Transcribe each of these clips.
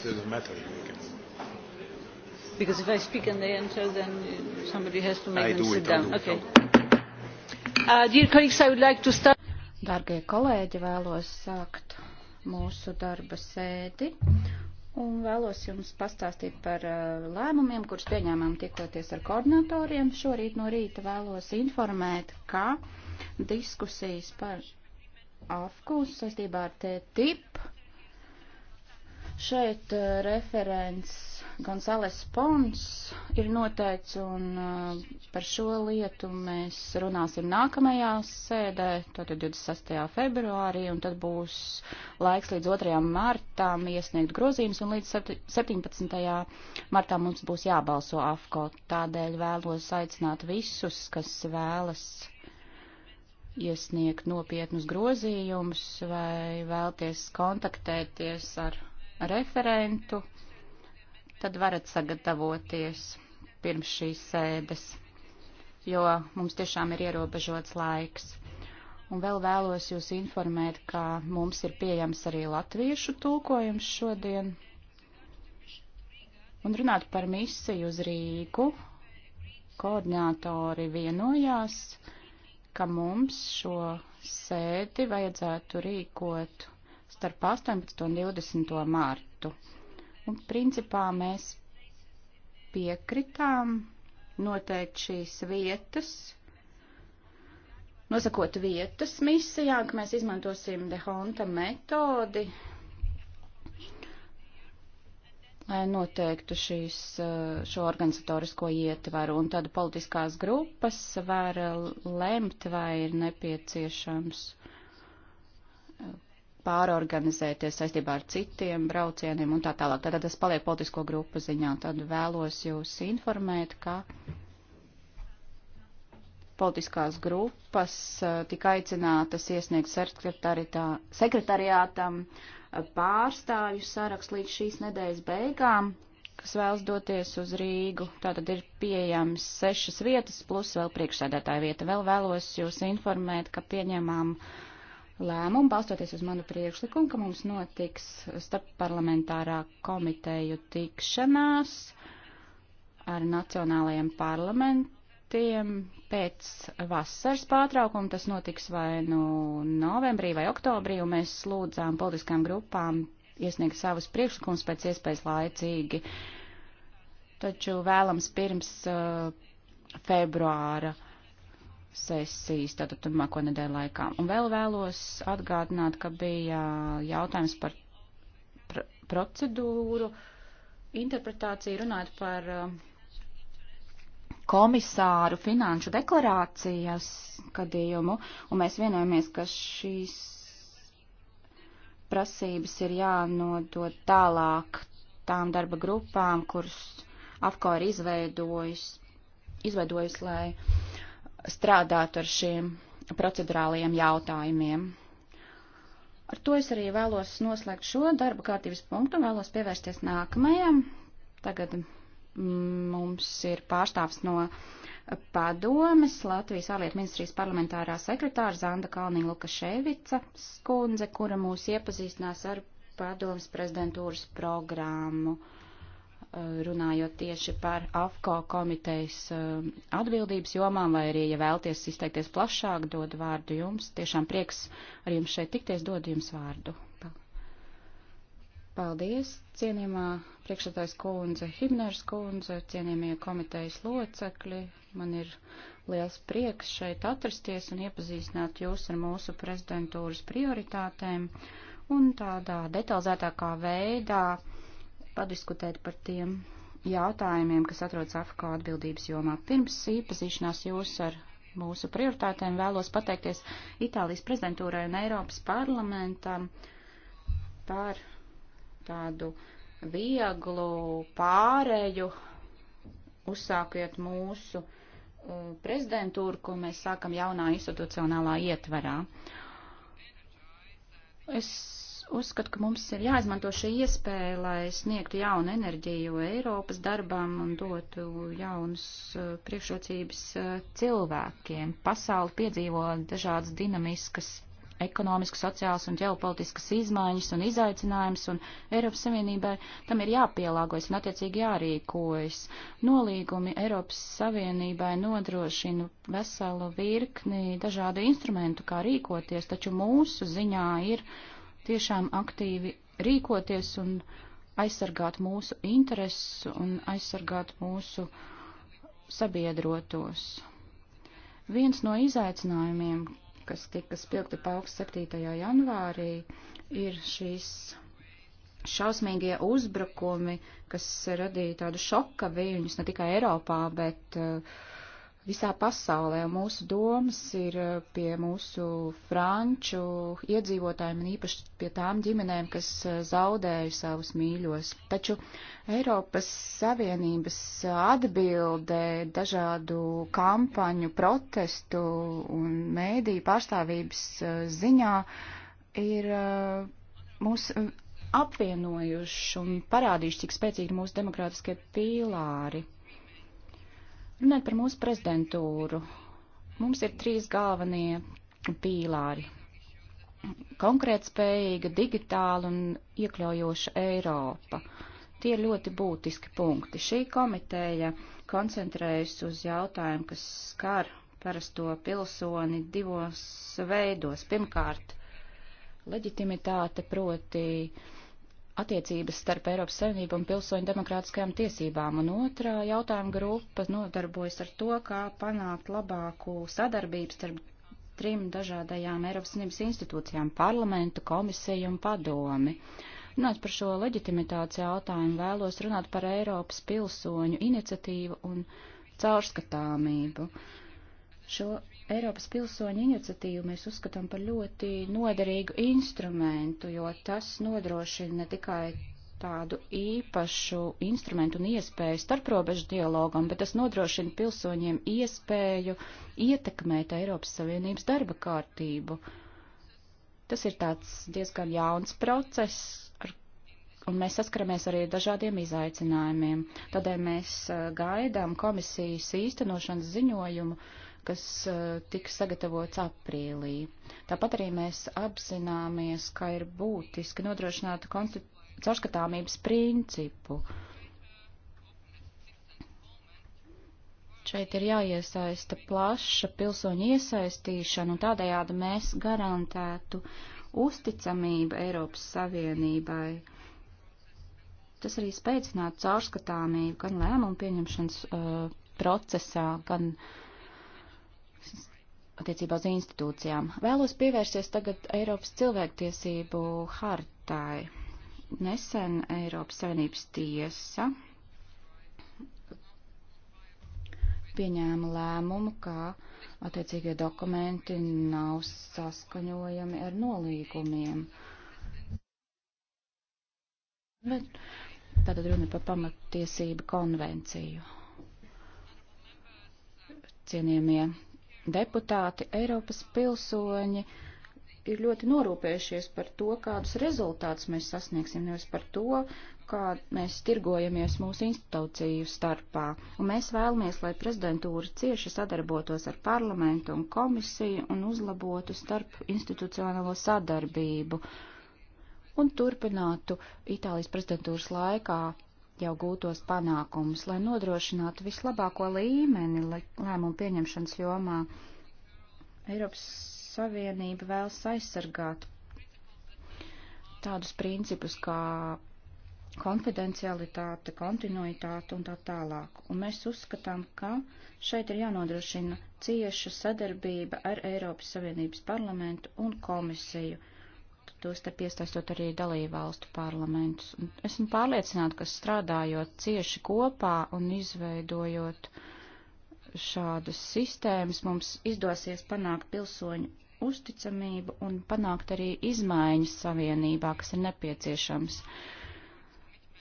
It doesn't matter. You can... Because if I speak and they enter, then somebody has to make I them sit it, down. Okay. Uh, dear colleagues, I would like to start. Dargie kolēģi, vēlos sākt mūsu darba sēdi un vēlos jums pastāstīt par uh, lēmumiem, kurus pieņēmām tikoties ar koordinatoriem. Šorīt no rīta vēlos informēt, ka diskusijas par AFKU saistībā ar TTIP Šeit eh, referents Gonzales Pons ir noteicis, un eh, par šo lietu mēs runāsim nākamajā sēdē, tātad 26. februārī, un tad būs laiks līdz 2. martām iesniegt grozījumus, un līdz 17. martā mums būs jābalso AFCO. Tādēļ vēlos aicināt visus, kas vēlas iesniegt nopietnus grozījumus vai vēlties kontaktēties ar referentu, tad varat sagatavoties pirms šīs sēdes, jo mums tiešām ir ierobežots laiks. Un vēl vēlos jūs informēt, ka mums ir pieejams arī latviešu tulkojums šodien. Un runāt par misiju uz Rīgu, koordinātori vienojās, ka mums šo sēdi vajadzētu rīkot starp 18. un 20. mārtu. Un principā mēs piekritām noteikt šīs vietas, nosakot vietas misijā, ka mēs izmantosim dehonta metodi, lai noteiktu šīs, šo organizatorisko ietvaru, un tad politiskās grupas var lemt, vai ir nepieciešams pārorganizēties saistībā ar citiem braucieniem un tā tālāk. Tātad tas paliek politisko grupu ziņā. Tad vēlos jūs informēt, ka politiskās grupas eh, tika aicinātas iesniegt sekretariātam eh, pārstāvju sarakstu līdz šīs nedēļas beigām, kas vēlas doties uz Rīgu. Tātad ir pieejams sešas vietas plus vēl priekšsēdētāja vieta. Vēl vēlos jūs informēt, ka pieņemām uh, lēmumu, balstoties uz manu priekšlikumu, ka mums notiks starpparlamentārā komiteju tikšanās ar nacionālajiem parlamentiem pēc vasaras pārtraukuma. Tas notiks vai nu novembrī vai oktobrī, un mēs lūdzām politiskām grupām iesniegt savus priekšlikumus pēc iespējas laicīgi. Taču vēlams pirms uh, februāra uh, sesijas, tātad turpmāko nedēļu laikā. Un vēl vēlos atgādināt, ka bija jautājums par pr procedūru, interpretāciju runāt par eh, komisāru finanšu deklarācijas gadījumu, un mēs vienojamies, ka šīs prasības ir jānodot tālāk tām darba grupām, kuras AFCO ir izveidojis, izveidojis lai uh, strādātu ar šiem procedurālajiem jautājumiem. Ar to es arī vēlos noslēgt šo darba kārtības punktu un vēlos pievērsties nākamajam. Tagad mm, mums ir pārstāvs no padomes Latvijas ārlietu ministrijas parlamentārā sekretāra Zanda Kalniņa Lukaševica skundze, kura mūs iepazīstinās ar padomes prezidentūras programmu. Uh, Eh, runājot tieši par AFCO komitejas eh, atbildības jomām, vai arī, ja vēlties izteikties plašāk, dod vārdu jums. Tiešām prieks ar jums šeit tikties, dod jums vārdu. Paldies, cienījumā priekšsatājs kundze, Himners kundze, cienījumie komitejas locekļi. Man ir liels prieks šeit atrasties un iepazīstināt jūs ar mūsu prezidentūras prioritātēm un tādā detalizētākā veidā padiskutēt par tiem jautājumiem, kas atrodas AFKO atbildības jomā. Pirms iepazīšanās jūs ar mūsu prioritātēm vēlos pateikties Itālijas prezidentūrai un Eiropas parlamentam par tādu vieglu pāreju, uzsākot mūsu uh, prezidentūru, ko mēs sākam jaunā institucionālā ietverā. Es uzskatu, ka mums ir jāizmanto šī iespēja, lai sniegtu jaunu enerģiju Eiropas darbam un dotu jaunas uh, priekšrocības uh, cilvēkiem. Pasauli piedzīvo dažādas dinamiskas ekonomiskas, sociālas un ģeopolitiskas izmaiņas un izaicinājums, un Eiropas Savienībai tam ir jāpielāgojas un attiecīgi jārīkojas. Nolīgumi Eiropas Savienībai nodrošina veselu virkni dažādu instrumentu, kā rīkoties, taču mūsu ziņā ir tiešām aktīvi rīkoties un aizsargāt mūsu intereses un aizsargāt mūsu sabiedrotos. Viens no izaicinājumiem, kas tika spilgti paukst 7. janvārī, ir šīs šausmīgie uzbrukumi, kas radīja tādu šoka viļņus ne tikai Eiropā, bet uh, visā pasaulē, un mūsu domas ir eh, pie mūsu franču iedzīvotājiem, un īpaši pie tām ģimenēm, kas eh, zaudēja savus mīļos. Taču Eiropas Savienības atbilde dažādu kampaņu, protestu un mēdīju pārstāvības eh, ziņā ir mūs apvienojuši un parādījuši, cik spēcīgi ir mūsu demokrātiskie pīlāri. Runājot par mūsu prezidentūru, mums ir trīs galvenie pīlāri - konkrētspējīga, digitāla un iekļaujoša Eiropa. Tie ir ļoti būtiski punkti. Šī komiteja koncentrējas uz jautājumu, kas skar parasto pilsoni divos veidos. Pirmkārt, leģitimitāte proti uh, attiecības starp Eiropas Savienību un pilsoņu demokrātiskajām tiesībām, un otrā jautājuma grupa nodarbojas ar to, kā panākt labāku sadarbību starp trim dažādajām Eiropas Savienības institūcijām - parlamentu, komisiju un padomi. Runāt par šo leģitimitātes jautājumu vēlos runāt par Eiropas pilsoņu iniciatīvu un caurskatāmību. Šo Eiropas pilsoņu iniciatīvu mēs uzskatām par ļoti noderīgu instrumentu, jo tas nodrošina ne tikai tādu īpašu instrumentu un iespēju starprobežu dialogam, bet tas nodrošina pilsoņiem iespēju ietekmēt Eiropas Savienības darba kārtību. Tas ir tāds diezgan jauns process, ar, un mēs saskaramies arī ar dažādiem izaicinājumiem. Tādēļ mēs eh, gaidām komisijas īstenošanas ziņojumu, uh, kas eh, tiks sagatavots aprīlī. Tāpat arī mēs apzināmies, ka ir būtiski nodrošināt caurskatāmības principu. Šeit ir jāiesaista plaša pilsoņu iesaistīšana, un tādējādi mēs garantētu uzticamību Eiropas Savienībai. Tas arī spēcinātu caurskatāmību gan lēmumu pieņemšanas uh, procesā, gan uh, attiecībā uz institūcijām. Vēlos pievērsties tagad Eiropas cilvēktiesību hartai. Nesen Eiropas Savienības tiesa pieņēma lēmumu, ka attiecīgie dokumenti nav saskaņojami ar nolīgumiem. Bet tātad runa par pamatiesību konvenciju. Cienījamie deputāti, Eiropas pilsoņi ir ļoti norūpējušies par to, kādus rezultātus mēs sasniegsim, nevis par to, kā mēs tirgojamies mūsu institūciju starpā. Un mēs vēlamies, lai prezidentūra cieši sadarbotos ar parlamentu un komisiju un uzlabotu starp institucionālo sadarbību un turpinātu Itālijas prezidentūras laikā jau gūtos panākumus, lai nodrošinātu vislabāko līmeni lēmumu pieņemšanas jomā. Eiropas Savienība vēlas aizsargāt tādus principus kā konfidencialitāte, kontinuitāte un tā tālāk. Un mēs uzskatām, ka šeit ir jānodrošina cieša sadarbība ar Eiropas Savienības parlamentu un komisiju tostarp iesaistot arī dalībvalstu parlamentus. Esmu pārliecināta, ka strādājot cieši kopā un izveidojot šādas sistēmas, mums izdosies panākt pilsoņu uzticamību un panākt arī izmaiņas savienībā, kas ir nepieciešams.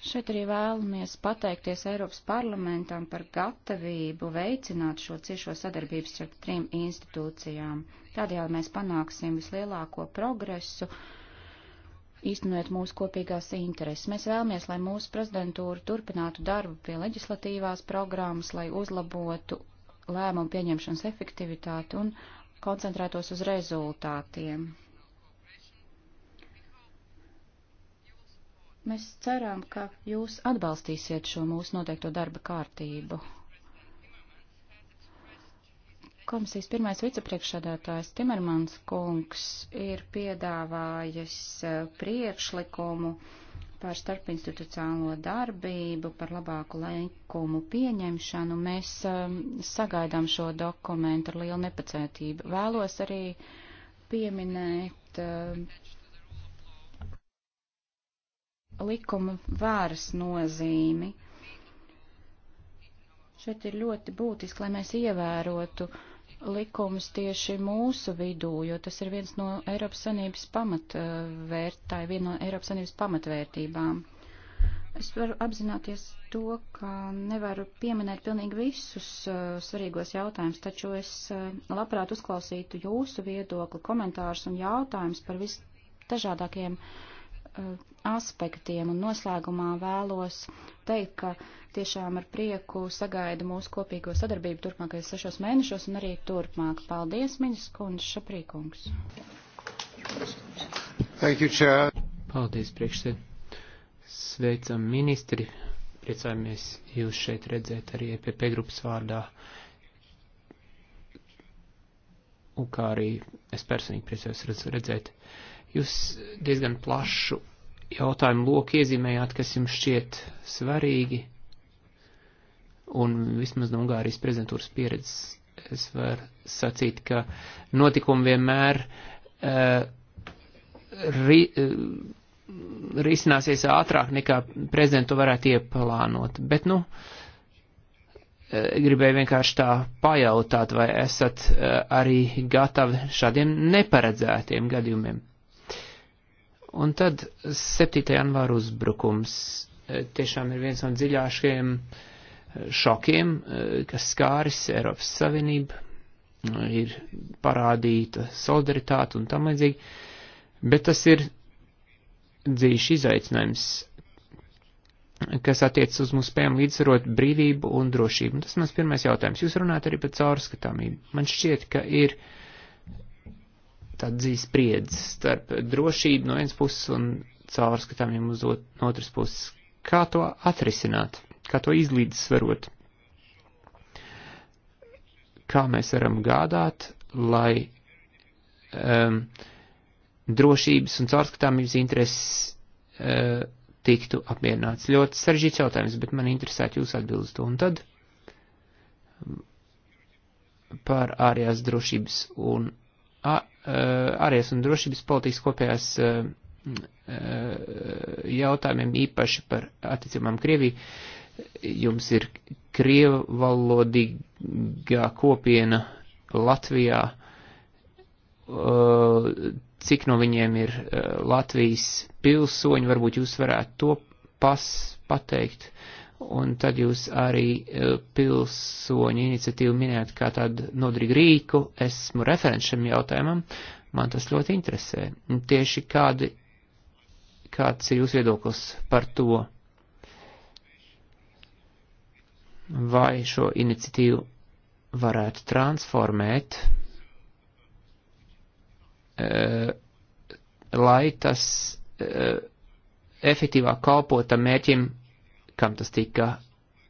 Šeit arī vēlamies pateikties Eiropas parlamentam par gatavību veicināt šo ciešo sadarbību starp trim institūcijām. Tādējādi mēs panāksim vislielāko progresu uh, īstenojot mūsu kopīgās intereses. Mēs vēlamies, lai mūsu prezidentūra turpinātu darbu pie leģislatīvās programmas, lai uzlabotu lēmumu pieņemšanas efektivitāti un koncentrētos uz rezultātiem. Mēs ceram, ka jūs atbalstīsiet šo mūsu noteikto darba kārtību. Komisijas pirmais vicepriekšsādātājs Timermans kungs ir piedāvājis eh, priekšlikumu par starpinstitucionālo darbību, par labāku likumu pieņemšanu. Mēs eh, sagaidām šo dokumentu ar lielu nepacietību. Vēlos arī pieminēt eh, likuma vāras nozīmi. Šeit ir ļoti būtiski, lai mēs ievērotu uh, likumus tieši mūsu vidū, jo tas ir viens no Eiropas Sanības pamatvērtāji, eh, viena no Eiropas Sanības pamatvērtībām. Es varu apzināties to, ka nevaru pieminēt pilnīgi visus uh, svarīgos jautājumus, taču es uh, labprāt uzklausītu jūsu viedokli, komentārus un jautājumus par visdažādākajiem uh, aspektiem. Un noslēgumā vēlos teikt, ka tiešām ar prieku sagaida mūsu kopīgo sadarbību turpmākajos sešos mēnešos un arī turpmāk. Paldies, ministrs Kunis Šaprīkungs. Thank you, Chair. Paldies, priekšsēd. Sveicam ministri. Priecājamies jūs šeit redzēt arī EPP grupas vārdā. Un kā arī es personīgi priecājos redzēt. Jūs diezgan plašu jautājumu loku iezīmējāt, kas jums šķiet svarīgi un vismaz no Ungārijas prezidentūras pieredzes es varu sacīt, ka notikumi vienmēr uh, ri, uh, risināsies ātrāk nekā prezidentu varētu ieplānot. Bet, nu, uh, gribēju vienkārši tā pajautāt, vai esat uh, arī gatavi šādiem neparedzētiem gadījumiem. Un tad 7. janvāra uzbrukums uh, tiešām ir viens no dziļākajiem uh, šokiem, eh, kas skāris Eiropas Savienību, eh, ir parādīta solidaritāte un tam līdzīgi, bet tas ir dzīves izaicinājums, kas attiec uz mūsu spējām līdzsvarot brīvību un drošību. Un tas mans pirmais jautājums. Jūs runājat arī par caurskatāmību. Man šķiet, ka ir tāda dzīves spriedze starp drošību no vienas puses un caurskatāmību uz otras puses. Kā to atrisināt? kā to izlīdzsvarot. Kā mēs varam gādāt, lai um, drošības un caurskatāmības intereses uh, tiktu apmierināts. Ļoti sarežģīts jautājums, bet man interesētu jūs atbildes to. Un tad par ārējās drošības un a, uh, ārējās un drošības politikas kopējās uh, uh jautājumiem, īpaši par attiecībām Krieviju jums ir krievalodīgā kopiena Latvijā, uh, cik no viņiem ir uh, Latvijas pilsoņi, varbūt jūs varētu to pas pateikt, un tad jūs arī uh, pilsoņu iniciatīvu minējat kā tādu nodrīgu rīku, esmu referents šim jautājumam, man tas ļoti interesē. Tieši kādi, kāds ir jūsu viedoklis par to? vai šo iniciatīvu varētu transformēt, eh, lai tas eh, efektīvāk kalpotam mērķim, kam tas tika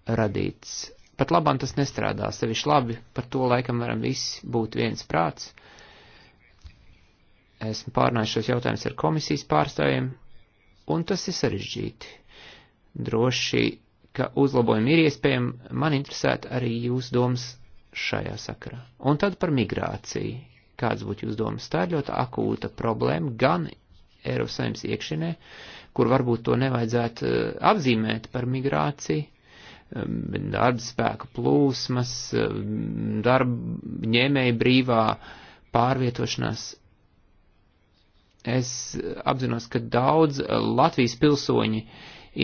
radīts. Pat labam tas nestrādā sevišķi labi, par to laikam varam visi būt viens prāts. Esmu pārnājis šos jautājumus ar komisijas pārstāvjiem, un tas ir sarežģīti. Droši ka uzlabojumi ir iespējami, man interesētu arī jūs domas šajā sakarā. Un tad par migrāciju. Kāds būtu jūs domas? Tā ir ļoti akūta problēma gan Eiropas saimnes iekšienē, kur varbūt to nevajadzētu eh, apzīmēt par migrāciju, darba spēka plūsmas, darba ņēmēja brīvā pārvietošanās. Es apzinos, ka daudz eh, Latvijas pilsoņi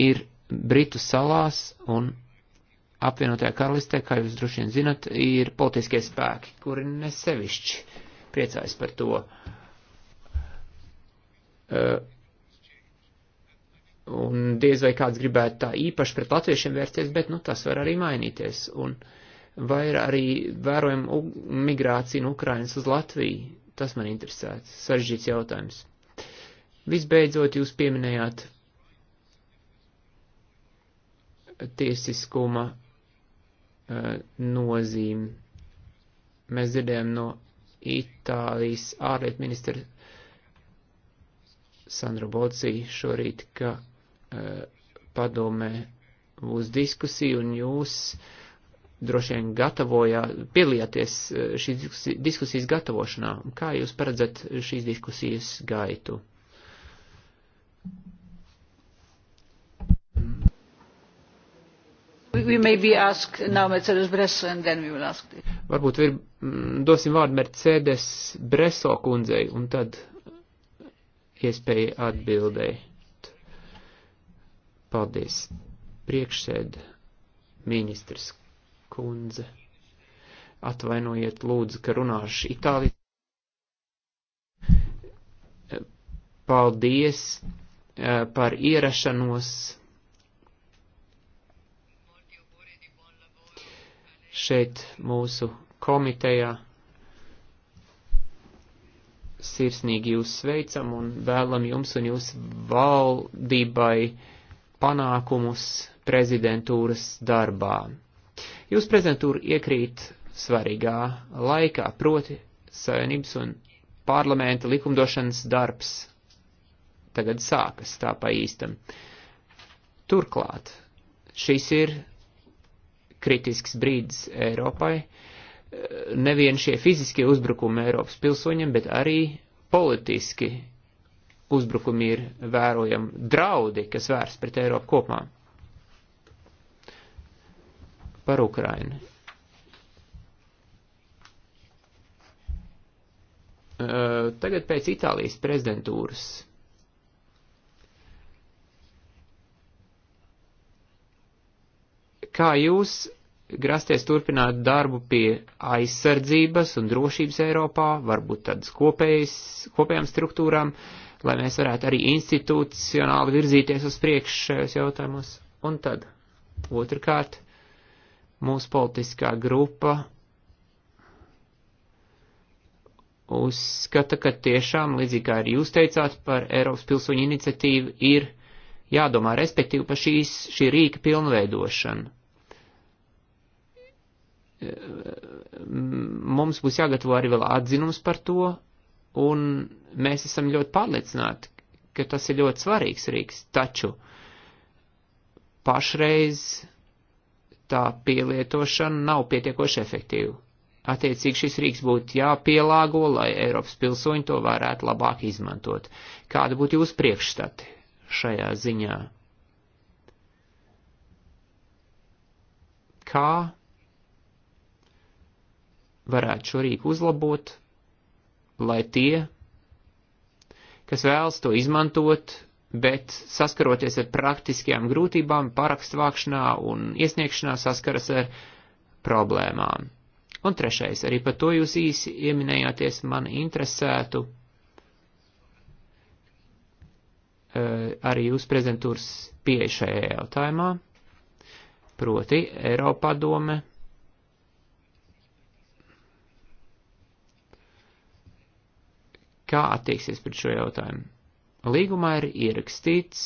ir Britu salās un apvienotajā karalistē, kā jūs droši vien zinat, ir politiskie spēki, kuri nesevišķi priecājas par to. Uh, un diez vai kāds gribētu tā īpaši pret latviešiem vērsties, bet, nu, tas var arī mainīties. Un vai ir arī vērojama migrācija no Ukrainas uz Latviju? Tas man interesēts. Saržģīts jautājums. Visbeidzot, jūs pieminējāt tiesiskuma eh, nozīmi. Mēs dzirdējām no Itālijas ārlietu ministra Sandra Bolcī šorīt, ka eh, padomē būs diskusija un jūs droši vien gatavojāt, piedalījāties eh, šīs diskusijas gatavošanā. Kā jūs paredzat šīs diskusijas gaitu? we maybe ask now Mercedes Bresso and then we will ask. It. Varbūt ir, mm, dosim vārdu Mercedes Bresso kundzei un tad iespēja atbildēt. Paldies. Priekšsēd ministrs kundze. Atvainojiet lūdzu, ka runāšu itāļu. Paldies eh, par ierašanos šeit mūsu komitejā. Sirsnīgi jūs sveicam un vēlam jums un jūsu valdībai panākumus prezidentūras darbā. Jūs prezidentūra iekrīt svarīgā laikā, proti savienības un parlamenta likumdošanas darbs tagad sākas tā pa īstam. Turklāt šis ir kritisks brīdis Eiropai. Nevien šie fiziskie uzbrukumi Eiropas pilsoņiem, bet arī politiski uzbrukumi ir vērojami draudi, kas vērsts pret Eiropu kopumā. Par Ukrainu. Tagad pēc Itālijas prezidentūras kā jūs grasties turpināt darbu pie aizsardzības un drošības Eiropā, varbūt tādas kopējas, kopējām struktūrām, lai mēs varētu arī institucionāli virzīties uz priekšu šajos jautājumos. Un tad, otrkārt, mūsu politiskā grupa uzskata, ka tiešām, līdzīgi kā arī jūs teicāt, par Eiropas pilsoņu iniciatīvu ir jādomā, respektīvi, par šīs, šī rīka pilnveidošanu mums būs jāgatavo arī vēl atzinums par to, un mēs esam ļoti pārliecināti, ka tas ir ļoti svarīgs rīks, taču pašreiz tā pielietošana nav pietiekoši efektīva. Attiecīgi šis rīks būtu jāpielāgo, lai Eiropas pilsoņi to varētu labāk izmantot. Kāda būtu jūsu priekšstati šajā ziņā? Kā varētu šo rīku uzlabot, lai tie, kas vēlas to izmantot, bet saskaroties ar praktiskajām grūtībām, parakstu vākšanā un iesniegšanā saskaras ar problēmām. Un trešais, arī par to jūs īsi ieminējāties, man interesētu eh, arī jūsu prezentūras pieeja šajā jautājumā, proti Eiropadome. dome kā attieksies pret šo jautājumu. Līgumā ir ierakstīts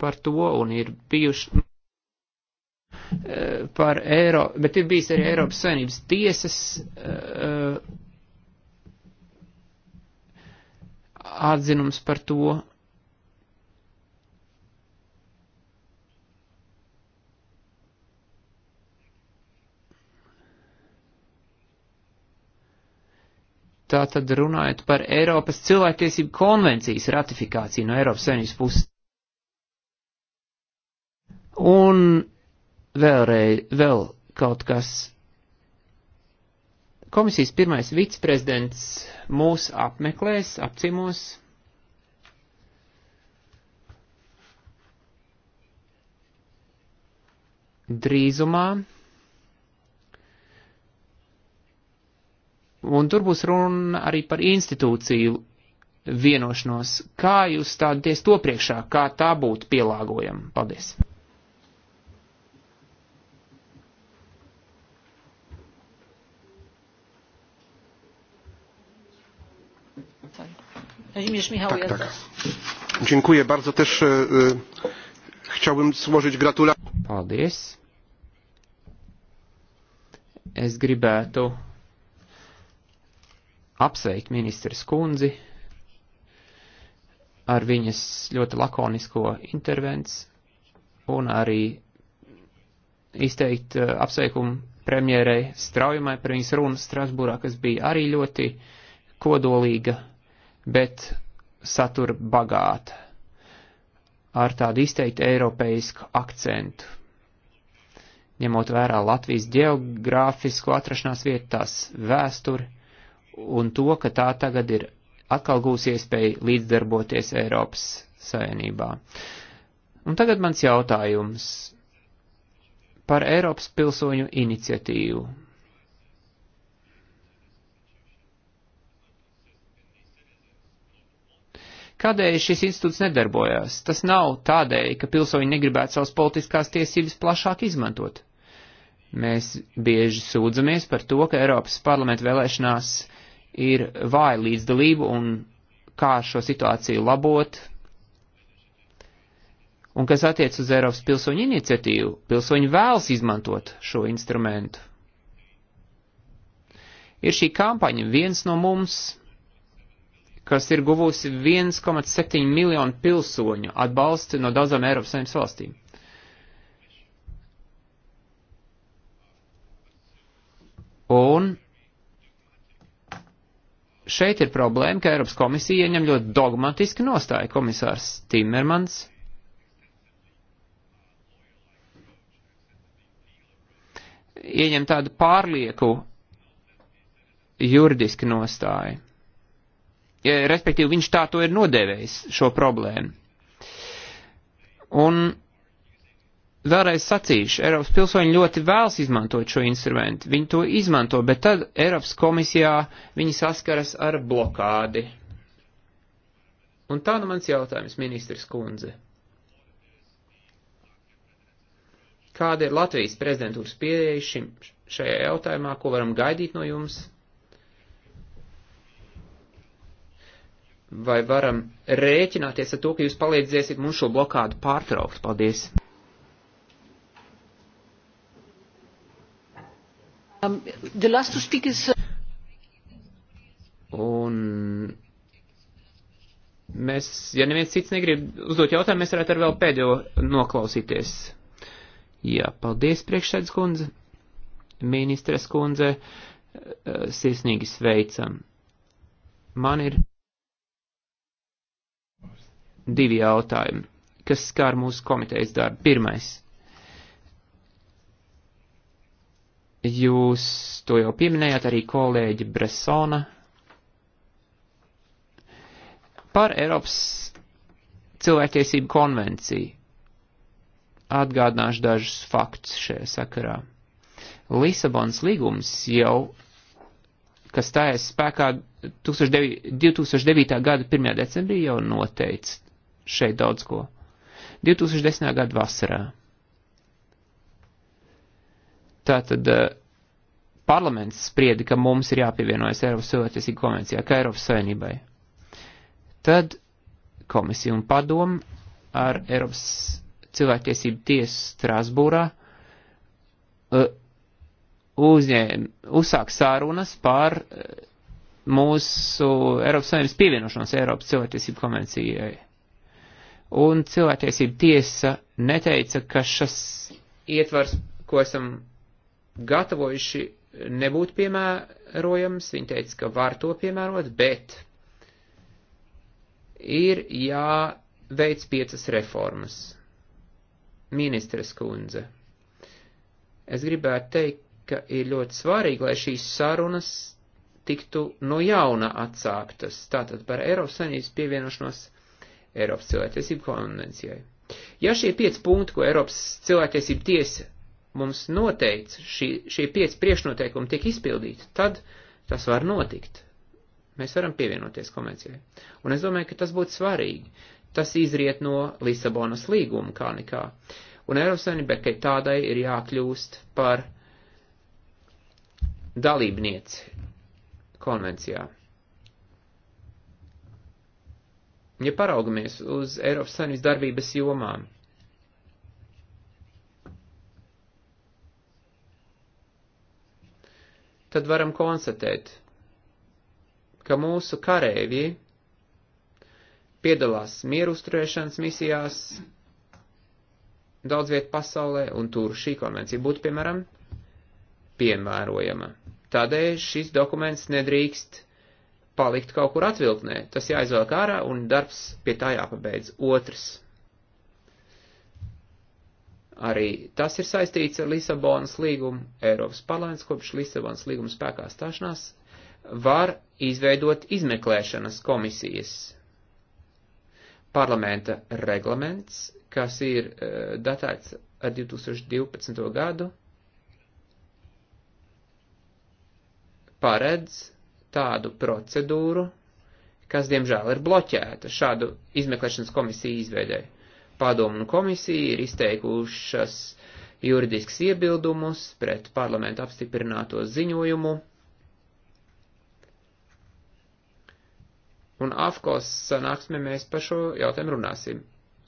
par to un ir bijuši eh, par Eiro, bet ir bijis arī Eiropas Savienības tiesas eh, atzinums par to, tā tad runājot par Eiropas cilvēktiesību konvencijas ratifikāciju no Eiropas Savienības puses. Un vēlreiz, vēl kaut kas. Komisijas pirmais viceprezidents mūs apmeklēs, apciemos. Drīzumā Un tur būs runa arī par institūciju vienošanos. Kā jūs stādieties to priekšā, kā tā būtu pielāgojama? Paldies! Tak, tak. Dziękuję bardzo. Też e, e, chciałbym złożyć gratulacje. Paldies. Es gribētu apsveikt ministres kundzi ar viņas ļoti lakonisko intervenci un arī izteikt eh, apsveikumu premjerei straujumai par viņas runu Strasbūrā, kas bija arī ļoti kodolīga, bet satura bagāta ar tādu izteikti eiropeisku akcentu. Ņemot vērā Latvijas geogrāfisko atrašanās vietu, tās vēsturi, un to, ka tā tagad ir atkal gūs iespēju līdzdarboties Eiropas Savienībā. Un tagad mans jautājums par Eiropas pilsoņu iniciatīvu. Kādēļ šis institūts nedarbojās? Tas nav tādēļ, ka pilsoņi negribētu savas politiskās tiesības plašāk izmantot. Mēs bieži sūdzamies par to, ka Eiropas parlamenta vēlēšanās ir vāja līdzdalība un kā šo situāciju labot. Un kas attiec uz Eiropas pilsoņu iniciatīvu, pilsoņi vēlas izmantot šo instrumentu. Ir šī kampaņa viens no mums, kas ir guvusi 1,7 miljonu pilsoņu atbalstu no daudzām Eiropas saimnes valstīm. Un šeit ir problēma, ka Eiropas komisija ieņem ļoti dogmatiski nostāju komisārs Timermans. Ieņem tādu pārlieku juridiski nostāju. Respektīvi, viņš tā to ir nodēvējis šo problēmu. Un vēlreiz sacīšu, Eiropas pilsoņi ļoti vēlas izmantot šo instrumentu, viņi to izmanto, bet tad Eiropas komisijā viņi saskaras ar blokādi. Un tā nu mans jautājums, ministrs kundze. Kāda ir Latvijas prezidentūras pieeja šim, šajā jautājumā, ko varam gaidīt no jums? Vai varam rēķināties ar to, ka jūs palīdzēsiet mums šo blokādu pārtraukt? Paldies! Um, is... Uh, Un mēs, ja neviens cits negrib uzdot jautājumu, mēs varētu ar vēl pēdējo noklausīties. Jā, paldies, priekšsēdz kundze, ministres kundze, uh, sirsnīgi sveicam. Man ir divi jautājumi, kas skar mūsu komitejas darbu. Pirmais. Jūs to jau pieminējāt arī kolēģi Bresona par Eiropas cilvēktiesību konvenciju. Atgādināšu dažus faktus šajā sakarā. Lisabons līgums jau, kas stājas spēkā 2009. gada 1. decembrī, jau noteica šeit daudz ko. 2010. gada vasarā Tātad eh, parlaments sprieda, ka mums ir jāpievienojas Eiropas cilvēktiesību konvencijā, kā Eiropas Savienībai. Tad komisija un padomu ar Eiropas cilvēktiesību tiesu Strasbūrā eh, uzņēm, uzsāk sārunas pār eh, mūsu Eiropas Savienības pievienošanos Eiropas cilvēktiesību konvencijai. Un cilvēktiesība tiesa neteica, ka šis ietvars, ko esam gatavojuši nebūt piemērojams, viņi teica, ka var to piemērot, bet ir jāveic piecas reformas. Ministres kundze, es gribētu teikt, ka ir ļoti svarīgi, lai šīs sarunas tiktu no jauna atsāktas, tātad par Eiropas Savienības pievienošanos Eiropas cilvēktiesību konvencijai. Ja šie pieci punkti, ko Eiropas cilvēktiesība tiesa mums noteica, šī, šie pieci priekšnoteikumi tiek izpildīti, tad tas var notikt. Mēs varam pievienoties konvencijai. Un es domāju, ka tas būtu svarīgi. Tas izriet no Lisabonas līguma kā nekā. Un Eiropas Savienībai tādai ir jākļūst par dalībnieci konvencijā. Ja paraugamies uz Eiropas Savienības darbības jomām, tad varam konstatēt, ka mūsu karēvji piedalās mieru uzturēšanas misijās daudz viet pasaulē, un tur šī konvencija būtu, piemēram, piemērojama. Tādēļ šis dokuments nedrīkst palikt kaut kur atvilknē. Tas jāizvelk ārā un darbs pie tā jāpabeidz. Otrs Arī tas ir saistīts ar Lisabonas līgumu. Eiropas parlaments kopš Lisabonas līguma spēkā stāšanās var izveidot izmeklēšanas komisijas. Parlamenta reglaments, kas ir uh, datēts ar 2012. gadu, paredz tādu procedūru, kas diemžēl ir bloķēta šādu izmeklēšanas komisiju izveidēju padomu un komisija ir izteikušas juridisks iebildumus pret parlamentu apstiprināto ziņojumu. Un AFKOS sanāksmē mēs par šo jautājumu runāsim.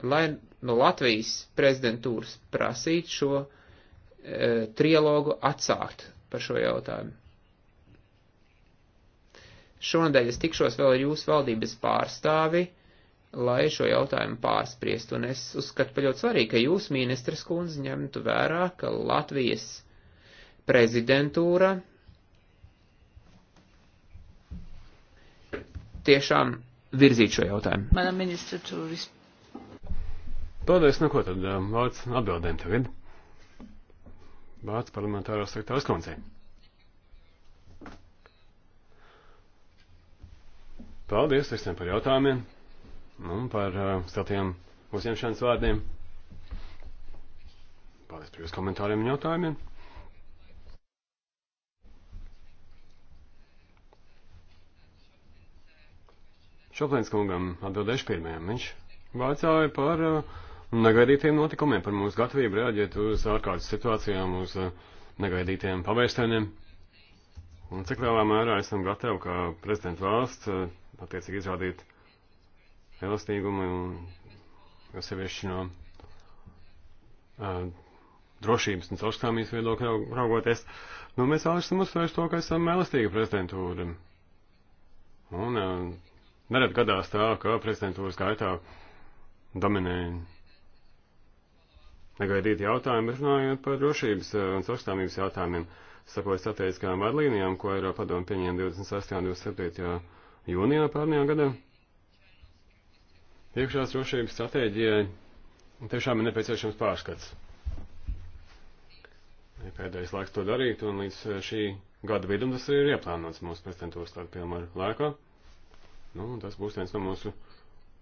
Lai no Latvijas prezidentūras prasītu šo e, trilogu atsākt par šo jautājumu. Šonadēļ es tikšos vēl ar jūsu valdības pārstāvi lai šo jautājumu pārspriest, un es uzskatu par ļoti svarīgi, ka jūs, ministras kundze, ņemtu vērā, ka Latvijas prezidentūra tiešām virzīt šo jautājumu. Mana ministra to vispār. Paldies, nu ko tad um, vārds atbildēm tagad. Vārds parlamentāro sektāras koncei. Paldies visiem par jautājumiem nu, par uh, siltiem uzņemšanas vārdiem. Paldies par jūsu komentāriem un jautājumiem. Šoplēns kungam atbildēšu pirmajam. Viņš vācāja par uh, negaidītiem notikumiem, par mūsu gatavību reaģēt uz ārkārtas situācijām, uz uh, negaidītiem pavērstēniem. Un cik lielā mērā esam gatavi, kā prezidenta valsts, uh, attiecīgi izrādīt uh, elastīgumu, jo sevišķi no uh, drošības un caurskatāmības viedokļa raugoties, nu, mēs vēlamies uzsvērt to, ka esam elastīga prezidentūra. Un uh, nerad gadās tā, ka prezidentūras gaitā dominē negaidīti jautājumi, bet runājot par drošības un caurskatāmības jautājumiem, sakot strateģiskām vadlīnijām, ko Eiropa padomu pieņēma 26. un 27. jūnijā pārnajā gadā. Iekšās drošības stratēģijai tiešām ir nepieciešams pārskats. Ja pēdējais laiks to darīt, un līdz eh, šī gada vidum tas arī ir ieplānots mūsu prezidentūras tāda piemēra laikā. Nu, tas būs viens no mūsu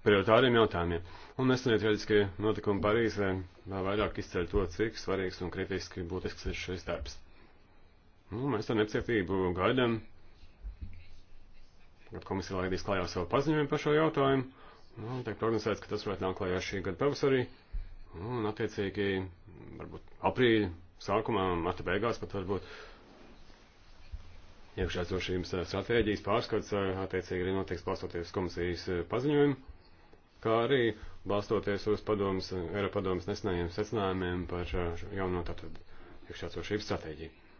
prioritāriem jautājumiem. Un nesenie traģiskie notikumi Parīzē vēl vairāk izceļ to, cik svarīgs un kritiski būtisks ir šis darbs. Nu, mēs ar nepacietību gaidām, kad komisija laidīs klājā savu paziņojumu par šo jautājumu. Nu, tiek prognozēts, ka tas varētu nākt klajā šī gada pavasarī. Un, attiecīgi, varbūt aprīļa sākumā, marta beigās pat varbūt iekšējās drošības eh, stratēģijas pārskats eh, attiecīgi arī notiks balstoties komisijas eh, paziņojumu, kā arī balstoties uz padomas, Eiropadomas nesenajiem secinājumiem par jauno tātad iekšējās drošības stratēģiju.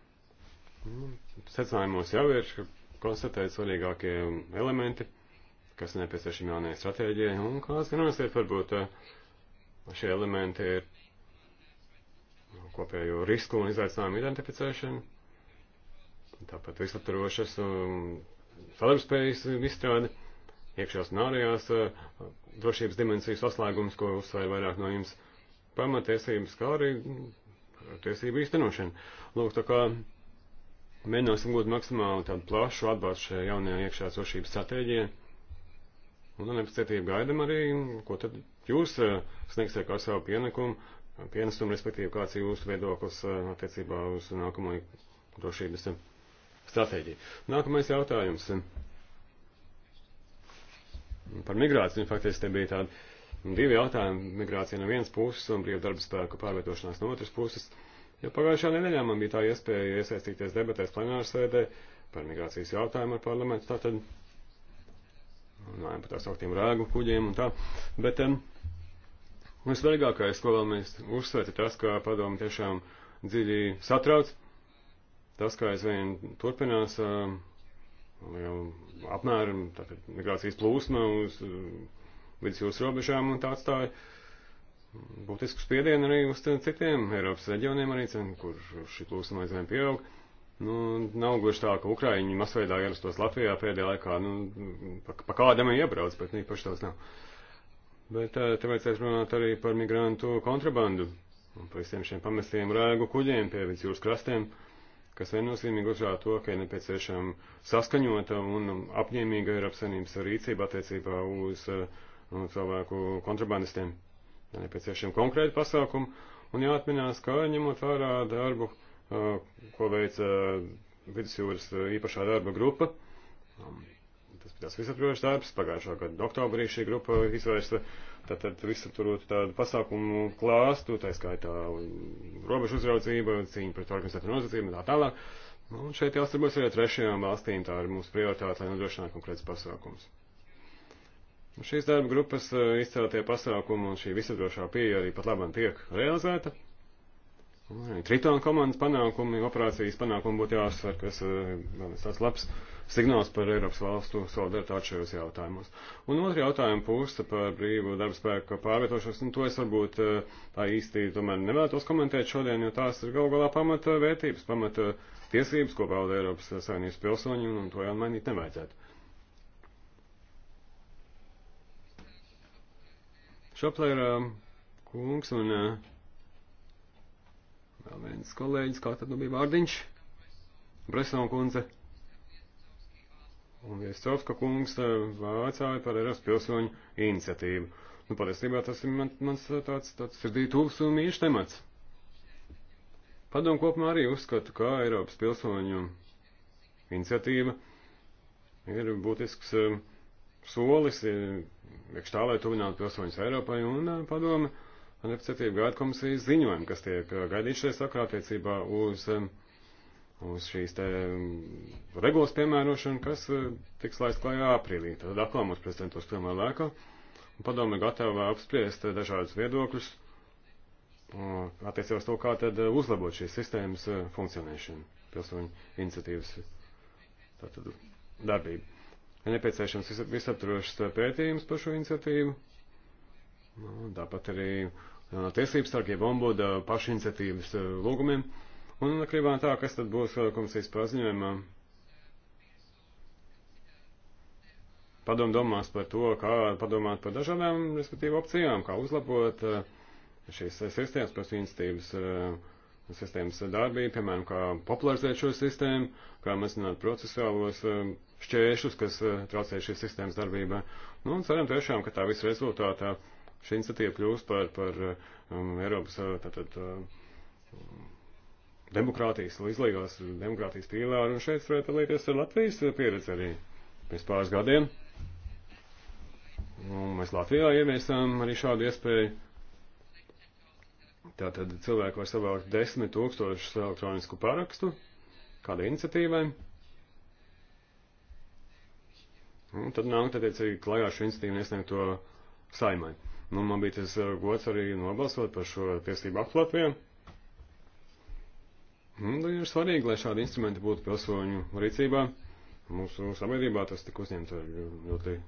Nu, secinājumos jau ir konstatēti svarīgākie elementi kas nepieciešami jaunajai stratēģijai, un kāds gan aiziet varbūt eh, šie elementi ir kopējo risku un izaicinājumu identificēšana, tāpat visaptarošas um, sadarbspējas izstrāde, iekšējās un ārējās eh, drošības dimensijas saslēgums, ko uzsvēra vairāk no jums, pamatiesības, kā arī tiesību īstenošana. Lūk, tā kā mēģināsim gūt maksimāli tādu plašu atbalstu šajā jaunajā iekšējās drošības stratēģijai Un ar nepacietību gaidam arī, ko tad jūs eh, sniegsiet ar savu pienekumu, pienesumu, respektīvi, kāds ir jūsu viedoklis eh, attiecībā uz nākamo drošības eh, stratēģiju. Nākamais jautājums. Par migrāciju, faktiski, te bija tādi divi jautājumi. Migrācija no vienas puses un brīva darba spēka pārvietošanās no otras puses. Ja pagājušā nedēļā man bija tā iespēja iesaistīties debatēs plenārsēdē par migrācijas jautājumu ar parlamentu, tātad runājam par tā sauktiem rēgu kuģiem un tā. Bet um, svarīgākais, ko vēlamies uzsvērt, ir tas, ka padomu tiešām dziļi satrauc. Tas, kā aizvien turpinās um, jau apmēram tātad, migrācijas plūsma uz uh, vidusjūras robežām un tā atstāja būtisku spiedienu arī uz citiem Eiropas reģioniem, arī, cien, kur šī plūsma aizvien pieaug. Uh, Nu, nav gluži tā, ka Ukraiņi masveidā ierastos Latvijā pēdējā laikā, nu, pa, pa kādam iebrauc, bet nu, īpaši tās nav. Bet te vajadzēs runāt arī par migrantu kontrabandu un par visiem šiem pamestiem rēgu kuģiem pie vidusjūras krastiem, kas viennozīmīgi uzrāda to, ka ir nepieciešama saskaņota un apņēmīga Eiropas Savienības rīcība attiecībā uz uh, cilvēku kontrabandistiem. Nepieciešama konkrēta pasākuma un jāatminās, ka ņemot vērā darbu ko veica vidusjūras īpašā darba grupa. Um, tas bija tās visaptvarošs darbs. Pagājušā gada oktobrī šī grupa izvērsta tātad visaptvarotu tādu pasākumu klāstu, tā skaitā robežu uzraudzība, cīņa pret organizētu noziedzību un tā tālāk. Nu, un šeit jāsadarbojas arī ar trešajām valstīm, tā ir mūsu prioritāte, lai nodrošinātu konkrēts pasākums. Un šīs darba grupas izceltie pasākumi un šī visaptvarošā pieeja arī pat labam tiek realizēta. Tritona komandas panākumi, operācijas panākumi būtu jāuzsver, kas ir eh, tāds labs signāls par Eiropas valstu solidaritāti šajos jautājumos. Un otra jautājuma pūsta par brīvu darba spēku pārvietošanos, un nu, to es varbūt eh, tā īsti tomēr nevētos komentēt šodien, jo tās ir gal galā pamata vērtības, pamata tiesības, ko bauda Eiropas Savienības pilsoņi, un to jau mainīt nevajadzētu. Šoplēra eh, kungs un uh, Vēl viens kolēģis, kā tad nu bija vārdiņš? Bresnau kundze. Un Viestovska kungs eh, vācāja par Eiropas pilsoņu iniciatīvu. Nu, patiesībā tas ir man, mans eh, tāds, tāds sirdī tūks un mīļš temats. Padomu kopumā arī uzskatu, ka Eiropas pilsoņu iniciatīva ir būtisks eh, solis, ir iekš tā, lai tuvinātu pilsoņus Eiropai un padome un nepacietību gāda komisijas ziņojumu, kas tiek uh, gaidīts šajā sakā attiecībā uz, um, uz šīs te um, regulas piemērošanu, kas uh, tiks laist klājā aprīlī. Tad atkal mums prezidentos pirmā lēkā, un padome gatava apspriest uh, dažādus viedokļus attiecībā uz to, kā tad uzlabot šīs sistēmas funkcionēšanu, pilsoņu iniciatīvas tātad darbību. Ir nepieciešams visaptvarošs pētījums par šo iniciatīvu Nu, tāpat arī tiesības sargiem ombuda pašiniciatīvas lūgumiem. Un atkarībā no tā, kas tad būs komisijas paziņojumā, padomu domās par to, kā padomāt par dažādām, respektīvi, opcijām, kā uzlabot šīs sistēmas, pēc institūvas sistēmas darbību, piemēram, kā popularizēt šo sistēmu, kā mazināt procesuālos šķēršus, kas traucē šīs sistēmas darbībā. Nu, un ceram tiešām, ka tā visa rezultātā šī iniciatīva kļūst par, par um, Eiropas uh, tātad, um, demokrātijas, līdzīgās demokrātijas pīlāru, un šeit varētu dalīties ar Latvijas pieredzi arī pēc pāris gadiem. Un um, mēs Latvijā ieviesām arī šādu iespēju. Tātad cilvēki var savākt desmit tūkstošus elektronisku parakstu kādai iniciatīvai. Un tad nāk, tad, ja klajā šo iniciatīvu iesniegt to saimai. Nu, man bija tas eh, gods arī nobalsot par šo tiesību aktu Latvijā. Un, nu, ir svarīgi, lai šādi instrumenti būtu pilsoņu rīcībā. Mūsu sabiedrībā tas tika uzņemts ar ļoti eh,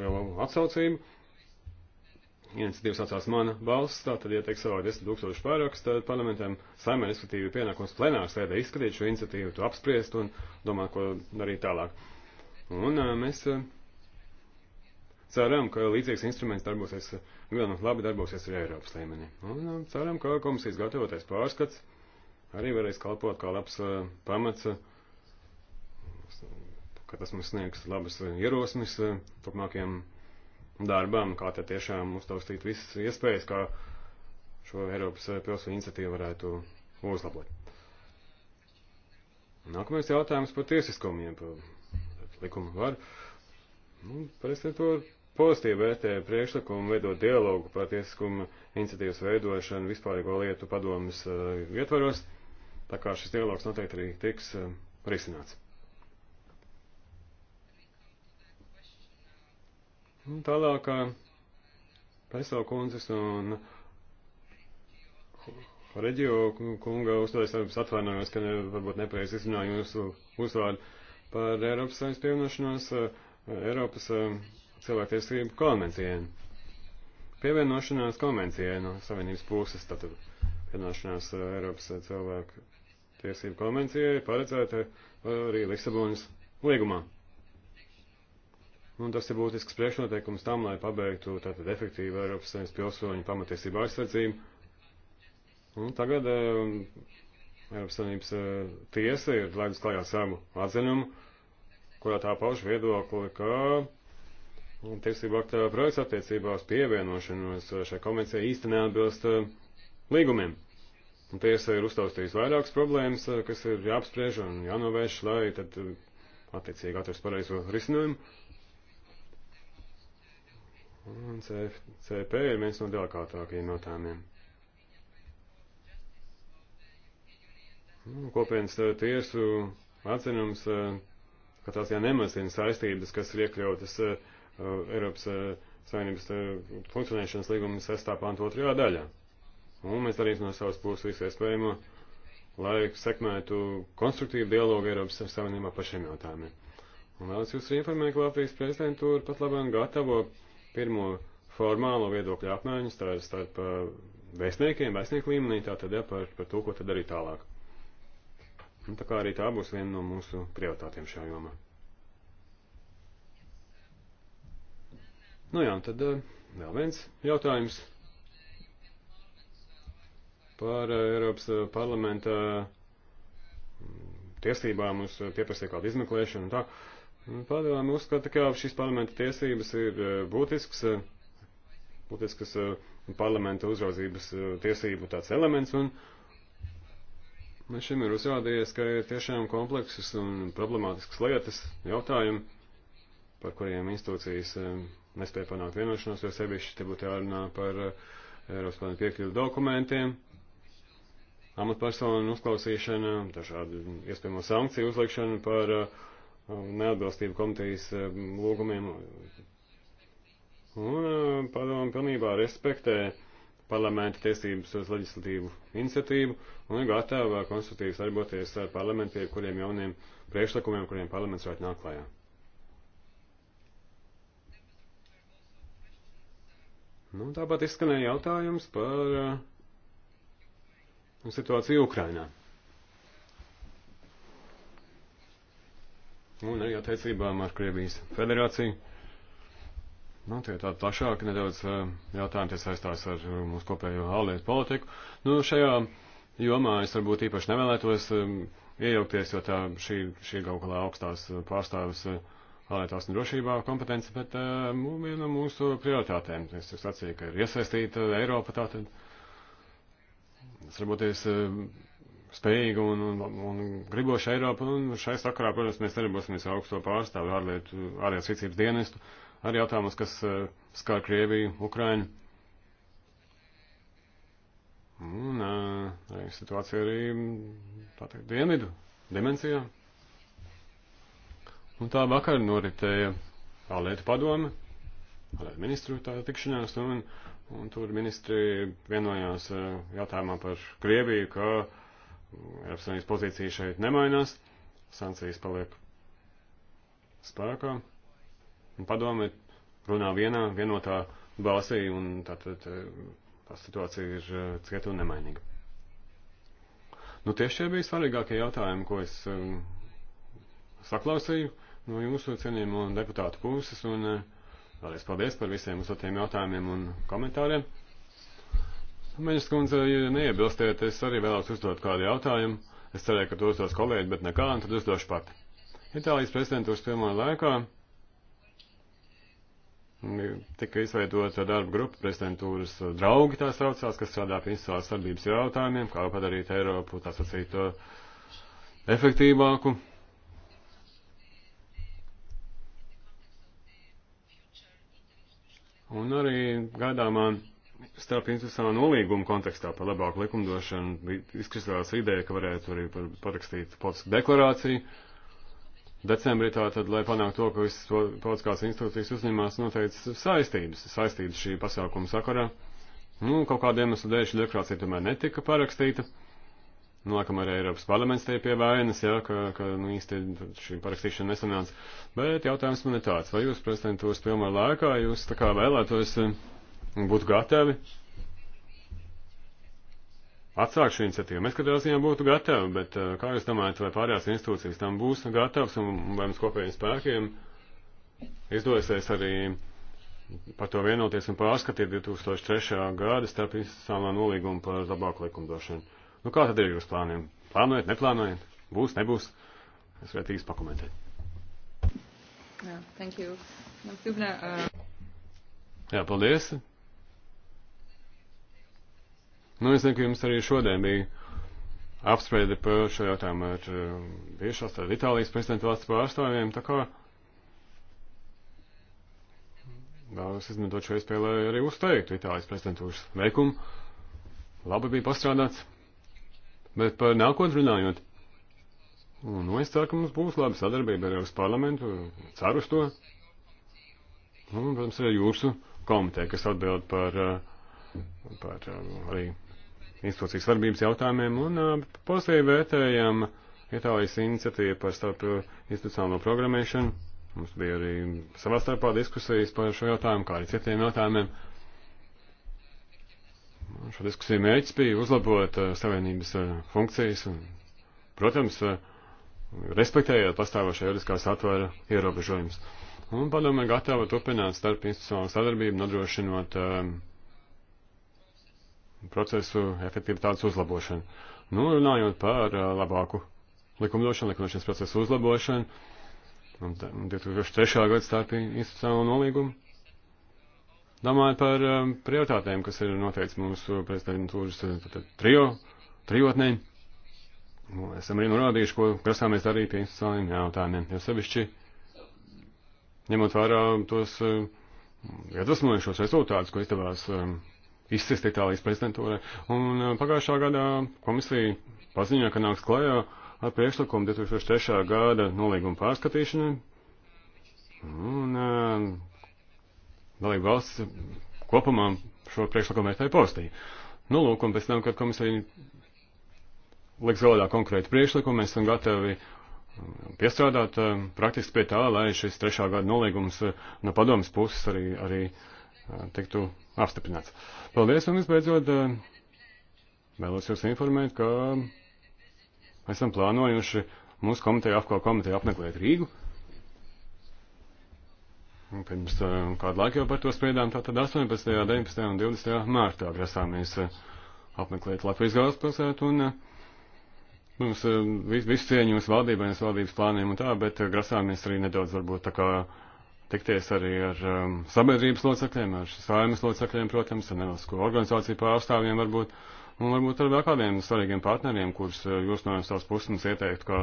lielu atsaucību. Iniciatīvas atsās mana balss, tā tad ieteiks savā 10 tūkstošu pārakstu, tad parlamentam saimē, respektīvi, pienākums plenārs sēdē izskatīt šo iniciatīvu, to apspriest un domāt, ko darīt tālāk. Un eh, mēs. Uh, ceram, ka līdzīgs instruments darbosies, gan labi darbosies arī Eiropas līmenī. Un um, ceram, ka komisijas gatavotais pārskats arī varēs kalpot kā labs uh, pamats, uh, ka tas mums sniegs labas uh, ierosmes turpmākajam darbam, kā te tiešām uztaustīt visas iespējas, kā šo Eiropas pilsu iniciatīvu varētu uzlabot. Nākamais jautājums par tiesiskumiem, par likumu varu. Nu, Pēc tam to pozitīvi vērtē priekšlikumu veidot dialogu par tiesiskumu iniciatīvas veidošanu vispārīgo lietu padomas uh, ietvaros, tā kā šis dialogs noteikti arī tiks uh, risināts. Un tālāk uh, Paisau kundzes un Reģio kunga uztaisnības atvainojos, ka ne, varbūt nepareizi izrunāju jūsu uzvārdu par Eiropas saimnes pievienošanos. Uh, Eiropas uh, cilvēktiesību konvencijai. Pievienošanās konvencijai no Savienības puses, tātad pievienošanās uh, Eiropas uh, cilvēku tiesību konvencijai paredzēta uh, arī Lisabonas līgumā. Un tas ir būtisks priekšnoteikums tam, lai pabeigtu tātad efektīvu Eiropas Savienības pilsoņu pamatiesību aizsardzību. Un tagad um, Eiropas Savienības uh, tiesa ir laidus klājā savu atzinumu, kurā tā pauž viedokli, ka tiesību aktā projekts attiecībā uz pievienošanos eh, šai konvencijai īsti neatbilst eh, līgumiem. Un tiesa ir uztaustījis vairākas problēmas, eh, kas ir jāapspriež un jānovērš, lai tad attiecīgi atrast pareizo risinājumu. Un CP ir viens no delikātākajiem jautājumiem. Nu, kopienas tiesu atzinums, ka tās jānemazina saistības, kas ir iekļautas uh, Eh, Eiropas eh, Savienības eh, funkcionēšanas līguma 6. pānta 2. daļā. Un mēs darīsim no savas puses visu iespējamo, lai sekmētu konstruktīvu dialogu Eiropas Savienībā par šiem jautājumiem. Un vēlas jūs informēt, ka Latvijas prezidentūra pat labāk gatavo pirmo formālo viedokļu apmaiņu starp, starp vēstniekiem, vēstnieku līmenī, tātad ja, par, par to, ko tad darīt tālāk. Un tā kā arī tā būs viena no mūsu prioritātiem šajā jomā. Nu jā, un tad eh, vēl viens jautājums par eh, Eiropas eh, parlamenta mm, tiesībām uz pieprasīt kādu izmeklēšanu un tā. Padomu uzskata, ka šīs parlamenta tiesības ir būtisks, būtisks parlamenta uzraudzības tiesību tāds elements, un man šim ir uzrādījies, ka ir tiešām kompleksas un problemātiskas lietas, jautājumi, par kuriem institūcijas nespēja panākt vienošanos, jo sevišķi te būtu jārunā par eh, Eiropas plānu piekļuvu dokumentiem, amatpersonu uzklausīšana, dažādu iespējamo sankciju uzlikšana par eh, neatbilstību komitejas eh, lūgumiem. Un padomu pilnībā respektē parlamenta tiesības uz leģislatīvu iniciatīvu un ir gatava konstruktīvi sarboties ar parlamentiem, kuriem jauniem priekšlikumiem, kuriem parlaments varētu nākt klājā. Nu, tāpat izskanēja jautājums par uh, situāciju Ukrainā. Un arī attiecībām ar Krievijas federāciju. Nu, tie ir tādi plašāki nedaudz uh, jautājumi, tie saistās ar uh, mūsu kopējo ārlietu politiku. Nu, šajā jomā es varbūt īpaši nevēlētos um, iejaukties, jo tā šī, šī kaut kādā augstās uh, pārstāvis. Uh, ārlietās un drošībā kompetence, bet uh, viena no mūsu prioritātēm, es jau sacīju, ka ir iesaistīta Eiropa, tātad sarboties uh, eh, spējīga un, un, un griboša Eiropa, un šai sakarā, protams, mēs darbosimies ar augsto pārstāvu ārlietu, ārlietas rīcības dienestu, arī jautājumus, kas uh, skar Krieviju, Ukrainu. Un uh, situācija arī, tā teikt, dienvidu dimensijā. Un tā vakar noritēja ārlietu padome, ārlietu ministru tā tikšanās, un, un tur ministri vienojās eh, jautājumā par Krieviju, ka mm, Eiropas Savienības pozīcija šeit nemainās, sankcijas paliek spēkā, un padome runā vienā, vienotā balsī, un tātad eh, tā situācija ir eh, cieta un nemainīga. Nu, tieši šie bija svarīgākie jautājumi, ko es um, saklausīju no jūsu cienījumu deputātu puses, un eh, vēlreiz paldies par visiem uzdotiem jautājumiem un komentāriem. Meņas kundze, ja neiebilstiet, es arī vēlos uzdot kādu jautājumu. Es cerēju, ka to uzdos kolēģi, bet nekā, un tad uzdošu pati. Itālijas prezidentūras pirmā laikā tika izveidota darba grupa prezidentūras draugi, tā saucās, kas strādā pie institucionālās sadarbības jautājumiem, kā padarīt Eiropu, tā sacīt, efektīvāku, un arī gaidāmā starp institucionālā nolīguma kontekstā par labāku likumdošanu izkristalizējās ideja, ka varētu arī parakstīt politisku deklarāciju. Decembrī tā tad, lai panāktu to, ka visas politiskās institūcijas uzņemās noteikts saistības, saistības šī pasākuma sakarā. Nu, kaut kādiem iemeslu dēļ šī deklarācija tomēr netika parakstīta. Uh, Nākamā nu, arī Eiropas parlaments te pie vainas, jā, ka, ka nu, īsti šī parakstīšana nesanāca. Bet jautājums man ir tāds, vai jūs prezidentūras pilnvaru laikā jūs tā kā vēlētos eh, būt gatavi atsākt šo iniciatīvu. Mēs katrā ziņā būtu gatavi, bet eh, kā jūs domājat, vai pārējās institūcijas tam būs gatavs un vai mums kopējiem spēkiem izdosies arī par to vienoties un pārskatīt 2003. gada starp institucionālā nolīguma par labāku likumdošanu? Nu, kā tad ir jūs plāniem? Plānojat, neplānojat? Būs, nebūs? Es varētu īsti pakomentēt. Jā, thank you. Tūpnā, nu, uh... Jā, paldies. Nu, es zinu, ka jums arī šodien bija apspriedi par šo jautājumu ar bijušās ar Itālijas prezidentu valsts pārstāvjiem, tā kā vēlos izmantot šo iespēju, lai arī uzteiktu Itālijas prezidentūras veikumu. Labi bija pastrādāts. Bet par nākotnē runājot, un es ceru, ka mums būs laba sadarbība ar Eiropas parlamentu, ceru uz to. Un, protams, arī jūsu komiteja, kas atbild par, eh, par eh, arī institūcijas varbības jautājumiem, un eh, pozitīvi vērtējam Itālijas iniciatīvu par starp institucionālo programmēšanu. Mums bija arī savā starpā diskusijas par šo jautājumu, kā arī citiem jautājumiem. Šo diskusiju mērķis bija uzlabot eh, savienības eh, funkcijas un, protams, eh, respektējot pastāvošā juridiskā satvara ierobežojumus. Un padomē gatava turpināt starp institucionālu sadarbību, nodrošinot um, procesu efektivitātes uzlabošanu. Nu, runājot par uh, labāku likumdošanu, likumdošanas procesu uzlabošanu, un 2003. gada starp institucionālo nolīgumu. Domāju par um, prioritātēm, kas ir noteikts mūsu prezidentūras uh, trijo, trijotnēm. Nu, esam arī norādījuši, ko grasāmies darīt pie institucionāliem jautājumiem, jo sevišķi ņemot vērā tos uh, iedvesmojušos rezultātus, ko izdevās um, izsist Itālijas prezidentūrai. Un uh, pagājušā gadā komisija paziņoja, ka nāks klajā ar priekšlikumu 2003. gada nolīguma pārskatīšanai. Un uh, dalību valsts kopumā šo priekšlikumu vērtēja pozitīvi. Nu, lūk, un pēc tam, kad komisija liks galā konkrētu priekšlikumu, mēs esam gatavi um, piestrādāt um, praktiski pie tā, lai šis trešā gada nolīgums uh, no padomas puses arī, arī uh, tiktu apstiprināts. Paldies, un visbeidzot, um, vēlos jūs informēt, ka esam plānojuši mūsu komiteju, apko komiteju apmeklēt Rīgu. Pirms eh, kādu laiku jau par to spriedām, tātad 18., 19. un 20. mārtā grasāmies eh, apmeklēt Latvijas galvaspilsētu un eh, mums vis, visu cieņu uz valdībai, uz valdības plāniem un tā, bet grasāmies arī nedaudz varbūt tā kā tikties arī ar um, sabiedrības locekļiem, ar saimas locekļiem, protams, ar nevalstisko organizāciju pārstāvjiem varbūt, un varbūt ar vēl kādiem svarīgiem partneriem, kurus jūs no savas puses mums ieteiktu, ka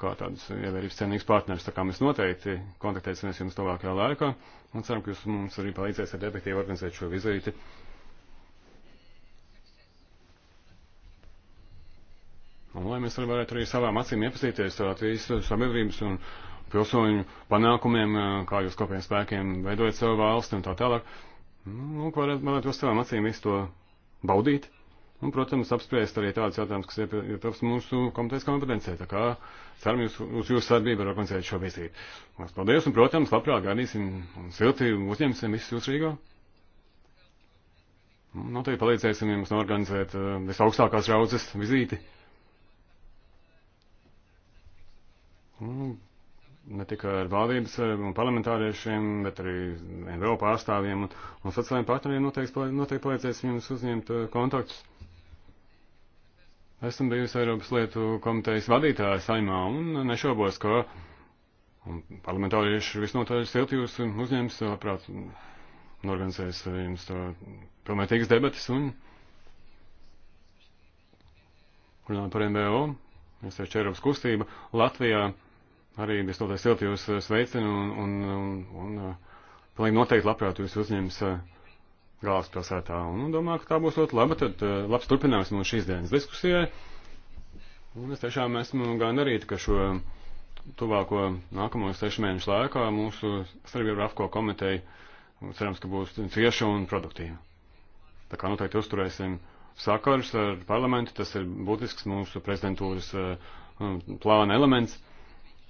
kā tāds ievērības cienīgs partners, tā kā mēs noteikti kontaktēsimies jums tuvākajā laikā un ceram, ka jūs mums arī palīdzēsiet efektīvi organizēt šo vizīti. Un lai mēs varētu arī savām acīm iepazīties ar Latvijas sabiedrības un pilsoņu panākumiem, kā jūs kopiem spēkiem veidojat savu valsti un tā tālāk, nu, varētu, varētu uz savām acīm visu to baudīt. Un, protams, apspriest arī tādas jautājumas, kas ietilpst mūsu komitejas kompetencē. Tā kā ceram jūs, uz jūsu sadarbību ar organizēt šo vizīti. Mēs paldies un, protams, labprāt gaidīsim un silti uzņemsim visus jūs Rīgā. Noteikti nu, nu, palīdzēsim jums norganizēt uh, visaugstākās raudzes vizīti. Un nu, ne tikai ar valdības eh, un parlamentāriešiem, bet arī NVO pārstāvjiem un, un sociālajiem partneriem noteikti, noteikti palīdzēsim jums uzņemt eh, kontaktus. Esmu bijusi Eiropas lietu komitejas vadītāja saimā un nešaubos, ka parlamentārieši visnotaļ silti jūs uzņems, labprāt, norganizēs jums pilnvērtīgas debatas un runājot par MBO, es teicu Eiropas kustība, Latvijā arī visnotaļ silti jūs sveicinu un, un, un, un pilnīgi noteikti labprāt jūs uzņems. Uh, galvaspilsētā. Un domāju, ka tā būs ļoti laba, tad eh, labs turpinājums mūsu šīs dienas diskusijai. Un es tiešām esmu gandarīti, ka šo tuvāko nākamo sešu mēnešu laikā mūsu Serbija Rafko komiteja cerams, ka būs cieša un produktīva. Tā kā noteikti uzturēsim sakarus ar parlamentu, tas ir būtisks mūsu prezidentūras eh, plāna elements.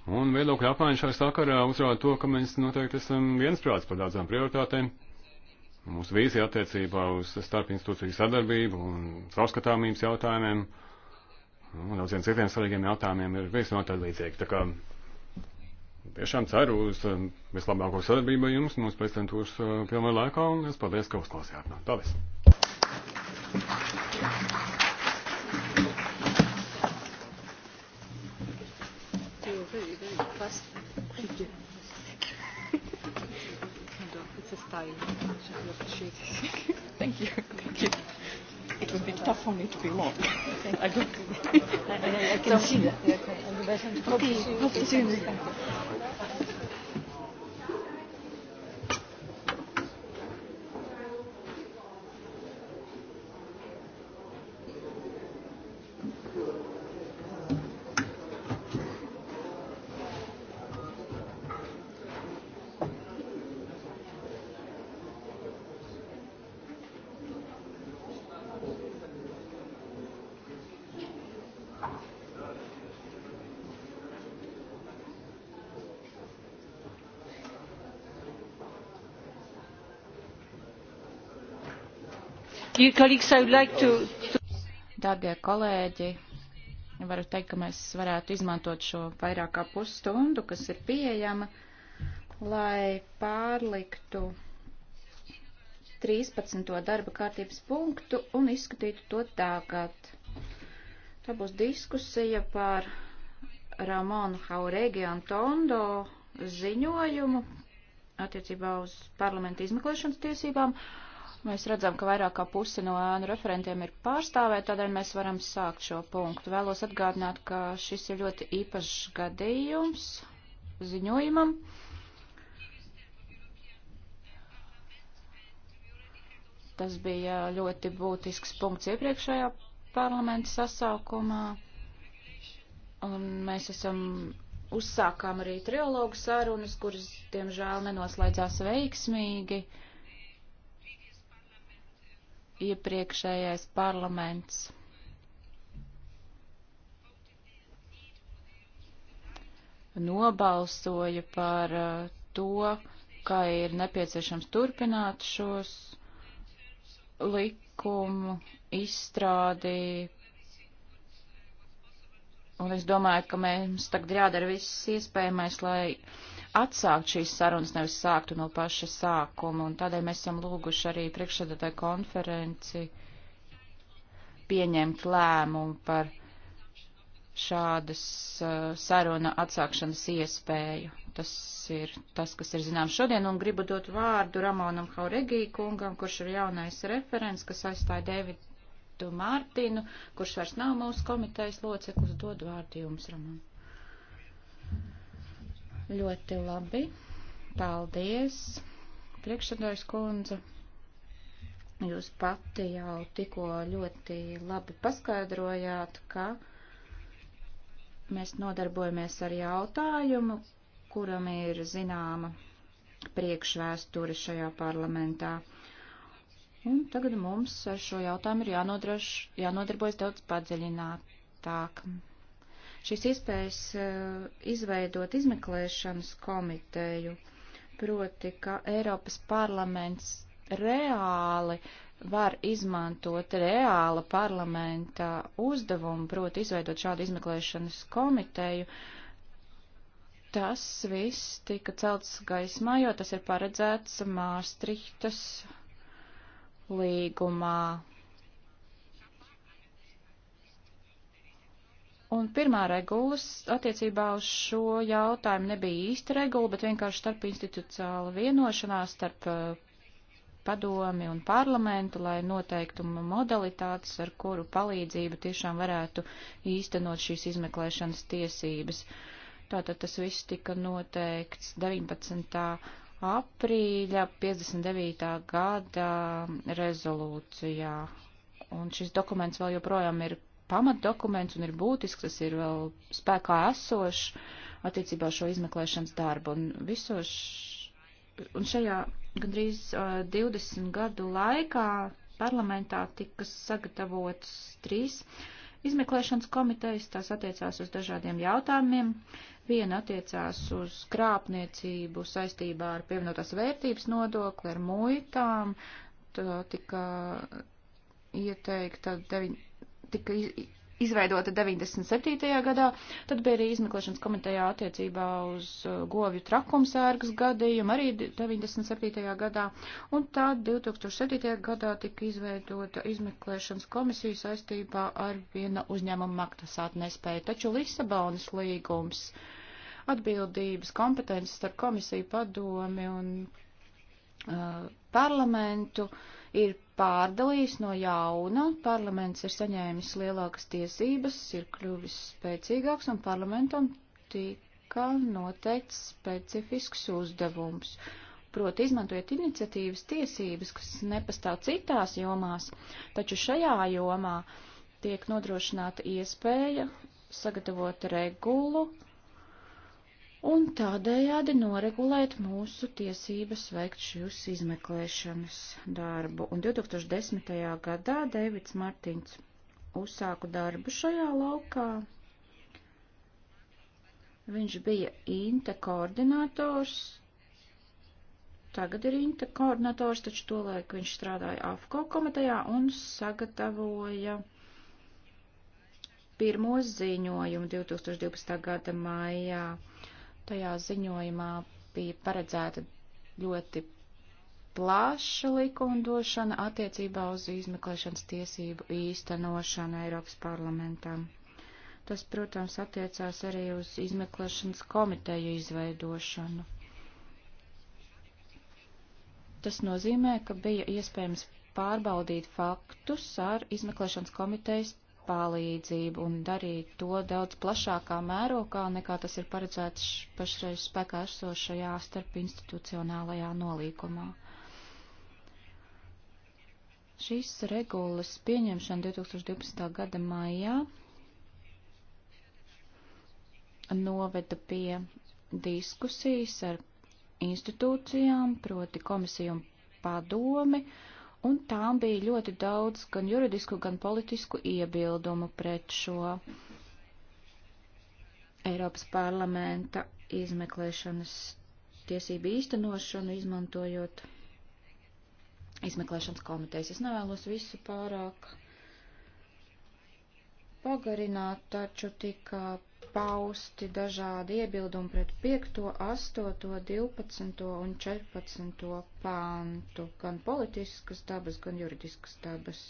Un viedokļu apmaiņa šajā sakarā uzrāda to, ka mēs noteikti esam viensprāts par daudzām prioritātēm mūsu vīzija attiecībā uz starp institūciju sadarbību un caurskatāmības jautājumiem un daudziem citiem svarīgiem jautājumiem ir visnotaļ līdzīgi. Tā kā tiešām ceru uz um, vislabāko sadarbību jums mūsu prezidentūras uh, pilnvaru laikā un es paldies, ka uzklausījāt. Paldies! Thank you. style. So we appreciate it. Thank you. Thank you. It would be tough for me to be long. I don't. I, I, I can so, see that. Okay. Okay. Darbie kolēģi, varu teikt, ka mēs varētu izmantot šo vairāk kā pusstundu, kas ir pieejama, lai pārliktu 13. darba kārtības punktu un izskatītu to tagad. Tā būs diskusija par Ramonu Hauregi Antondo ziņojumu attiecībā uz parlamenta izmeklēšanas tiesībām. Uh, Mēs redzam, ka vairāk kā pusi no ēnu referentiem ir pārstāvēti, tādēļ mēs varam sākt šo punktu. Vēlos atgādināt, ka šis ir ļoti īpašs gadījums ziņojumam. Tas bija ļoti būtisks punkts iepriekšējā parlamenta sasaukumā. Un mēs esam uzsākām arī trilogu sarunas, kuras, diemžēl, nenoslēdzās veiksmīgi. Uh, iepriekšējais parlaments nobalsoja par uh, to, ka ir nepieciešams turpināt šos likumu izstrādi. Un es domāju, ka mums tagad jādara viss iespējamais, lai uh, atsākt šīs sarunas, nevis sāktu no paša sākuma, un tādēļ mēs esam lūguši arī priekšsēdētāju konferenci pieņemt lēmumu par šādas uh, saruna atsākšanas iespēju. Tas ir tas, kas ir zināms šodien, un gribu dot vārdu Ramonam Hauregī kungam, kurš ir jaunais referents, kas aizstāja Davidu Mārtinu, kurš vairs nav mūsu komitejas loceklis. Dod vārdu jums, Ramon. Ļoti labi. Paldies, priekšsēdājas kundze. Jūs pati jau tikko ļoti labi paskaidrojāt, ka mēs nodarbojamies ar jautājumu, kuram ir zināma priekšvēsture šajā parlamentā. Un tagad mums ar šo jautājumu ir jānodarbojas daudz padziļinātāk šīs iespējas eh, izveidot izmeklēšanas komiteju, proti, ka Eiropas parlaments reāli var izmantot reāla parlamenta uzdevumu, proti, izveidot šādu izmeklēšanas komiteju, tas viss tika celts gaismā, jo tas ir paredzēts Māstrihtas līgumā. Un pirmā regulas attiecībā uz šo jautājumu nebija īsta regula, bet vienkārši starp institucionāla vienošanās starp eh, padomi un parlamentu, lai noteiktu modalitātes, ar kuru palīdzību tiešām varētu īstenot šīs izmeklēšanas tiesības. Tātad tas viss tika noteikts 19. aprīļa 59. gada rezolūcijā. Un šis dokuments vēl joprojām ir pamatdokuments un ir būtisks, tas ir vēl spēkā esošs attiecībā šo izmeklēšanas darbu. Un visos, un šajā gandrīz uh, 20 gadu laikā parlamentā tika sagatavots trīs izmeklēšanas komitejas, tās attiecās uz dažādiem jautājumiem. Viena attiecās uz krāpniecību saistībā ar pievienotās vērtības nodokli, ar muitām. Tā tika ieteikta deviņ, tika izveidota 97. gadā, tad bija arī izmeklēšanas komitejā attiecībā uz uh, govju trakumsērgas gadījumu arī 97. gadā, un tad 2007. gadā tika izveidota izmeklēšanas komisija saistībā ar viena uzņēmuma maktasāt nespēju. Taču Lisabonas līgums atbildības kompetences starp komisiju padomi un uh, parlamentu ir pārdalījis no jauna, parlaments ir saņēmis lielākas tiesības, ir kļuvis spēcīgāks un parlamentam tika noteikts specifisks uzdevums. Proti, izmantojot iniciatīvas tiesības, kas nepastāv citās jomās, taču šajā jomā tiek nodrošināta iespēja sagatavot regulu, un tādējādi noregulēt mūsu tiesības veikt šīs izmeklēšanas darbu. Un 2010. gadā Deivids Martins uzsāku darbu šajā laukā. Viņš bija INTA koordinators, tagad ir INTA koordinators, taču tolaik viņš strādāja AFCO komitejā un sagatavoja pirmo ziņojumu 2012. gada maijā. Tajā ziņojumā bija paredzēta ļoti plaša likumdošana attiecībā uz izmeklēšanas tiesību īstenošanu Eiropas parlamentā. Tas, protams, attiecās arī uz izmeklēšanas komiteju izveidošanu. Tas nozīmē, ka bija iespējams pārbaudīt faktus ar izmeklēšanas komitejas palīdzību un darīt to daudz plašākā mērokā, nekā tas ir paredzēts pašreiz spēkā esošajā starp institucionālajā nolīkumā. Šīs regulas pieņemšana 2012. gada maijā noveda pie diskusijas ar institūcijām, proti komisiju un padomi, uh, un tām bija ļoti daudz gan juridisku, gan politisku iebildumu pret šo Eiropas parlamenta izmeklēšanas tiesību īstenošanu, izmantojot izmeklēšanas komitejas. Es nevēlos visu pārāk pagarināt, taču tika pausti dažādi iebildumi pret 5, 8, 12 un 14 pāntu, gan politiskas dabas, gan juridiskas dabas.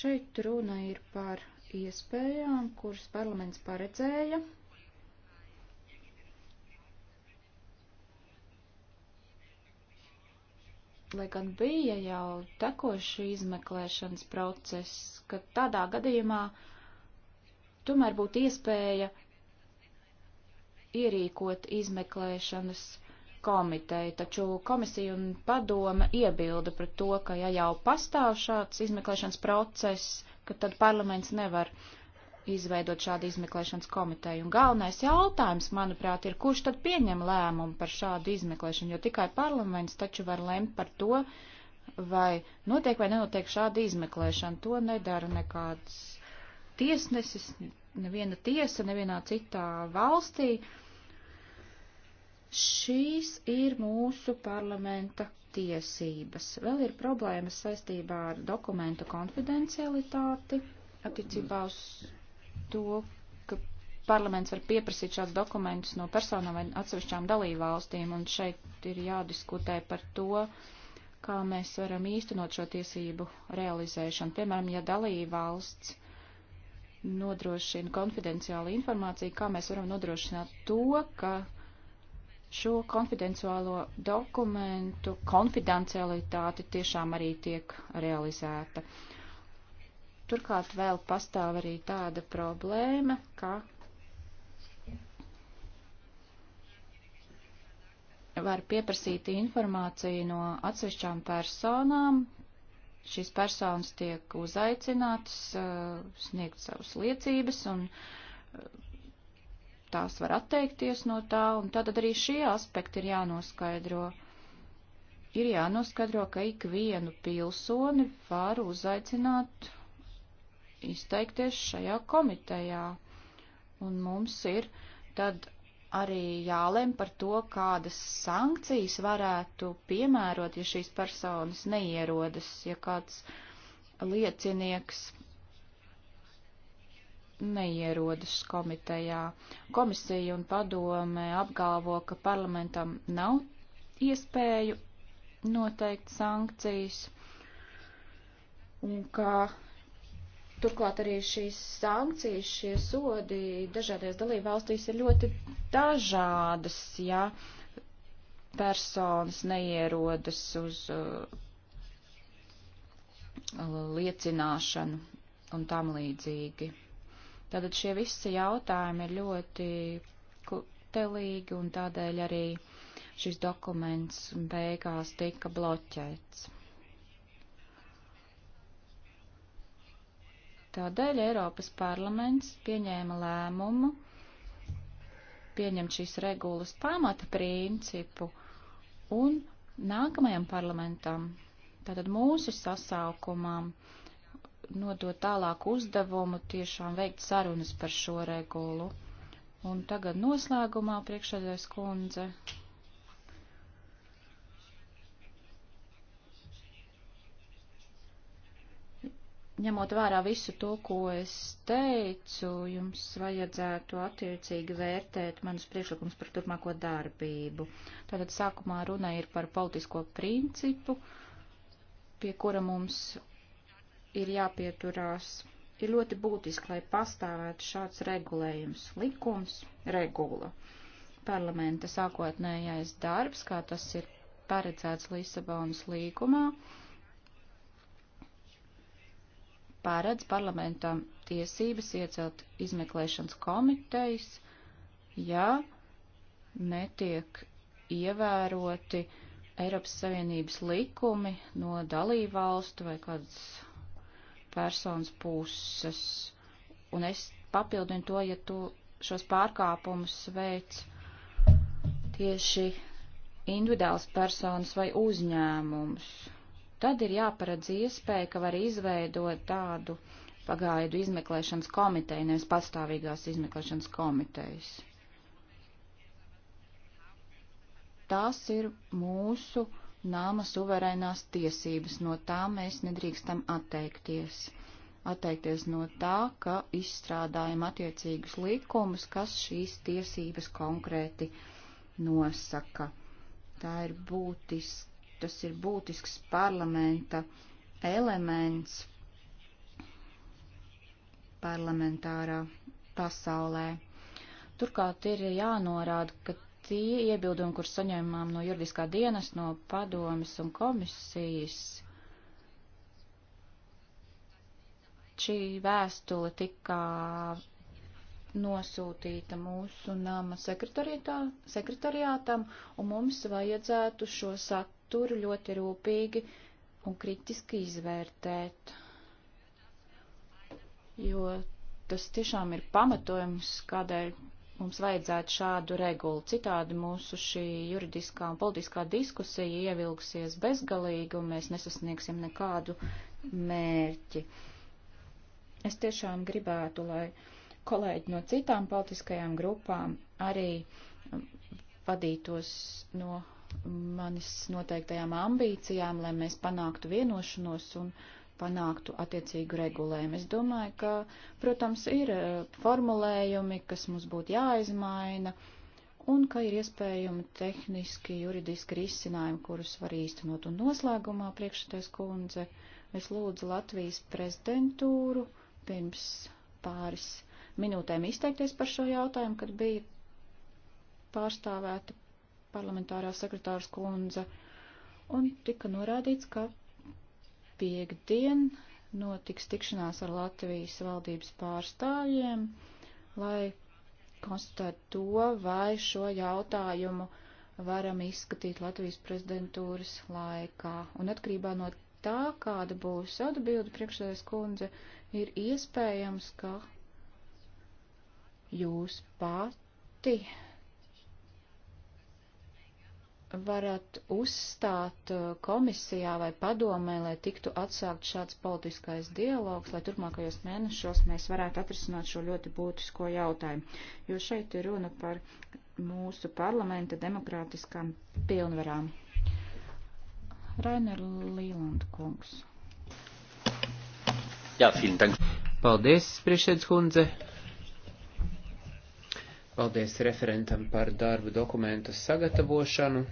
Šeit runa ir par iespējām, kuras parlaments paredzēja. Lai gan bija jau tekoši izmeklēšanas process, ka tādā gadījumā uh, tomēr būtu iespēja ierīkot izmeklēšanas komiteju, taču komisija un padome iebilda pret to, ka ja jau pastāv šāds izmeklēšanas process, ka tad parlaments nevar izveidot šādu izmeklēšanas komiteju. Un galvenais jautājums, manuprāt, ir, kurš tad pieņem lēmumu par šādu izmeklēšanu, jo tikai parlaments taču var lemt par to, vai notiek vai nenotiek šāda izmeklēšana. To nedara nekādas tiesnesis, neviena tiesa, nevienā citā valstī. Šīs ir mūsu parlamenta tiesības. Vēl ir problēmas saistībā ar dokumentu konfidencialitāti, attiecībā uz to, ka parlaments var pieprasīt šāds dokumentus no personām vai atsevišķām dalībvalstīm, un šeit ir jādiskutē par to, kā mēs varam īstenot šo tiesību realizēšanu. Piemēram, ja dalībvalsts nodrošina konfidenciālu informāciju, kā mēs varam nodrošināt to, ka šo konfidenciālo dokumentu konfidencialitāte tiešām arī tiek realizēta. Turklāt vēl pastāv arī tāda problēma, ka var pieprasīt informāciju no atsevišķām personām, šīs personas tiek uzaicinātas, eh, sniegt savas liecības un eh, tās var atteikties no tā, un tātad arī šie aspekti ir jānoskaidro. Ir jānoskaidro, ka ikvienu pilsoni var uzaicināt izteikties šajā komitejā, un mums ir tad arī jālem par to, kādas sankcijas varētu piemērot, ja šīs personas neierodas, ja kāds liecinieks neierodas komitejā. Komisija un padome apgalvo, ka parlamentam nav iespēju noteikt sankcijas un ka Turklāt arī šīs sankcijas, šie sodi dažādajās dalību valstīs ir ļoti dažādas, ja personas neierodas uz uh, liecināšanu un tam līdzīgi. Tātad šie visi jautājumi ir ļoti kutelīgi un tādēļ arī šis dokuments beigās tika bloķēts. Tādēļ Eiropas parlaments pieņēma lēmumu pieņemt šīs regulas pamata principu un nākamajam parlamentam, tātad mūsu sasaukumam, nodot tālāku uzdevumu tiešām veikt sarunas par šo regulu. Un tagad noslēgumā priekšsēdēs kundze ņemot vērā visu to, ko es teicu, jums vajadzētu attiecīgi vērtēt manus priekšlikumus par turpmāko darbību. Tātad sākumā runa ir par politisko principu, pie kura mums ir jāpieturās. Ir ļoti būtiski, lai pastāvētu šāds regulējums, likums, regula. Parlamenta sākotnējais darbs, kā tas ir paredzēts Lisabonas līgumā, uh, paredz parlamentam tiesības iecelt izmeklēšanas komitejas, ja netiek ievēroti Eiropas Savienības likumi no dalībvalstu vai kādas personas puses. Un es papildinu to, ja tu šos pārkāpumus veic tieši individuāls personas vai uzņēmums tad ir jāparedz iespēja, ka var izveidot tādu pagaidu izmeklēšanas komiteju, nevis pastāvīgās izmeklēšanas komitejas. Tās ir mūsu nama suverēnās tiesības, no tā mēs nedrīkstam atteikties. Atteikties no tā, ka izstrādājam attiecīgus likumus, kas šīs tiesības konkrēti nosaka. Tā ir būtiska Tas ir būtisks parlamenta elements parlamentārā pasaulē. Turklāt ir jānorāda, ka tie iebildumi, kur saņēmām no juridiskā dienas, no padomas un komisijas, šī vēstule tika nosūtīta mūsu nama sekretariātam, un mums vajadzētu šo saktu saturu ļoti rūpīgi un kritiski izvērtēt, jo tas tiešām ir pamatojums, kādēļ mums vajadzētu šādu regulu. Citādi mūsu šī juridiskā un politiskā diskusija ievilksies bezgalīgi, un mēs nesasniegsim nekādu mērķi. Es tiešām gribētu, lai kolēģi no citām politiskajām grupām arī um, vadītos no manis noteiktajām ambīcijām, lai mēs panāktu vienošanos un panāktu attiecīgu regulējumu. Es domāju, ka, protams, ir e, formulējumi, kas mums būtu jāizmaina, un ka ir iespējami tehniski, juridiski risinājumi, kurus var īstenot. Un noslēgumā priekšsēdēs kundze, es lūdzu Latvijas prezidentūru pirms pāris minūtēm izteikties par šo jautājumu, kad bija pārstāvēti parlamentārā sekretārs kundze, un tika norādīts, ka piekdien notiks tikšanās ar Latvijas valdības pārstāvjiem, lai konstatētu to, vai šo jautājumu varam izskatīt Latvijas prezidentūras laikā. Un atkarībā no tā, kāda būs atbildi priekšsēdēs kundze, ir iespējams, ka jūs pati varat uzstāt uh, komisijā vai padomē, lai tiktu atsākt šāds politiskais dialogs, lai turpmākajos mēnešos mēs varētu atrisināt šo ļoti būtisko jautājumu, jo šeit ir runa par mūsu parlamenta demokrātiskām pilnvarām. Rainer Līland kungs. Jā, vielen dank. Paldies, priekšsēdz kundze. Paldies referentam par darbu dokumentu sagatavošanu.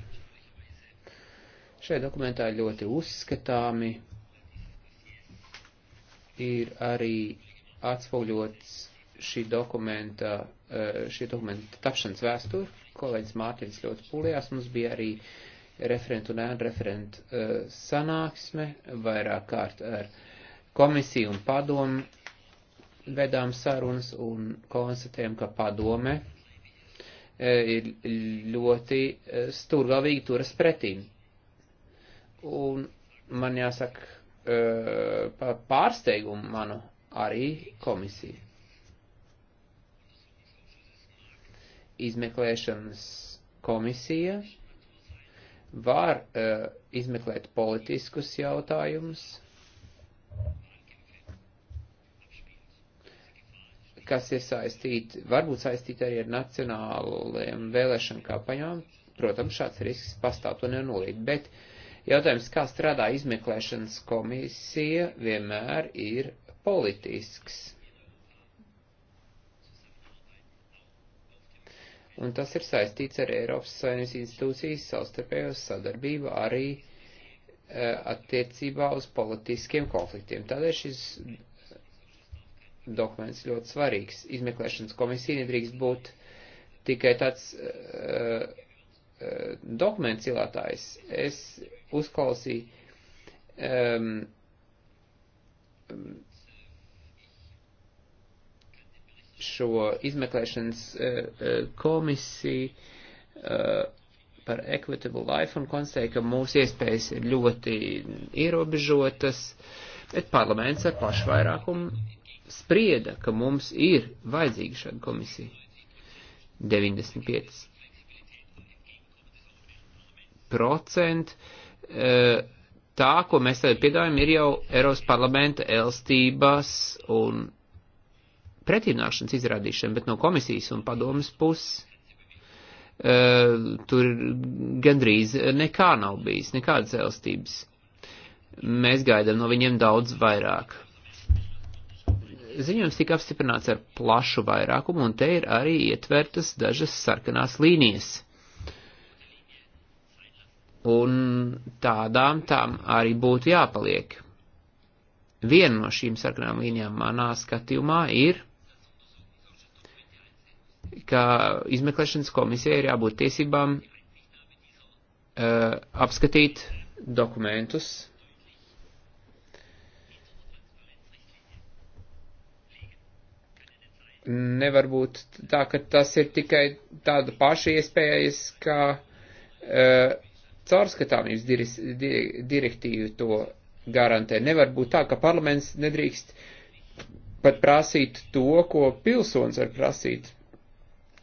Šajā dokumentā ļoti uzskatāmi ir arī atspoguļots šī dokumenta, eh, šī dokumenta tapšanas vēsture. Kolēģis Mārtiņš ļoti pūlījās. Mums bija arī referentu un referentu eh, sanāksme, vairāk kārt ar komisiju un padomu vedām sarunas un konstatējām, ka padome eh, ir ļoti stūrgalvīgi turas pretīm Un man jāsaka, eh, par pārsteigumu manu arī komisija. Izmeklēšanas komisija var uh, izmeklēt politiskus jautājumus, kas ir saistīti, varbūt saistīti arī ar nacionālajiem vēlēšanu kampaņām. Protams, šāds risks pastāv, to nenolīd, bet uh, Jautājums, kā strādā izmeklēšanas komisija, vienmēr ir politisks. Un tas ir saistīts ar Eiropas Savienības institūcijas savstarpējo sadarbību arī e, attiecībā uz politiskiem konfliktiem. Tādēļ šis dokuments ļoti svarīgs. Izmeklēšanas komisija nedrīkst būt tikai tāds uh, uh, dokuments ilātājs. Es uzklausīja. Um, šo izmeklēšanas uh, uh, komisiju uh, par Equitable Life un konstatēja, ka mūsu iespējas ir ļoti ierobežotas, bet parlaments ar plašu vairākumu sprieda, ka mums ir vajadzīga šāda komisija. 95 procenti tā, ko mēs tagad piedāvājam, ir jau Eiropas parlamenta elstības un pretīnākšanas izrādīšana, bet no komisijas un padomas puses e, tur gandrīz nekā nav bijis, nekādas elstības. Mēs gaidām no viņiem daudz vairāk. Ziņojums tika apstiprināts ar plašu vairākumu, un te ir arī ietvertas dažas sarkanās līnijas un tādām tām arī būtu jāpaliek. Viena no šīm sarkanām līnijām manā skatījumā ir, ka izmeklēšanas komisija ir jābūt tiesībām uh, apskatīt dokumentus. Nevar būt tā, ka tas ir tikai tāda paša iespējas, kā uh, eh, Caurskatāmības diris, di, direktīva to garantē. Nevar būt tā, ka parlaments nedrīkst pat prasīt to, ko pilsons var prasīt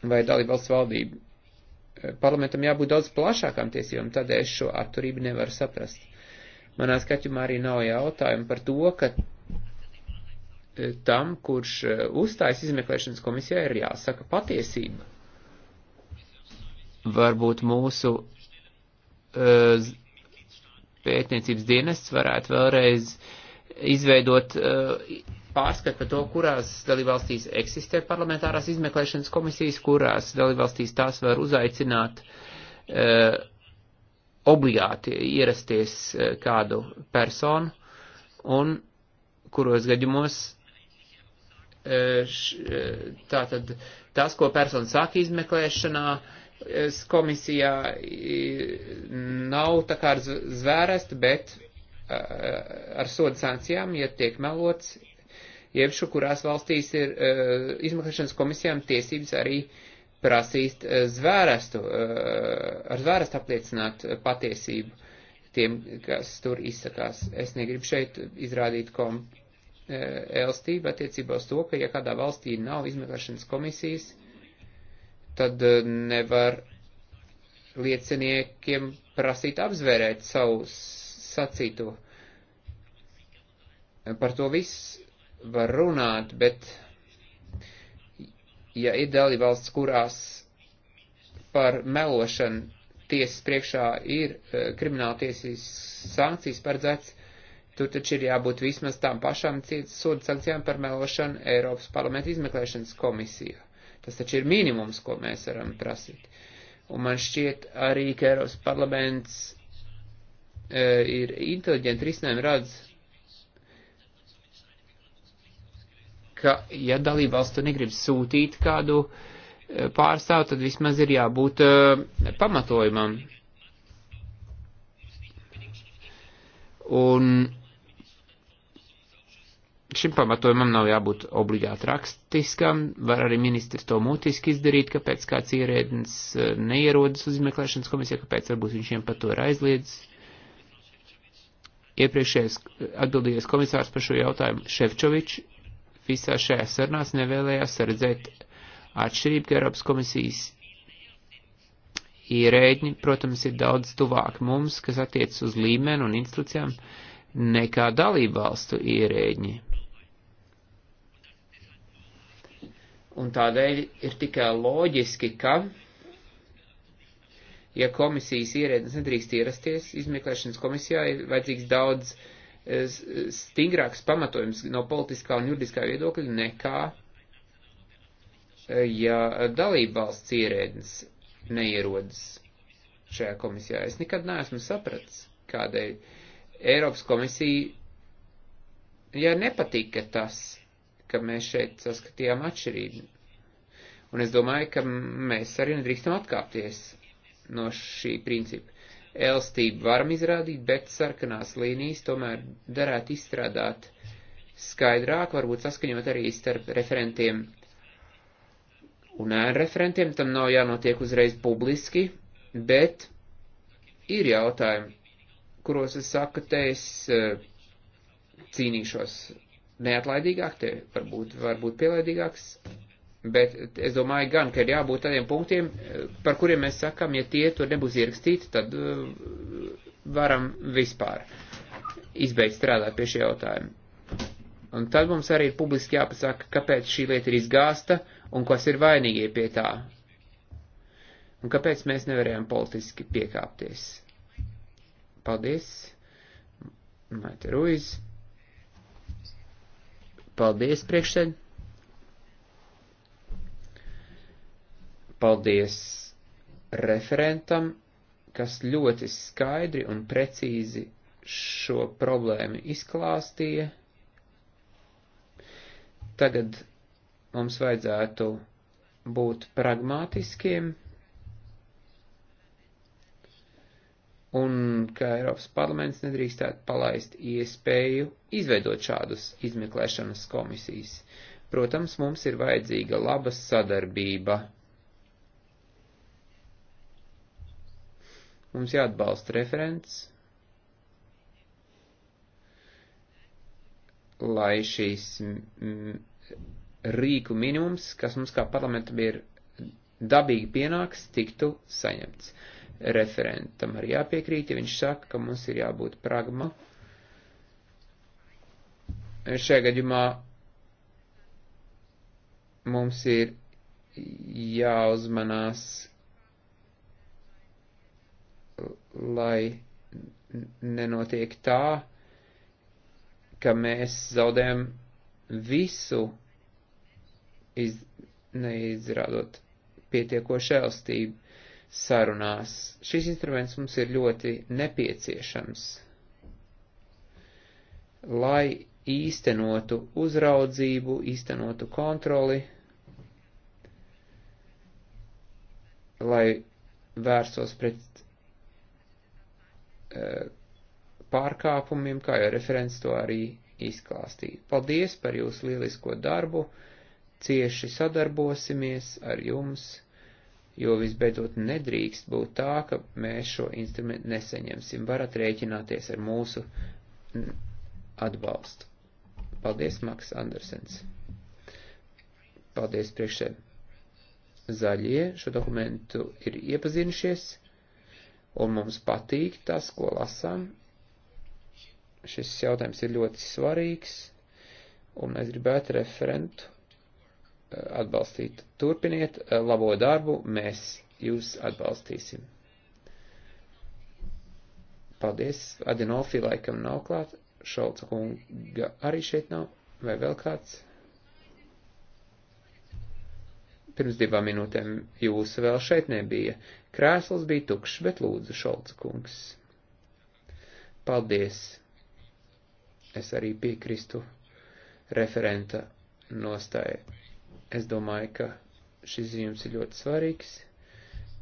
vai dalībvalsts valdība. Eh, parlamentam jābūt daudz plašākām tiesībām, tādēļ es šo atturību nevaru saprast. Manā skatījumā arī nav jautājumu par to, ka eh, tam, kurš eh, uzstājas izmeklēšanas komisijā, ir jāsaka patiesība. Varbūt mūsu Eh, pētniecības dienests varētu vēlreiz izveidot eh, pārskatu par to, kurās dalībvalstīs eksistē parlamentārās izmeklēšanas komisijas, kurās dalībvalstīs tās var uzaicināt eh, obligāti ierasties kādu personu un kuros gadījumos tātad tas, ko persona saka izmeklēšanā, komisijā nav tā kā ar zvēresti, bet ar sodu sankcijām, ja tiek melots, iepšu, kurās valstīs ir izmeklēšanas komisijām tiesības arī prasīt zvērestu, ar zvērstu apliecināt patiesību tiem, kas tur izsakās. Es negribu šeit izrādīt kom elstību attiecībā uz to, ka ja kādā valstī nav izmeklēšanas komisijas, uh, tad eh, nevar lieciniekiem prasīt apzvērēt savu sacīto. Par to viss var runāt, bet ja ir dalībvalsts, kurās par melošanu tiesas priekšā ir eh, krimināltiesīs sankcijas paredzēts, tur taču ir jābūt vismaz tām pašām cietas sodu sankcijām par melošanu Eiropas parlamenta izmeklēšanas komisijā. Tas taču ir minimums, ko mēs varam prasīt. Un man šķiet arī, ka Eiropas parlaments e, ir inteliģenti risinājumi radz, ka, ja dalībvalstu negrib sūtīt kādu e, pārstāvu, tad vismaz ir jābūt e, pamatojumam. Un šim pamatojumam nav jābūt obligāti rakstiskam, var arī ministrs to mutiski izdarīt, kāpēc kāds ierēdnis e, neierodas uz izmeklēšanas komisiju, kāpēc varbūt viņiem pat to ir aizliedzis. Iepriekšējais atbildīgais komisārs par šo jautājumu Ševčovičs visā šajā sarunās nevēlējās redzēt atšķirību, ka Eiropas komisijas ierēģi, protams, ir daudz tuvāk mums, kas attiec uz līmeni un institūcijām, nekā dalībvalstu ierēģi. Un tādēļ ir tikai loģiski, ka, ja komisijas ierēdnes nedrīkst ierasties, izmeklēšanas komisijā ir vajadzīgs daudz eh, stingrāks pamatojums no politiskā un juridiskā viedokļa nekā, eh, ja dalībvalsts ierēdnes neierodas šajā komisijā. Es nekad neesmu sapratis, kādēļ Eiropas komisija, ja nepatika tas, ka mēs šeit saskatījām atšķirību. Un es domāju, ka mēs arī nedrīkstam atkāpties no šī principa. Elstību varam izrādīt, bet sarkanās līnijas tomēr darētu izstrādāt skaidrāk, varbūt saskaņot arī starp referentiem un ēnu referentiem. Tam nav jānotiek uzreiz publiski, bet ir jautājumi, kuros es saku, ka te es eh, cīnīšos neatlaidīgāk, te varbūt, varbūt pielaidīgāks, bet es domāju gan, ka ir jābūt tādiem punktiem, par kuriem mēs sakam, ja tie tur nebūs ierakstīti, tad eh, varam vispār izbeigt strādāt pie šī jautājuma. Un tad mums arī ir publiski jāpasaka, kāpēc šī lieta ir izgāsta un kas ir vainīgie pie tā. Un kāpēc mēs nevarējām politiski piekāpties. Paldies, Maita Ruiz. Paldies, priekšsēd. Paldies referentam, kas ļoti skaidri un precīzi šo problēmu izklāstīja. Tagad mums vajadzētu būt pragmātiskiem. un ka Eiropas parlaments nedrīkstētu palaist iespēju izveidot šādus izmeklēšanas komisijas. Protams, mums ir vajadzīga laba sadarbība. Mums jāatbalsta referents, lai šīs rīku minimums, kas mums kā parlamentam ir dabīgi pienāks, tiktu saņemts. Uh, referentam arī jāpiekrīt, ja viņš saka, ka mums ir jābūt pragma. Šajā gadījumā mums ir jāuzmanās, lai nenotiek tā, ka mēs zaudējam visu, iz, neizrādot pietiekošu elstību sarunās. Šis instruments mums ir ļoti nepieciešams, lai īstenotu uzraudzību, īstenotu kontroli, lai vērsos pret uh, pārkāpumiem, kā jau referents to arī izklāstīja. Paldies par jūsu lielisko darbu, cieši sadarbosimies ar jums jo visbeidzot nedrīkst būt tā, ka mēs šo instrumentu neseņemsim. Varat rēķināties ar mūsu atbalstu. Paldies, Maks Andersens. Paldies priekšsēm. Zaļie šo dokumentu ir iepazinušies, un mums patīk tas, ko lasām. Šis jautājums ir ļoti svarīgs, un es gribētu referentu atbalstīt. Turpiniet eh, labo darbu, mēs jūs atbalstīsim. Paldies, Adinolfi laikam nav klāt, Šolca kunga arī šeit nav, vai vēl kāds? Pirms divām minūtēm jūs vēl šeit nebija. Krēsls bija tukšs, bet lūdzu, Šolca kungs. Paldies! Es arī piekrīstu referenta nostāja Es domāju, ka šis ziņums ir ļoti svarīgs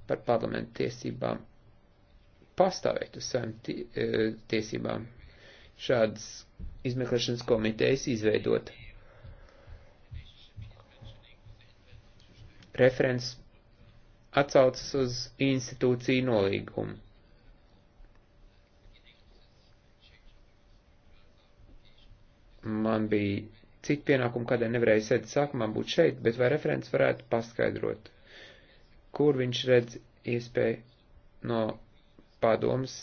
par parlamentu tiesībām pastāvēt uz saviem e, tiesībām. Šādas izmeklēšanas komitejas izveidot. Referents atsaucas uz institūciju nolīgumu. Man bija citu pienākumu, kādēļ nevarēja sēdēt sākumā būt šeit, bet vai referents varētu paskaidrot, kur viņš redz iespēju no padoms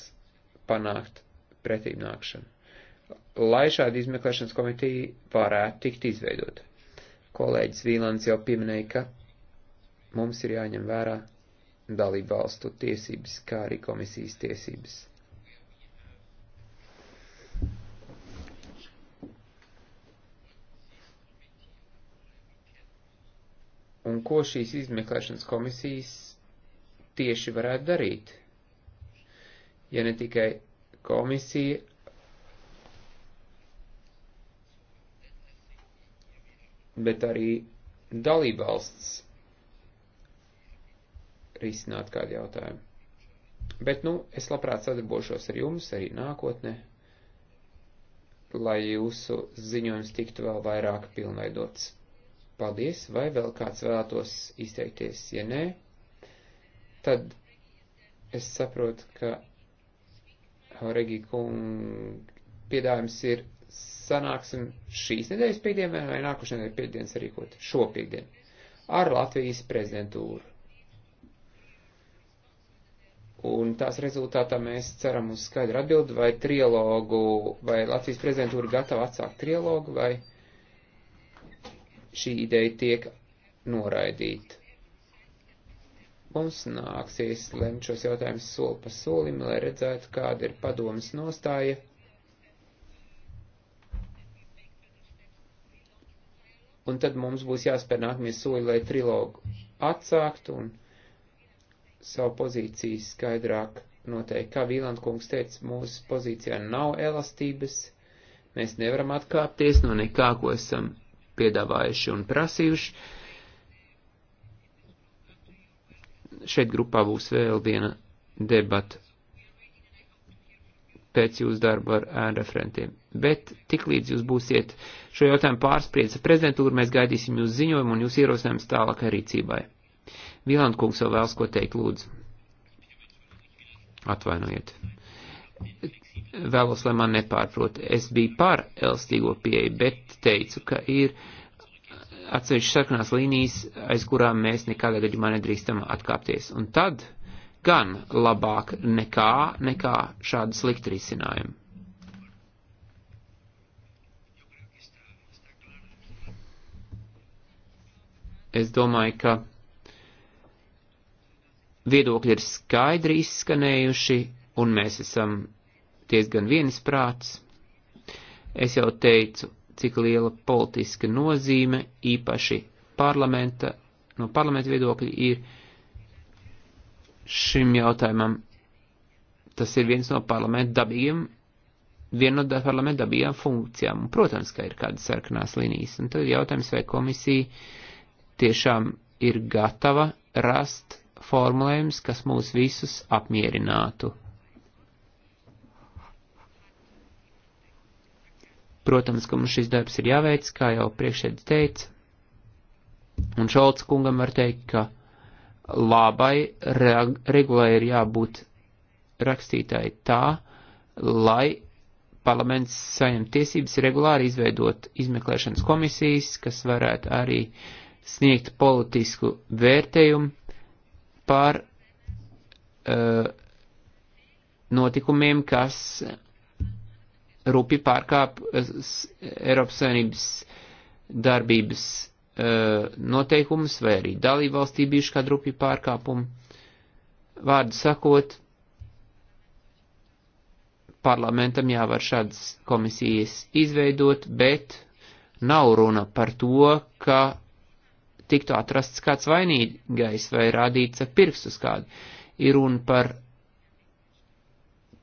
panākt pretīmnākšanu, lai šāda izmeklēšanas komitija varētu tikt izveidot. Kolēģis Vīlans jau pieminēja, ka mums ir jāņem vērā dalību valstu tiesības, kā arī komisijas tiesības. un ko šīs izmeklēšanas komisijas tieši varētu darīt, ja ne tikai komisija, bet arī dalībvalsts risināt kādu jautājumu. Bet, nu, es labprāt sadarbošos ar jums arī nākotnē, lai jūsu ziņojums tiktu vēl vairāk pilnveidots. Paldies, vai vēl kāds vēlētos izteikties, ja nē, tad es saprotu, ka Horegi kunga piedāvājums ir sanāksim šīs nedēļas piekdienu vai nākošajā nedēļas piekdienas rīkot šo piekdienu ar Latvijas prezidentūru. Un tās rezultātā mēs ceram uz skaidru atbildi vai trilogu, vai Latvijas prezidentūra gatava atsākt trilogu, vai šī ideja tiek noraidīta. Mums nāksies lemt šos jautājumus soli pa solim, lai redzētu, kāda ir padomas nostāja. Un tad mums būs jāspēr nākamie soļi, lai trilogu atsāktu un savu pozīciju skaidrāk noteikti. Kā Vīland kungs teica, mūsu pozīcijā nav elastības, mēs nevaram atkāpties no nekā, ko esam piedāvājuši un prasījuši. Šeit grupā būs vēl viena debata pēc jūsu darba ar ēnreferentiem. Bet tik līdz jūs būsiet šo jautājumu pārspriedzi prezidentūru, mēs gaidīsim jūs ziņojumu un jūs ierosinājums tālākai rīcībai. Vīland kungs vēl vēlas ko teikt, lūdzu. Atvainojiet vēlos, lai man nepārprot, es biju par elastīgo pieeju, bet teicu, ka ir atsevišķas sarkanās līnijas, aiz kurām mēs nekādā gadījumā nedrīkstam atkāpties. Un tad gan labāk nekā, nekā šādi slikti risinājumi. Es domāju, ka viedokļi ir skaidri izskanējuši, un mēs esam diezgan viensprāts. Es jau teicu, cik liela politiska nozīme īpaši parlamenta, no parlamenta viedokļa ir šim jautājumam. Tas ir viens no parlamenta dabīgiem, viena no parlamenta dabīgām funkcijām. Un, protams, ka ir kādas sarkanās līnijas. Un tad jautājums, vai komisija tiešām ir gatava rast formulējums, kas mūs visus apmierinātu. Protams, ka mums šis darbs ir jāveic, kā jau priekšēdis teica, un Šolts kungam var teikt, ka labai regulai ir jābūt rakstītāji tā, lai parlaments saņem tiesības regulāri izveidot izmeklēšanas komisijas, kas varētu arī sniegt politisku vērtējumu par uh, notikumiem, kas rupi pārkāp Eiropas Savienības darbības e, noteikumus, vai arī dalībvalstī bijuši kādu rupi pārkāpumu. Vārdu sakot, parlamentam jāvar šādas komisijas izveidot, bet nav runa par to, ka tiktu atrasts kāds vainīgais vai rādīts ar pirkstu uz kādu. Ir runa par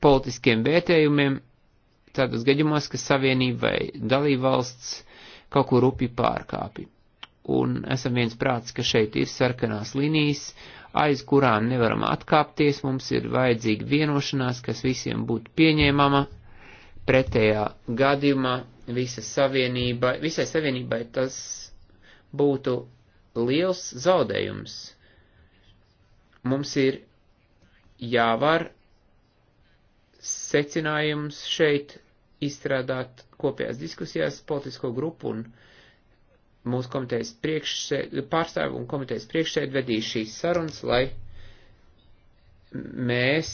politiskiem vērtējumiem, tādos gadījumos, ka savienība vai dalībvalsts kaut ko rupi pārkāpi. Un esam viens prāts, ka šeit ir sarkanās līnijas, aiz kurām nevaram atkāpties, mums ir vajadzīga vienošanās, kas visiem būtu pieņēmama, pretējā gadījumā visa savienība, visai savienībai tas būtu liels zaudējums. Mums ir jāvar secinājums šeit izstrādāt kopējās diskusijās politisko grupu un mūsu komitejas pārstāvu un komitejas priekšsēd vedīs šīs sarunas, lai mēs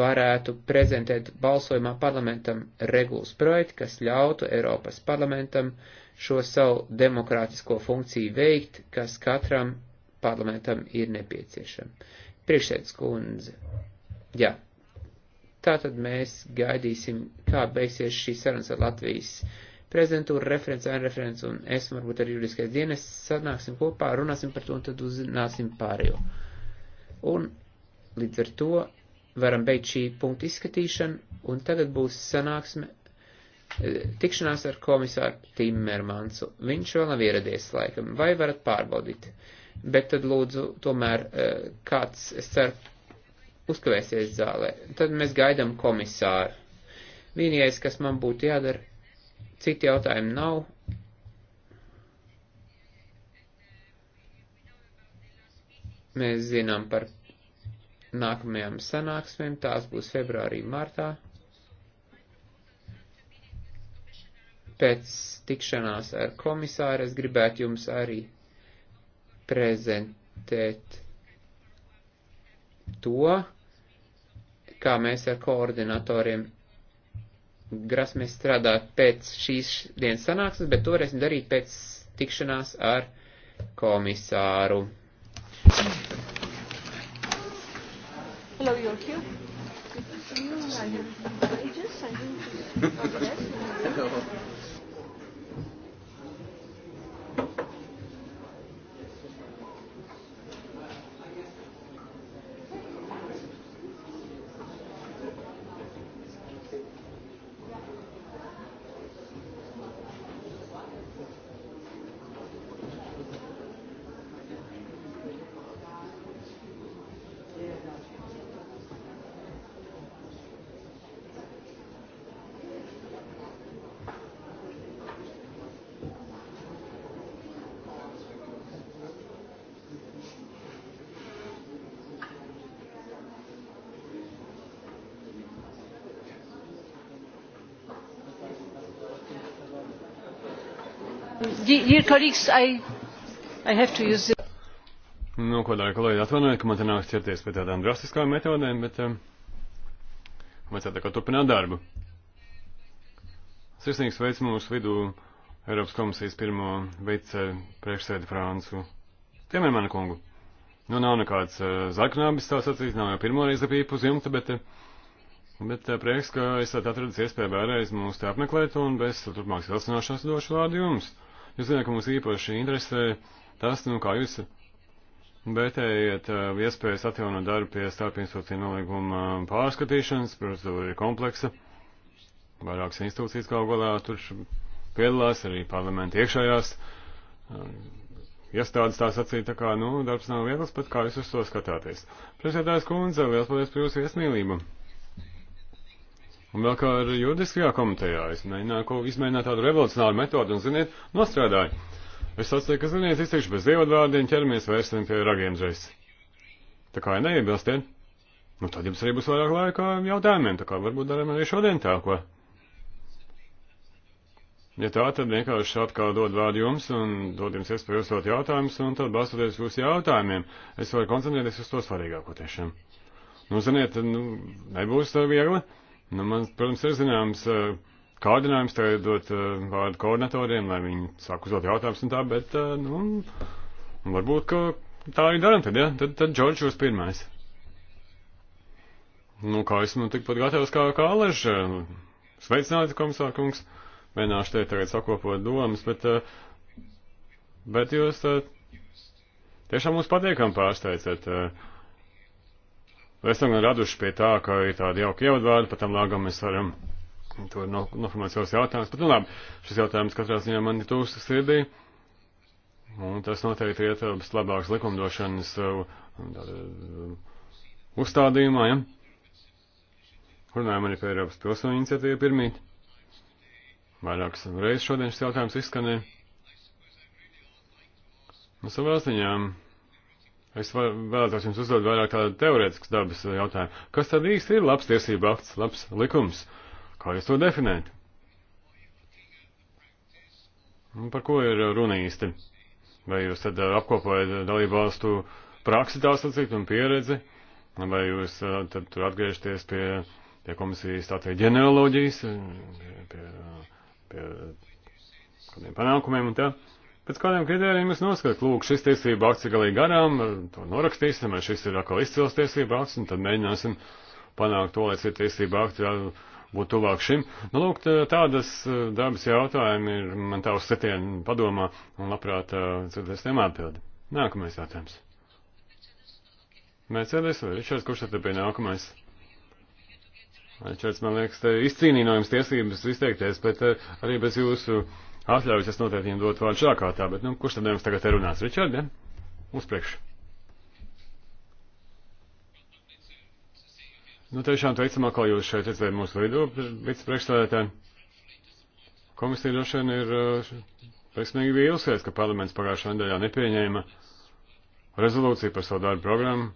varētu prezentēt balsojumā parlamentam regulas projektu, kas ļautu Eiropas parlamentam šo savu demokrātisko funkciju veikt, kas katram parlamentam ir nepieciešama. Priekšsēdus kundze. Jā. Ja. Tātad mēs gaidīsim, kā beigsies šī sarunas ar Latvijas prezidentūru, referents, referents un es, varbūt arī juridiskais dienas, sanāksim kopā, runāsim par to un tad uzzināsim pārējo. Un līdz ar to varam beigt šī punkta izskatīšanu, un tagad būs sanāksme, e, tikšanās ar komisāru Timmermansu. Viņš vēl nav ieradies laikam, vai varat pārbaudīt? Bet tad lūdzu tomēr e, kāds, es ceru, uzkavēsies zālē. Tad mēs gaidām komisāru. Vienīgais, kas man būtu jādara, citi jautājumi nav. Mēs zinām par nākamajām sanāksmēm, tās būs februārī, martā. Pēc tikšanās ar komisāru es gribētu jums arī prezentēt to, kā mēs ar koordinatoriem grasmies strādāt pēc šīs dienas sanāksmes, bet to varēsim darīt pēc tikšanās ar komisāru. Hello, you're here. Good to see you. I have pages. I have Hello. Dear colleagues, I, I have to use it. Nu, ko dara kolēģi, atvainojiet, ka man te nāks ķerties pie tādām drastiskām metodēm, bet um, vajadzētu tā kā turpināt darbu. Sirsnīgs veids mūsu vidū Eiropas komisijas pirmo vice priekšsēdi Francu Timermana kungu. Nu, nav nekāds uh, zaknābis tā sacīt, nav jau pirmo reizi pīpu uz jumta, bet, uh, bet uh, prieks, ka esat atradis iespēju vēlreiz mūs te apmeklēt un bez turpmākas vilcināšanās došu vārdu jums. Jūs zināt, ka mums īpaši interesē tas, nu, kā jūs vērtējat uh, iespējas atjaunot darbu pie starpinstitūcija nolīguma um, pārskatīšanas, procedūra ir kompleksa, vairākas institūcijas kā galā tur piedalās, arī parlamenta iekšējās um, iestādes tā sacīja, tā kā, nu, darbs nav viegls, bet kā jūs uz to skatāties. Priekšsēdājas kundze, liels paldies par jūsu viesmīlību! Un vēl kā ar juridiskajā komitejā, es mēģināju ko izmēģināt tādu revolucionāru metodu un, ziniet, nostrādāju. Es sacīju, ka, ziniet, izteikšu bez ievadvārdiem, ķeramies vērsim pie ragiem džais. Tā kā ja neiebilstiet, nu tad jums arī būs vairāk laika jautājumiem, tā kā varbūt darām arī šodien tā, ko. Ja tā, tad vienkārši atkal dod vārdu jums un dod jums iespēju uzdot jautājumus, un tad balstoties uz jautājumiem, es varu koncentrēties uz to svarīgāko tiešām. Nu, ziniet, nu, nebūs tā viegli. Ja? Nu, man, protams, ir zināms eh, kārdinājums tagad dot eh, vārdu koordinatoriem, lai viņi sāk uzdot jautājumus un tā, bet, eh, nu, varbūt, ka tā arī daram tad, ja? Tad, tad Džordžs būs pirmais. Nu, kā esmu tikpat gatavs kā Kālež. Sveicināti, komisār kungs. Mēģināšu te tagad sakopot domas, bet, bet jūs tiešām mūs patiekam pārsteidzat. Uh, esam raduši pie tā, ka ir tādi jauki ievadvārdi, pat tam lāgam mēs varam to no, noformulēt savus jautājumus. Bet, nu labi, šis jautājums katrā ziņā man ir tūs sirdī. Un tas noteikti ietilpst uh, labākas likumdošanas uh, uh, uzstādījumā, ja? Runājam arī par Eiropas pilsoņu iniciatīvu pirmīt. Vairākas reizes šodien šis jautājums izskanēja. Nu, savā ziņām Es vēlētos jums uzdot vairāk tādu teorētisku dabas jautājumu. Kas tad īsti ir labs tiesība akts, labs likums? Kā jūs to definējat? Un par ko ir runa īsti? Vai jūs tad apkopojat dalību valstu praksi tā sacīt un pieredzi? Vai jūs tad tur atgriežaties pie, pie komisijas tā teikt ģenealoģijas, pie, pie, pie kādiem panākumiem un tā? pēc kādiem kritērijiem jūs noskatāt, lūk, šis tiesība akts ir galīgi garām, to norakstīsim, vai šis ir atkal izcils tiesība akts, un tad mēģināsim panākt to, lai šī tiesība akts būtu tuvāk šim. Nu, lūk, tādas eh, dabas jautājumi ir man tā uz setienu padomā, un labprāt dzirdēs eh, tiem atbildi. Nākamais jautājums. Mercedes vai Ričards, kurš tad bija nākamais? Ričards, man liekas, izcīnījums tiesības izteikties, bet eh, arī bez jūsu. Uh, atļaujas es noteikti viņam dotu vārdu šā kārtā, bet, nu, kurš tad jums tagad ir runās? Ričard, ja? Uz priekšu. Nu, tiešām teicam, kā jūs šeit redzējāt mūsu vidū, vicepriekšstādētāji. Komisija droši vien ir eh, veiksmīgi vīlusies, ka parlaments pagājušā nedēļā nepieņēma rezolūciju par savu darbu programmu.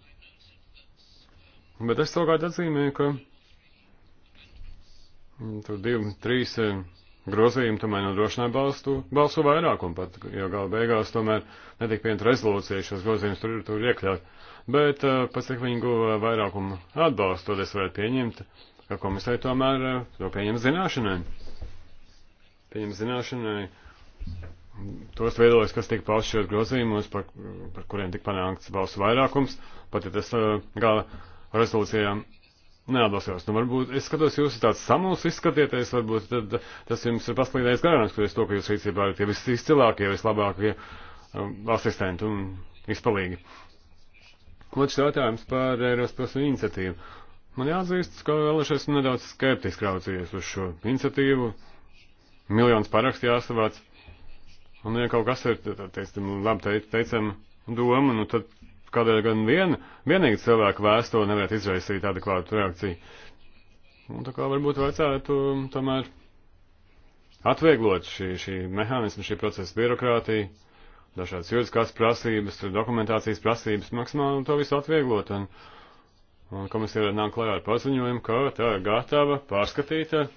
Bet es savukārt atzīmēju, ka mm, tur divi, trīs eh, grozījumi tomēr nodrošināja balstu, balsu vairākumu pat, jo gala beigās tomēr netika pieņemta rezolūcija šos grozījumus tur, tur iekļaut. Bet eh, pats, cik viņi guva eh, vairākumu atbalstu, to es varētu pieņemt, ka komisija tomēr eh, to pieņem zināšanai. Pieņem zināšanai tos viedokļus, kas tika pausts šajos grozījumos, par, par kuriem tika panākts balsu vairākums, pat ja tas gala rezolūcijām neatbalstījos. Nu, varbūt es skatos, jūs esat tāds samuls izskatieties, varbūt tad, tas jums ir paslīdējis garām, skatoties to, ka jūs rīcībā ir tie visi izcilākie, vislabākie um, asistenti un izpalīgi. Otrs jautājums par Eiropas pilsēņu iniciatīvu. Man jāatzīst, ka vēl es esmu nedaudz skeptiski raucījies uz šo iniciatīvu. Miljons parakstu jāsavāc. Un, ja kaut kas ir, tad, teicam, labi teicam, doma, nu tad kādēļ gan vien, vienīgi cilvēku vēsto nevarētu izraisīt adekvātu reakciju. Un tā kā varbūt vajadzētu tomēr atvieglot šī, šī mehānisma, šī procesa birokrātiju, dažādas juridiskās prasības, dokumentācijas prasības, maksimāli to visu atvieglot. Un, un komisija nāk klajā ar paziņojumu, ka tā ir gatava pārskatīt uh,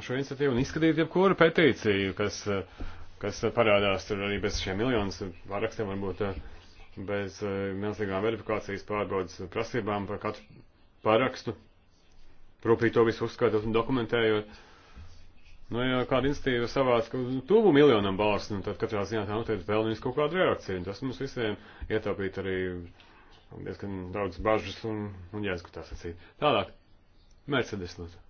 šo iniciatīvu un izskatīt jebkuru petīciju, kas, uh, kas parādās tur arī bez šiem miljonus pārakstiem varbūt. Uh, bez eh, milzīgām verifikācijas pārbaudas prasībām par katru parakstu, rūpīgi to visu uzskaitot un dokumentējot. Nu, ja kāda institīva savāc tuvu miljonam balsu, nu, tad katrā ziņā tā noteikti pelnīs kaut kādu reakciju. Tas mums visiem ietaupīt arī diezgan daudz bažas un, un jēdz, ko tā sacīt. Tālāk, Mercedes lūdzu.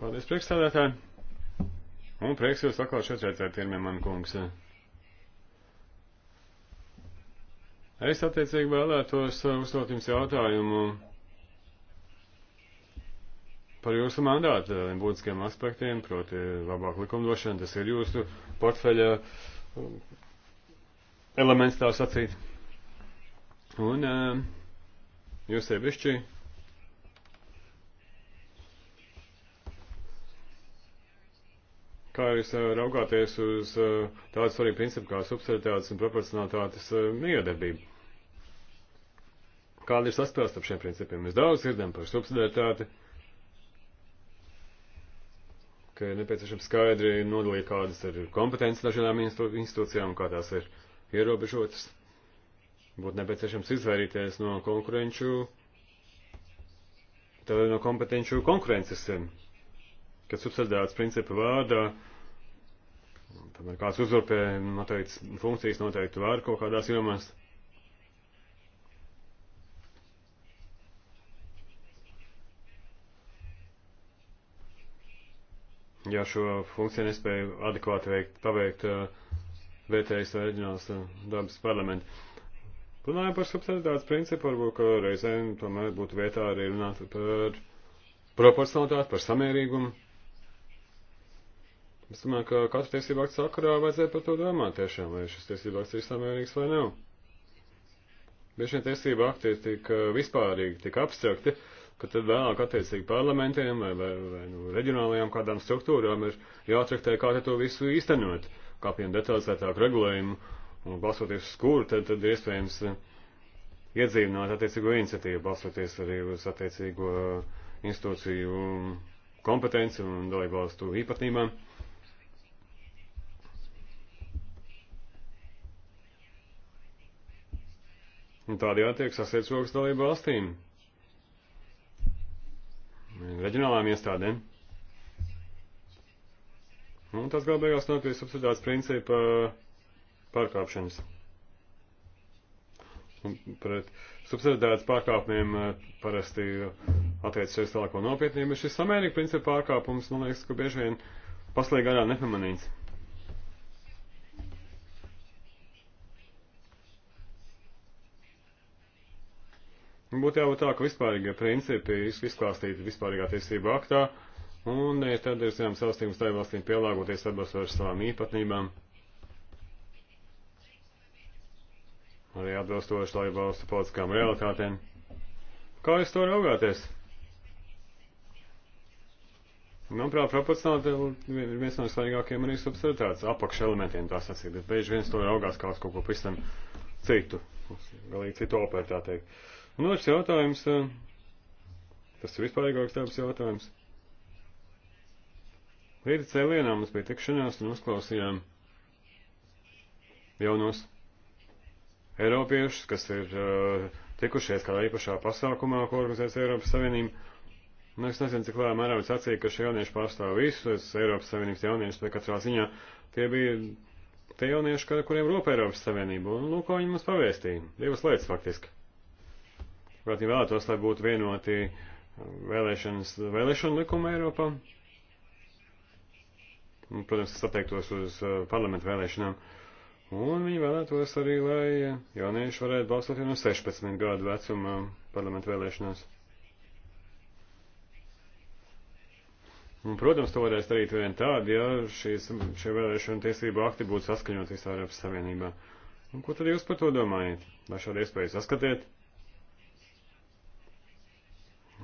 Paldies, priekšstādātāji! Un prieks jūs atkal šeit redzēt, pirmie man kungs. Es attiecīgi vēlētos uzdot jums jautājumu par jūsu mandātu eh, būtiskiem aspektiem, proti labāk likumdošana, tas ir jūsu portfeļa eh, elements tā sacīt. Un eh, jūs sevišķi kā jūs eh, raugāties uz eh, tādu svarīgu principu kā subsidiaritātes un proporcionalitātes eh, miedarbība? Kāda ir sastāvs ap šiem principiem? Mēs daudz dzirdam par subsidiaritāti, ka ir nepieciešams skaidri nodalīt, kādas ir kompetences dažādām institūcijām un kā tās ir ierobežotas. Būtu nepieciešams izvairīties no konkurenču, no kompetenču konkurences ka subsidētas principu vārdā, tomēr kāds uzurpē noteikts funkcijas, noteikti vārdu kaut kādās jomās. Ja šo funkciju nespēju adekvāti veikt, paveikt eh, vietējas vai reģionālas eh, dabas parlamentu. Runājot par subsidiaritātes principu, varbūt, ka reizēm tomēr būtu vietā arī runāt par proporcionalitāti, par samērīgumu. Es domāju, ka katra tiesība akta sakarā vajadzēja par to domāt tiešām, vai šis tiesība akts ir samērīgs vai nav. Bieži vien tiesība akti ir tik eh, vispārīgi, tik abstrakti, ka tad vēlāk attiecīgi parlamentiem vai, vai, vai nu, reģionālajām kādām struktūrām ir jāatraktē, kā to visu īstenot, kā piemēram detalizētāk regulējumu, un balsoties uz kuru, tad, tad iespējams eh, iedzīvināt attiecīgo iniciatīvu, balsoties arī uz attiecīgo eh, institūciju mm, kompetenci un dalībvalstu īpatnībām. Un tādējādi tiek sasiet sokas dalību valstīm. Reģionālām iestādēm. Un tas galu beigās nāk pie subsidētas principa pārkāpšanas. Un pret subsidētas pārkāpumiem eh, parasti attiecas arī tālāko nopietnību. Šis samērīgi principa pārkāpums, man liekas, ka bieži vien paslīgā nepamanīts. Būtu jābūt tā, ka vispārīgie principi izklāstīti vispārīgā tiesība aktā, un ja e, tad ir zinām savstības tai valstīm pielāgoties atbalstu ar savām īpatnībām. Arī atbilstoši lai valstu politiskām realitātēm. Kā jūs to raugāties? Manuprāt, proporcionālitāte ir viens no svarīgākajiem arī substrātāts apakšelementiem tā sacīt, bet bieži viens to raugās kā uz kaut ko pavisam citu, galīgi citu operā tā teikt. Un otrs jautājums, eh, tas ir vispārīgāks tāds jautājums. Līdz cēlienā mums bija tikšanās un uzklausījām jaunos Eiropiešus, kas ir uh, tikušies kādā īpašā pasākumā, ko organizēs Eiropas Savienība. Nu, es nezinu, cik lielā mērā viņš atsīja, ka šie jaunieši pārstāv visus Eiropas Savienības jauniešus, bet katrā ziņā tie bija tie jaunieši, kuriem rūp Eiropas Savienība. Un, lūk, ko viņi mums pavēstīja. Divas lietas faktiski. Prāt, ja vēlētos, lai būtu vienoti vēlēšanas, vēlēšana likuma Eiropā. Un, protams, tas attiektos uz uh, parlamentu vēlēšanām. Un viņi vēlētos arī, lai jaunieši varētu balsot jau no 16 gadu vecuma parlamentu vēlēšanās. Un, protams, to varēs darīt vien tādi, ja šīs, šie vēlēšana tiesību akti būtu saskaņot visā Eiropas Savienībā. Un ko tad jūs par to domājat? Vai šādu iespēju saskatiet?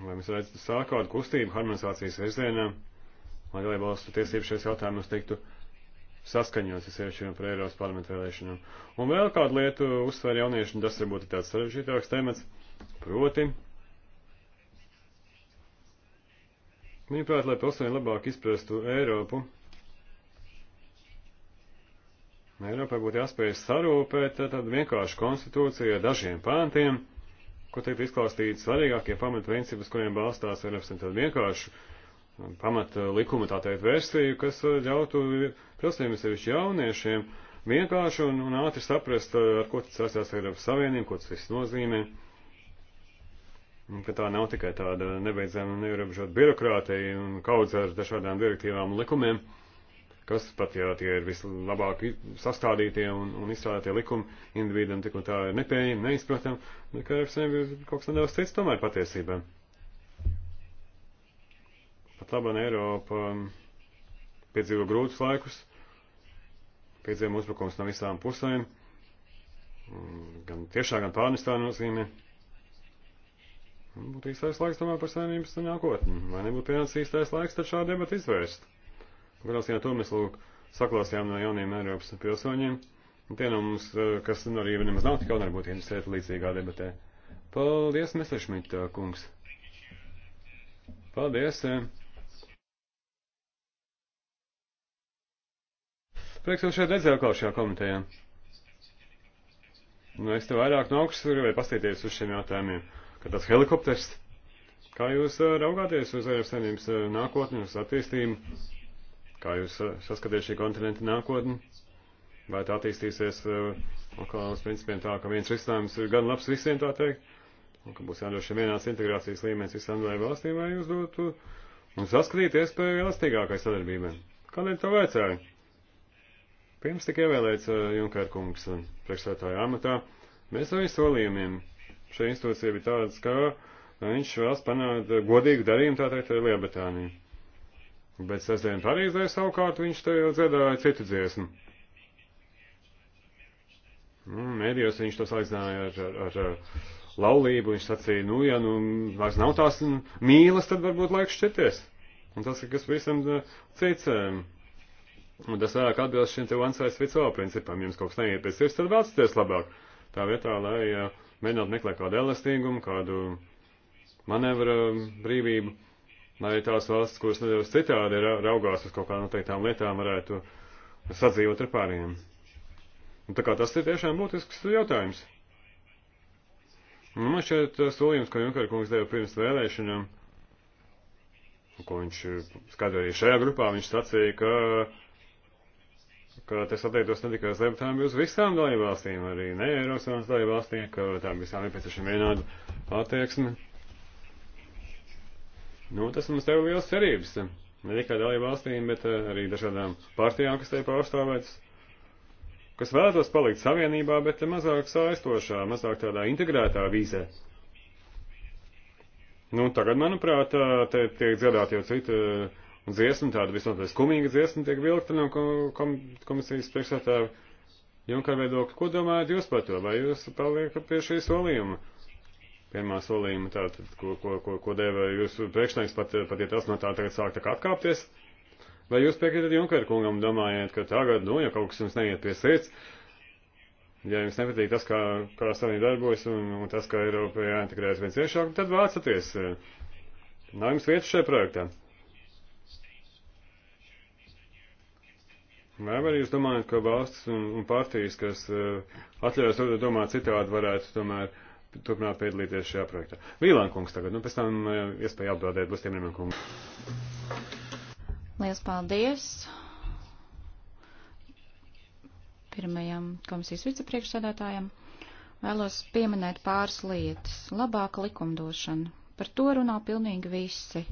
Vai mēs redzam, sāk kādu kustību harmonizācijas virzienā, lai dalībvalstu tiesības šajos jautājumus tiktu saskaņots visievišķiem par Eiropas parlamentu vēlēšanām. Un vēl kādu lietu uzsver jaunieši, un tas varbūt ir tāds sarežģītāks temats, proti. Viņuprāt, lai pilsoņi labāk izprastu Eiropu, Eiropai būtu jāspēj sarūpēt tādu vienkāršu konstitūciju ar dažiem pāntiem kur tiek izklāstīti svarīgākie pamatprincipi, uz kuriem balstās Eiropas un tādu vienkāršu um, pamata uh, likuma, tā teikt, versiju, kas uh, ļautu pilsēm, sevišķi jauniešiem, vienkārši un, un ātri saprast, uh, ar ko tas sasās Eiropas Savienību, ko tas viss nozīmē. Un, ka tā nav tikai tāda nebeidzama un neierobežota birokrātija un kaudz ar dažādām direktīvām un likumiem. Uh, kas pat, ja tie ir vislabāk sastādītie un, un izstrādātie likumi, individuam tik un tā ir nepieejami, neizprotam, bet nu, ka FSM ir kaut kas nedaudz cits tomēr patiesībā. Pat labam Eiropa piedzīvo grūtus laikus, piedzīvo uzbrukums no visām pusēm, gan tiešā, gan pārnestā nozīmē. Būtu īstais laiks tomēr par saimnības nākotni, vai nebūtu pienācis īstais laiks tad šādu debatu izvērst? Grāsījā to mēs lūk saklausījām no jauniem Eiropas pilsoņiem. Un tie no mums, eh, kas nu arī nemaz nav tik jauni, varbūt interesēti līdzīgā debatē. Paldies, Mesešmit, eh, kungs. Paldies. Eh. Prieks jūs šeit redzēju kā šajā komitejā. Nu, es te vairāk no augstas gribēju pastīties uz šiem jautājumiem. Kad tas helikopters, kā jūs raugāties uz Eiropas saimnības nākotni, uz attīstību? Kā jūs eh, saskatiet šī kontinenta nākotni? Vai tā attīstīsies ekonomikas eh, principiem tā, ka viens risinājums ir gan labs visiem, tā teikt, un ka būs jādroši vienās integrācijas līmenis visām valstīm, vai jūs dotu un saskatīt iespēju elastīgākai sadarbībai? Kādēļ to vajadzēja? Pirms tika ievēlēts eh, Junkerkungs priekšsētāja amatā, mēs arī solījumiem šī institūcija bija tādas, ka viņš vēlas panākt godīgu darījumu, tā teikt, ar Lielbritāniju. Bet sestdien Parīzē savukārt viņš te jau dziedāja citu dziesmu. Nu, mēdījos viņš to saistināja ar, ar, ar laulību. Viņš sacīja, nu, ja nu vairs nav tās mīlas, tad varbūt laiks šķirties. Un tas ir kas visam eh, cits. Eh. Un tas vairāk atbilst šim te one size fits all principam. Jums kaut kas neiet pēc sirds, tad vēlsties labāk. Tā vietā, lai eh, mēģinātu meklēt kādu elastīgumu, kādu manevra brīvību lai tās valsts, kuras nedaudz citādi raugās uz kaut kādām noteiktām lietām, varētu sadzīvot ar pārējiem. Un tā kā tas ir tiešām būtisks jautājums. Un nu, man šķiet solījums, ko Junkara kungs deva pirms vēlēšanām, ko viņš skatīja arī šajā grupā, viņš sacīja, ka, ka tas attiektos ne tikai uz Lietuvām, bet uz visām dalībvalstīm, arī ne Eirozonas dalībvalstīm, ka tām visām nepieciešama vienāda attieksme. Nu, tas mums tev liels cerības. Ne tikai dalību valstīm, bet eh, arī dažādām partijām, kas te pārstāvētas, kas vēlētos palikt savienībā, bet mazāk saistošā, mazāk tādā integrētā vīzē. Nu, tagad, manuprāt, eh, te tiek dziedāti jau cita eh, dziesma, tāda visnotaļ skumīga dziesma tiek vilkta no kom komisijas priekšsētāja Junkara viedokļa. Ko domājat jūs par to? Vai jūs paliekat pie šī solījuma? pirmā solījuma, tātad, ko, ko, ko, ko deva jūsu priekšnieks, pat, pat ja tas no tā tagad sāk tā kā atkāpties. Vai jūs piekrītat Junker kungam, domājat, ka tagad, nu, ja kaut kas jums neiet pie sirds, ja jums nepatīk tas, kā, kā savienība darbojas un, un tas, kā Eiropa jāintegrējas viens ciešāk, tad vācaties. Eh, Nav jums vietas šajā projektā. Vai arī jūs domājat, ka valsts un, un partijas, kas uh, atļaujas domāt citādi, varētu tomēr uh, turpināt piedalīties šajā projektā. Vīlāna kungs tagad, nu pēc tam eh, iespēja atbildēt būs tiem kungs. Lielas paldies pirmajam komisijas vicepriekšsēdētājam. Vēlos pieminēt pāris lietas. Labāka likumdošana. Par to runā pilnīgi visi.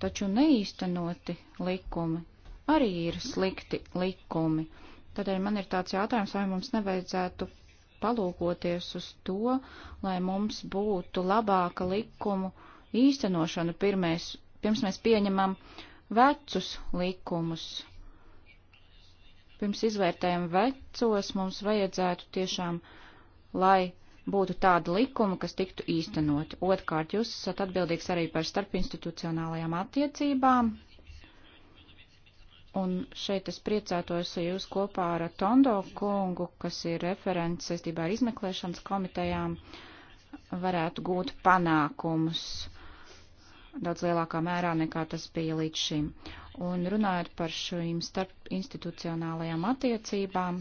Taču neīstenoti likumi arī ir slikti likumi. Tādēļ man ir tāds jautājums, vai mums nevajadzētu palūkoties uz to, lai mums būtu labāka likumu īstenošana pirmais, pirms mēs pieņemam vecus likumus. Pirms izvērtējam vecos, mums vajadzētu tiešām, lai būtu tāda likuma, kas tiktu īstenot. Otkārt, jūs esat atbildīgs arī par starpinstitucionālajām attiecībām, Un šeit es priecātos, ja jūs kopā ar Tondo kungu, kas ir referents saistībā ar izmeklēšanas komitejām, varētu gūt panākumus daudz lielākā mērā nekā tas bija līdz šim. Un runājot par šīm starpinstitucionālajām attiecībām,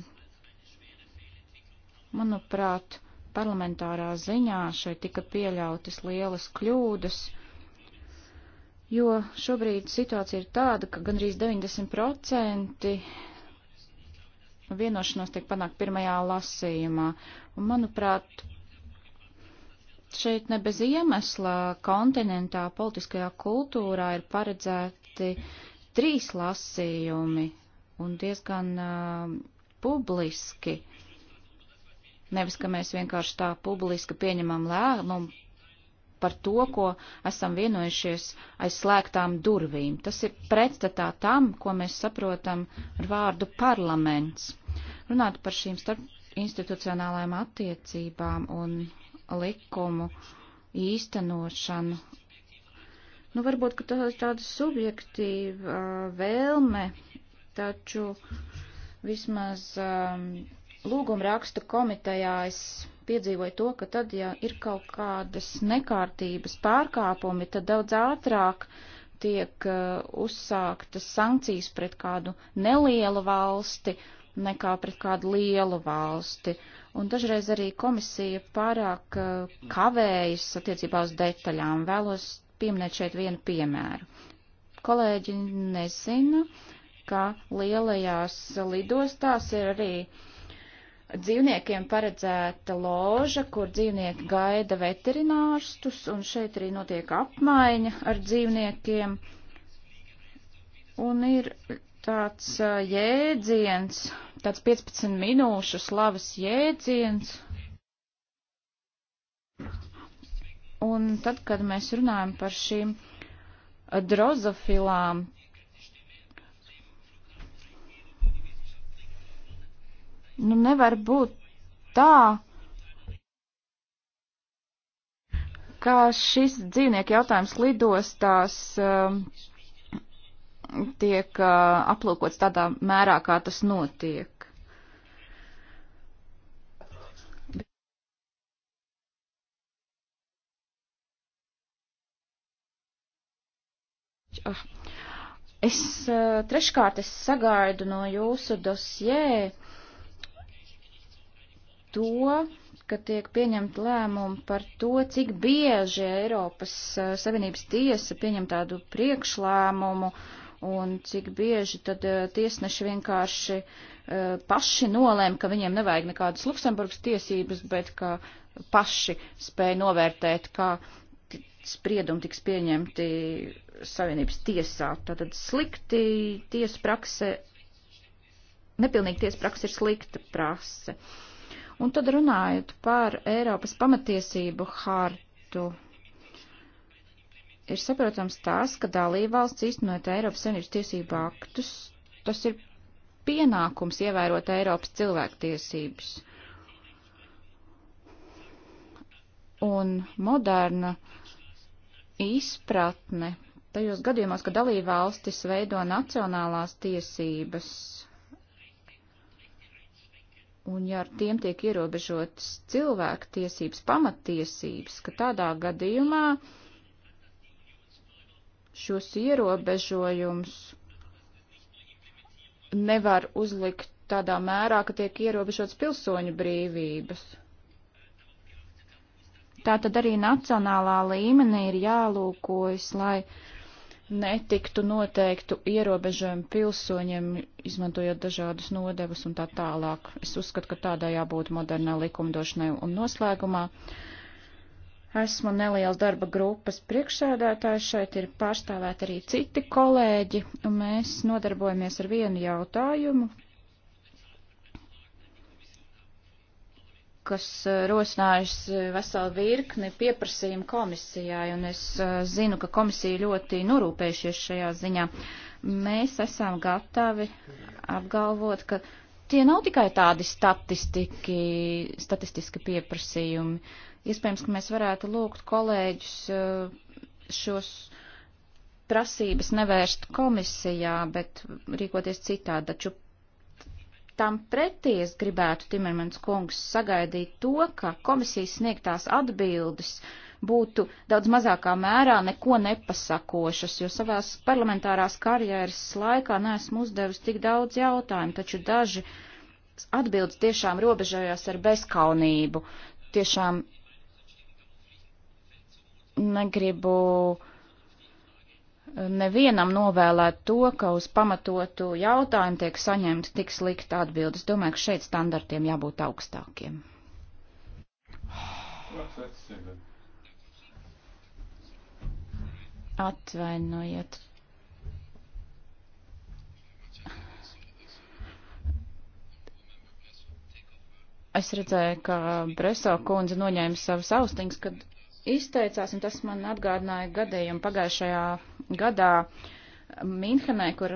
manuprāt, parlamentārā ziņā šeit tika pieļautas lielas kļūdas. Uh, jo šobrīd situācija ir tāda, ka gandrīz 90% vienošanos tiek panākt pirmajā lasījumā. Un, manuprāt, šeit ne bez iemesla kontinentā politiskajā kultūrā ir paredzēti trīs lasījumi un diezgan uh, publiski. Nevis, ka mēs vienkārši tā publiski pieņemam lēmumu nu, par to, ko esam vienojušies aiz slēgtām durvīm. Tas ir pretstatā tam, ko mēs saprotam ar vārdu parlaments. Runāt par šīm starp institucionālajām attiecībām un likumu īstenošanu. Nu, varbūt, ka tā ir tāda subjektīva uh, vēlme, taču vismaz um, lūgumrakstu komitejā es piedzīvoju to, ka tad, ja ir kaut kādas nekārtības pārkāpumi, tad daudz ātrāk tiek uh, uzsāktas sankcijas pret kādu nelielu valsti nekā pret kādu lielu valsti. Un dažreiz arī komisija pārāk uh, kavējas attiecībā uz detaļām. Vēlos pieminēt šeit vienu piemēru. Kolēģi nezina, ka lielajās lidostās ir arī uh, dzīvniekiem paredzēta loža, kur dzīvnieki gaida veterinārstus, un šeit arī notiek apmaiņa ar dzīvniekiem. Un ir tāds jēdziens, tāds 15 minūšu slavas jēdziens. Un tad, kad mēs runājam par šīm drozofilām, Nu, nevar būt tā, ka šis dzīvnieku jautājums lidostās um, tiek uh, aplūkots tādā mērā, kā tas notiek. Ah. Es uh, treškārt es sagaidu no jūsu dosjē. Uh, to, ka tiek pieņemt lēmumu par to, cik bieži Eiropas eh, Savienības tiesa pieņem tādu priekšlēmumu un cik bieži tad eh, tiesneši vienkārši eh, paši nolēma, ka viņiem nevajag nekādas Luksemburgas tiesības, bet ka paši spēja novērtēt, kā spriedumi tiks pieņemti Savienības tiesā. Tātad slikti tiesa prakse, nepilnīgi tiesa prakse ir slikta prakse. Uh, Un tad runājot par Eiropas pamatiesību hartu, ir saprotams tas, ka dalībvalsts īstenot Eiropas Savienības tiesību aktus, tas ir pienākums ievērot Eiropas cilvēktiesības. Un moderna izpratne tajos gadījumos, ka dalībvalstis veido nacionālās tiesības Un ja ar tiem tiek ierobežotas cilvēku tiesības, pamattiesības, ka tādā gadījumā šos ierobežojums nevar uzlikt tādā mērā, ka tiek ierobežotas pilsoņu brīvības. Tā tad arī nacionālā līmenī ir jālūkojas, lai netiktu noteiktu ierobežojumi pilsoņiem, izmantojot dažādus nodevas un tā tālāk. Es uzskatu, ka tādā jābūt modernā likumdošanai un noslēgumā. Esmu nelielas darba grupas priekšsēdētājs, šeit ir pārstāvēti arī citi kolēģi, un mēs nodarbojamies ar vienu jautājumu, kas e, rosinājusi e, veselu virkni pieprasījumu komisijai, un es e, zinu, ka komisija ļoti norūpējušies šajā ziņā. Mēs esam gatavi apgalvot, ka tie nav tikai tādi statistiski, statistiski pieprasījumi. Iespējams, ka mēs varētu lūgt kolēģus šos prasības nevērst komisijā, bet rīkoties citādi. Taču Tam pretī es gribētu, Timermans kungs, sagaidīt to, ka komisijas sniegtās atbildes būtu daudz mazākā mērā neko nepasakošas, jo savās parlamentārās karjeras laikā neesmu uzdevusi tik daudz jautājumu, taču daži atbildes tiešām robežojās ar bezkaunību. Tiešām negribu nevienam novēlēt to, ka uz pamatotu jautājumu tiek saņemta tik slikta atbildes. Domāju, ka šeit standartiem jābūt augstākiem. Atvainojiet. Es redzēju, ka Breso kundze noņēma savas austiņas, kad izteicās, un tas man atgādināja gadījumu pagājušajā gadā Minhenē, kur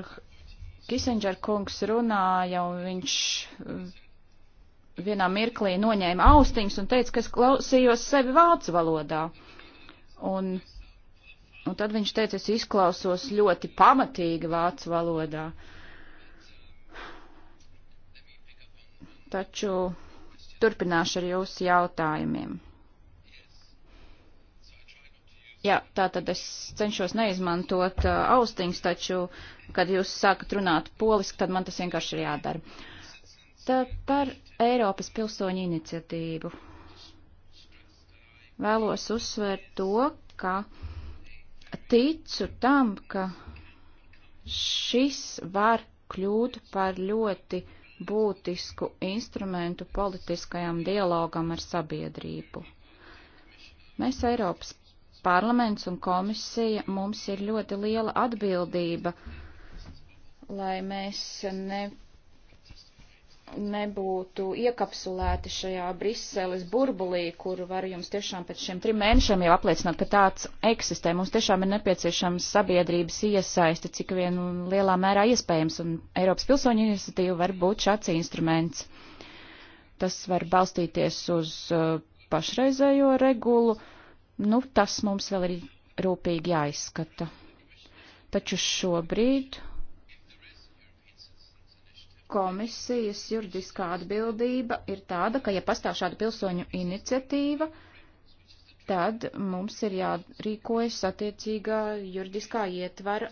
Kissinger kungs runāja, un viņš mm, vienā mirklī noņēma austiņas un teica, ka es klausījos sevi vācu valodā. Un, un tad viņš teica, es izklausos ļoti pamatīgi vācu valodā. Taču turpināšu ar jūsu jautājumiem. Jā, tā tad es cenšos neizmantot uh, austiņas, taču, kad jūs sākat runāt poliski, tad man tas vienkārši ir jādara. Tad par Eiropas pilsoņu iniciatīvu. Vēlos uzsvērt to, ka ticu tam, ka šis var kļūt par ļoti būtisku instrumentu politiskajam dialogam ar sabiedrību. Mēs Eiropas parlaments un komisija, mums ir ļoti liela atbildība, lai mēs ne, nebūtu iekapsulēti šajā Briseles burbulī, kuru var jums tiešām pēc šiem trim mēnešiem jau apliecināt, ka tāds eksistē. Mums tiešām ir nepieciešams sabiedrības iesaiste, cik vien lielā mērā iespējams, un Eiropas pilsoņu iniciatīva var būt šāds instruments. Tas var balstīties uz uh, pašreizējo regulu, uh, Nu, tas mums vēl ir rūpīgi jāizskata. Taču šobrīd komisijas juridiskā atbildība ir tāda, ka, ja pastāv šāda pilsoņu iniciatīva, tad mums ir jārīkojas attiecīgā juridiskā ietvara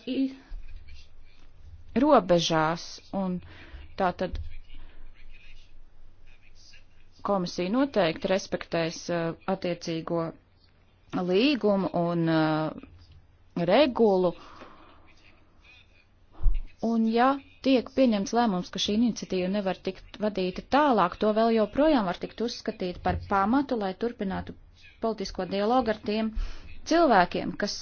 robežās. Un tā tad komisija noteikti respektēs uh, attiecīgo līgumu un uh, regulu. Un ja tiek pieņemts lēmums, ka šī iniciatīva nevar tikt vadīta tālāk, to vēl joprojām var tikt uzskatīt par pamatu, lai turpinātu politisko dialogu ar tiem cilvēkiem, kas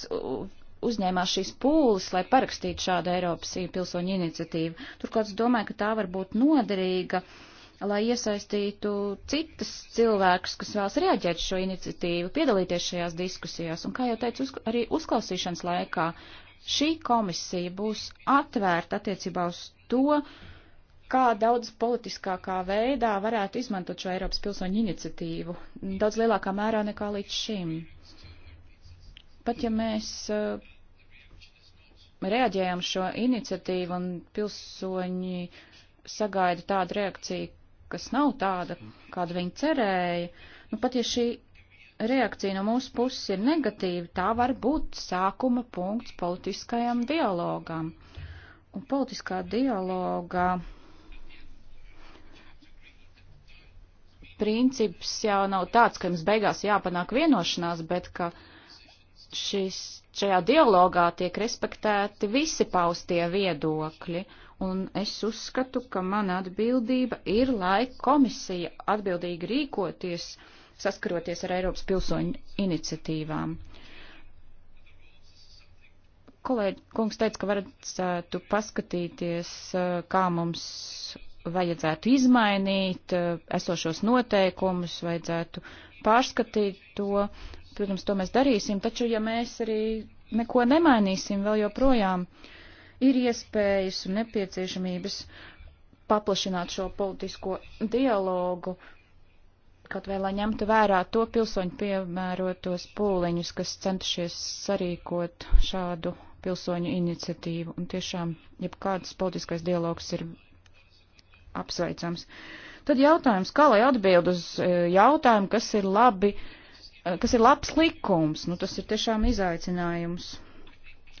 uzņēmās šīs pūles, lai parakstītu šādu Eiropas pilsoņu iniciatīvu. Turklāt es domāju, ka tā var būt noderīga uh, lai iesaistītu citas cilvēkus, kas vēlas reaģēt šo iniciatīvu, piedalīties šajās diskusijās. Un, kā jau teicu, uz, arī uzklausīšanas laikā šī komisija būs atvērta attiecībā uz to, kā daudz politiskākā veidā varētu izmantot šo Eiropas pilsoņu iniciatīvu, daudz lielākā mērā nekā līdz šim. Pat ja mēs uh, reaģējam šo iniciatīvu un pilsoņi sagaida tādu reakciju, kas nav tāda, kādu viņi cerēja, nu pat ja šī reakcija no mūsu puses ir negatīva, tā var būt sākuma punkts politiskajam dialogam. Un politiskā dialoga princips jau nav tāds, ka jums beigās jāpanāk vienošanās, bet ka šis, šajā dialogā tiek respektēti visi paustie viedokļi un es uzskatu, ka mana atbildība ir, lai komisija atbildīgi rīkoties, saskaroties ar Eiropas pilsoņu iniciatīvām. Kolēģi, kungs teica, ka varētu paskatīties, eh, kā mums vajadzētu izmainīt eh, esošos noteikumus, vajadzētu pārskatīt to. Protams, to mēs darīsim, taču ja mēs arī neko nemainīsim, vēl joprojām uh, ir iespējas un nepieciešamības paplašināt šo politisko dialogu, kaut vai lai ņemtu vērā to pilsoņu piemērotos pūliņus, kas centušies sarīkot šādu pilsoņu iniciatīvu. Un tiešām, ja kāds politiskais dialogs ir apsveicams. Tad jautājums, kā lai atbild uz e, jautājumu, kas ir labi, e, kas ir labs likums? Nu, tas ir tiešām izaicinājums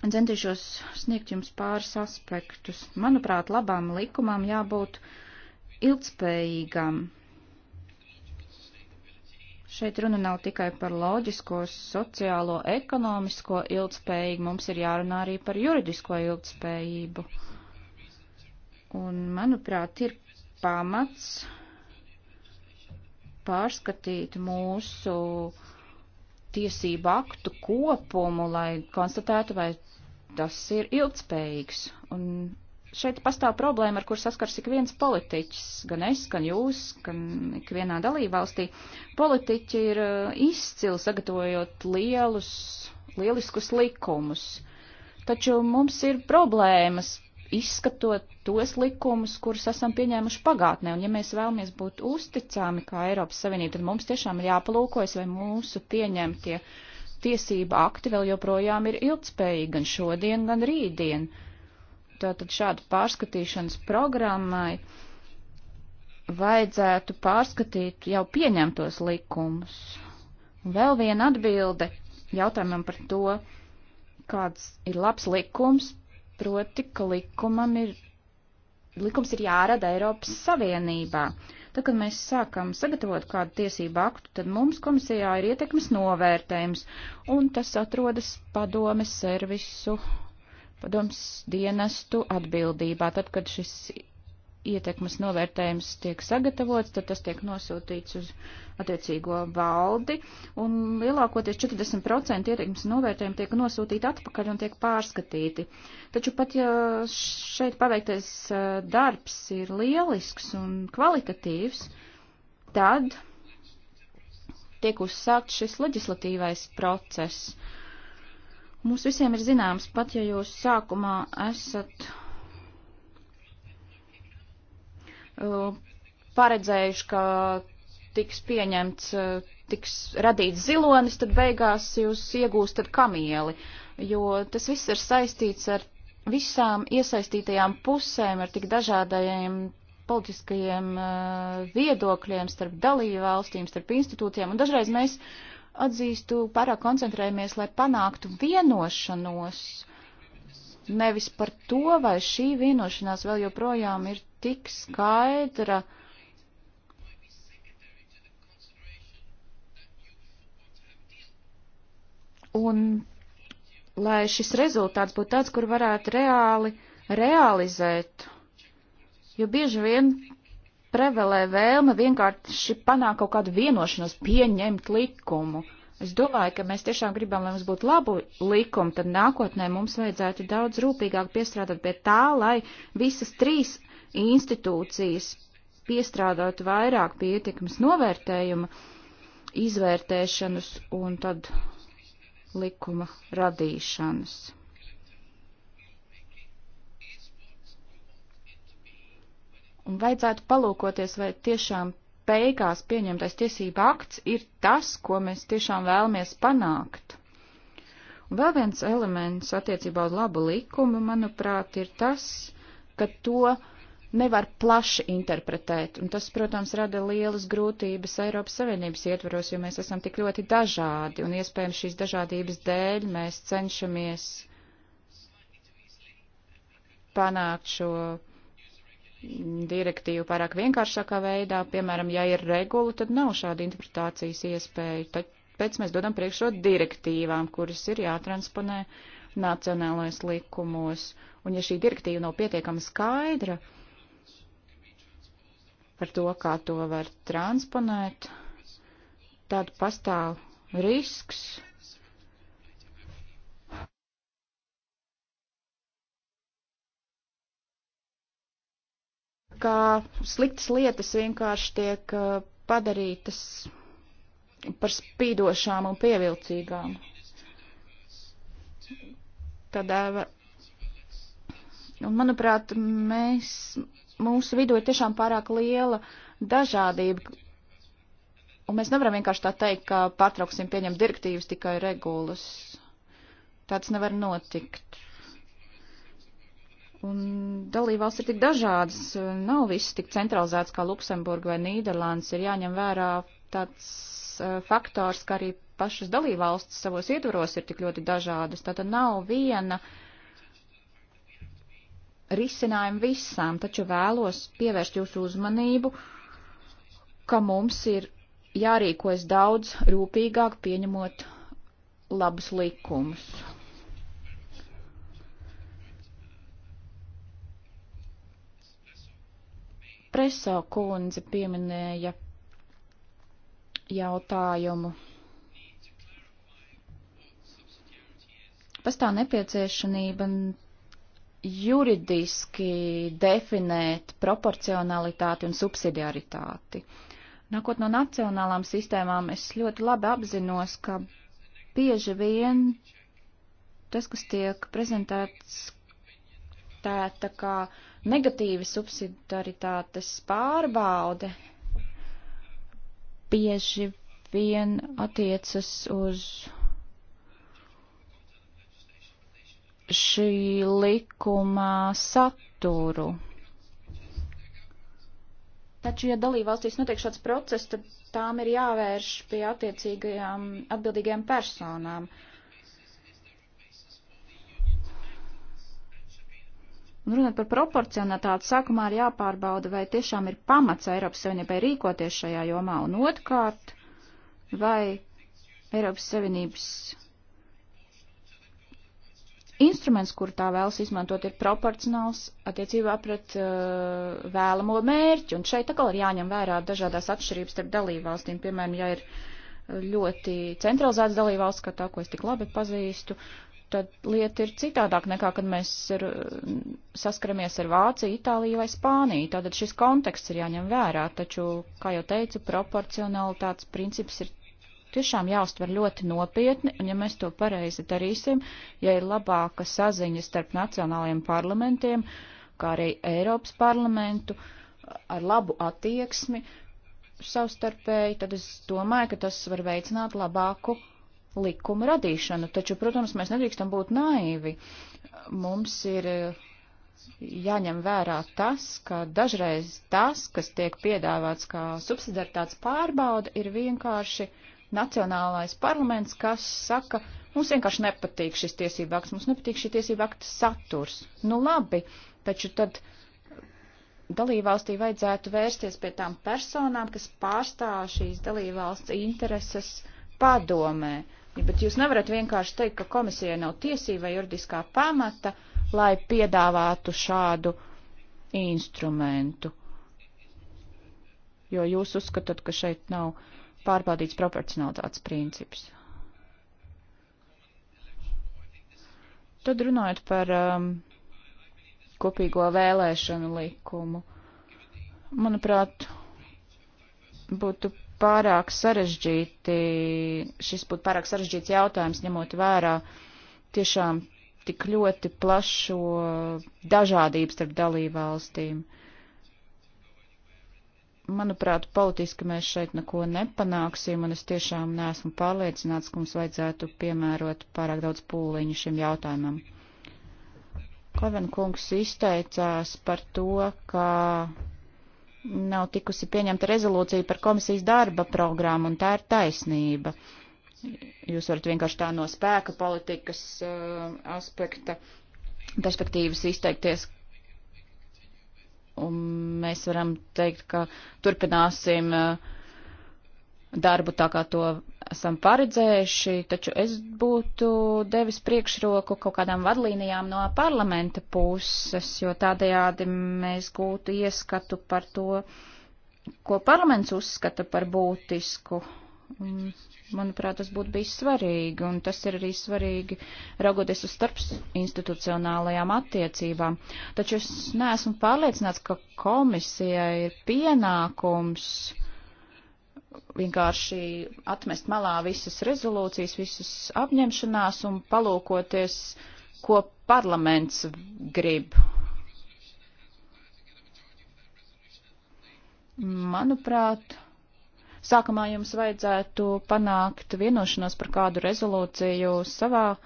centīšos sniegt jums pāris aspektus. Manuprāt, labām likumām jābūt ilgspējīgām. Šeit runa nav tikai par loģisko, sociālo, ekonomisko ilgspējību, mums ir jārunā arī par juridisko ilgspējību. Un, manuprāt, ir pamats pārskatīt mūsu uh, tiesību aktu kopumu, lai konstatētu, vai tas ir ilgspējīgs. Un šeit pastāv problēma, ar kur saskars ik viens politiķis, gan es, gan jūs, gan ikvienā dalībvalstī. Politiķi ir eh, izcili sagatavojot lielus, lieliskus likumus, taču mums ir problēmas izskatot tos likumus, kurus esam pieņēmuši pagātnē. Un ja mēs vēlamies būt uzticami kā Eiropas Savienība, tad mums tiešām ir jāpalūkojas, vai mūsu pieņemtie tiesība akti vēl joprojām ir ilgspējīgi gan šodien, gan rītdien. Tātad šādu pārskatīšanas programmai vajadzētu pārskatīt jau pieņemtos likumus. Un vēl viena atbilde jautājumam par to, kāds ir labs likums, proti, ka likumam ir, likums ir jārada Eiropas Savienībā. Tad, kad mēs sākam sagatavot kādu tiesību aktu, tad mums komisijā ir ietekmes novērtējums, un tas atrodas padomes servisu, padomes dienestu atbildībā. Tad, kad šis ietekmes novērtējums tiek sagatavots, tad tas tiek nosūtīts uz attiecīgo valdi, un lielākoties 40% ietekmes novērtējumu tiek nosūtīti atpakaļ un tiek pārskatīti. Taču pat ja šeit paveiktais eh, darbs ir lielisks un kvalitatīvs, tad tiek uzsākt šis leģislatīvais process. Mums visiem ir zināms, pat ja jūs sākumā esat Uh, paredzējuši, ka tiks pieņemts, uh, tiks radīts zilonis, tad beigās jūs iegūstat kamieli, jo tas viss ir saistīts ar visām iesaistītajām pusēm, ar tik dažādajiem politiskajiem uh, viedokļiem starp dalību valstīm, starp institūcijām, un dažreiz mēs atzīstu pārāk koncentrējamies, lai panāktu vienošanos nevis par to, vai šī vienošanās vēl joprojām ir tik skaidra. Un lai šis rezultāts būtu tāds, kur varētu reāli realizēt, jo bieži vien prevelē vēlme vienkārši panākt kaut kādu vienošanos, pieņemt likumu. Es domāju, ka mēs tiešām gribam, lai mums būtu labu likumu, tad nākotnē mums vajadzētu daudz rūpīgāk piestrādāt pie tā, lai visas trīs institūcijas piestrādāt vairāk pie ietekmes novērtējuma, izvērtēšanas un tad likuma radīšanas. Un vajadzētu palūkoties, vai tiešām beigās pieņemtais tiesība akts ir tas, ko mēs tiešām vēlamies panākt. Un vēl viens elements attiecībā uz labu likumu, manuprāt, ir tas, ka to nevar plaši interpretēt, un tas, protams, rada lielas grūtības Eiropas Savienības ietvaros, jo mēs esam tik ļoti dažādi, un iespējams šīs dažādības dēļ mēs cenšamies panākt šo direktīvu pārāk vienkāršākā veidā, piemēram, ja ir regula, tad nav šāda interpretācijas iespēja. Tāpēc mēs dodam priekšrot direktīvām, kuras ir jātransponē nacionālais likumos. Un ja šī direktīva nav pietiekama skaidra par to, kā to var transponēt, tad pastāv risks ka sliktas lietas vienkārši tiek eh, padarītas par spīdošām un pievilcīgām. Tad, eh, un manuprāt, mēs, mūsu vidū ir tiešām pārāk liela dažādība, un mēs nevaram vienkārši tā teikt, ka pārtrauksim pieņemt direktīvas tikai regulas. Tāds nevar notikt. Un dalībvalsts ir tik dažādas, nav viss tik centralizēts kā Luksemburga vai Nīderlandes. Ir jāņem vērā tāds uh, faktors, ka arī pašas dalībvalstis savos ietvaros ir tik ļoti dažādas. Tātad nav viena risinājuma visām, taču vēlos pievērst jūsu uzmanību, ka mums ir jārīkojas daudz rūpīgāk pieņemot labus likumus. Preso kundze pieminēja jautājumu. Pastāv nepieciešamība juridiski definēt proporcionalitāti un subsidiaritāti. Nākot no nacionālām sistēmām, es ļoti labi apzinos, ka bieži vien tas, kas tiek prezentēts tēta kā uh, negatīva subsidiaritātes pārbaude bieži vien attiecas uz šī likuma saturu. Taču, ja dalībvalstīs notiek šāds process, tad tām ir jāvērš pie attiecīgajām atbildīgajām personām. Uh, Un runāt par proporcionatāti, sākumā ir jāpārbauda, vai tiešām ir pamats Eiropas Savienībai rīkoties šajā jomā, un otrkārt, vai Eiropas Savienības instruments, kur tā vēlas izmantot, ir proporcionāls attiecībā pret uh, vēlamo mērķi. Un šeit atkal ir jāņem vērā dažādās atšķirības starp dalībvalstīm. Piemēram, ja ir ļoti centralizēts dalībvalsts, kā tā, ko es tik labi pazīstu, tad lieta ir citādāk nekā, kad mēs ir, saskaramies ar Vāciju, Itāliju vai Spāniju. Tātad šis konteksts ir jāņem vērā, taču, kā jau teicu, proporcionalitātes princips ir tiešām jāuztver ļoti nopietni, un ja mēs to pareizi darīsim, ja ir labāka saziņa starp nacionālajiem parlamentiem, kā arī Eiropas parlamentu, ar labu attieksmi savstarpēji, tad es domāju, ka tas var veicināt labāku likuma radīšanu, taču, protams, mēs nedrīkstam būt naivi. Mums ir eh, jāņem vērā tas, ka dažreiz tas, kas tiek piedāvāts kā subsidiaritātes pārbauda, ir vienkārši nacionālais parlaments, kas saka, mums vienkārši nepatīk šis tiesība akts, mums nepatīk šī tiesība akta saturs. Nu labi, taču tad dalībvalstī vajadzētu vērsties pie tām personām, kas pārstāv šīs dalībvalsts intereses padomē. Uh, Bet jūs nevarat vienkārši teikt, ka komisijai nav tiesība vai juridiskā pamata, lai piedāvātu šādu instrumentu. Jo jūs uzskatāt, ka šeit nav pārbaudīts proporcionalitātes princips. Tad runājot par um, kopīgo vēlēšanu likumu, manuprāt, būtu pārāk sarežģīti, šis būtu pārāk sarežģīts jautājums, ņemot vērā tiešām tik ļoti plašo dažādību starp dalībvalstīm. Manuprāt, politiski mēs šeit neko nepanāksim, un es tiešām neesmu pārliecināts, ka mums vajadzētu piemērot pārāk daudz pūliņu šim jautājumam. Klavenkungs izteicās par to, ka nav tikusi pieņemta rezolūcija par komisijas darba programmu, un tā ir taisnība. Jūs varat vienkārši tā no spēka politikas uh, aspekta perspektīvas izteikties, un mēs varam teikt, ka turpināsim uh, darbu tā, kā to esam paredzējuši, taču es būtu devis priekšroku kaut kādām vadlīnijām no parlamenta puses, jo tādējādi mēs gūtu ieskatu par to, ko parlaments uzskata par būtisku. Manuprāt, tas būtu bijis svarīgi, un tas ir arī svarīgi raugoties uz starpinstitucionālajām attiecībām. Taču es neesmu pārliecināts, ka komisijai ir pienākums uh, vienkārši atmest malā visas rezolūcijas, visas apņemšanās un palūkoties, ko parlaments grib. Manuprāt, sākumā jums vajadzētu panākt vienošanos par kādu rezolūciju savā uh,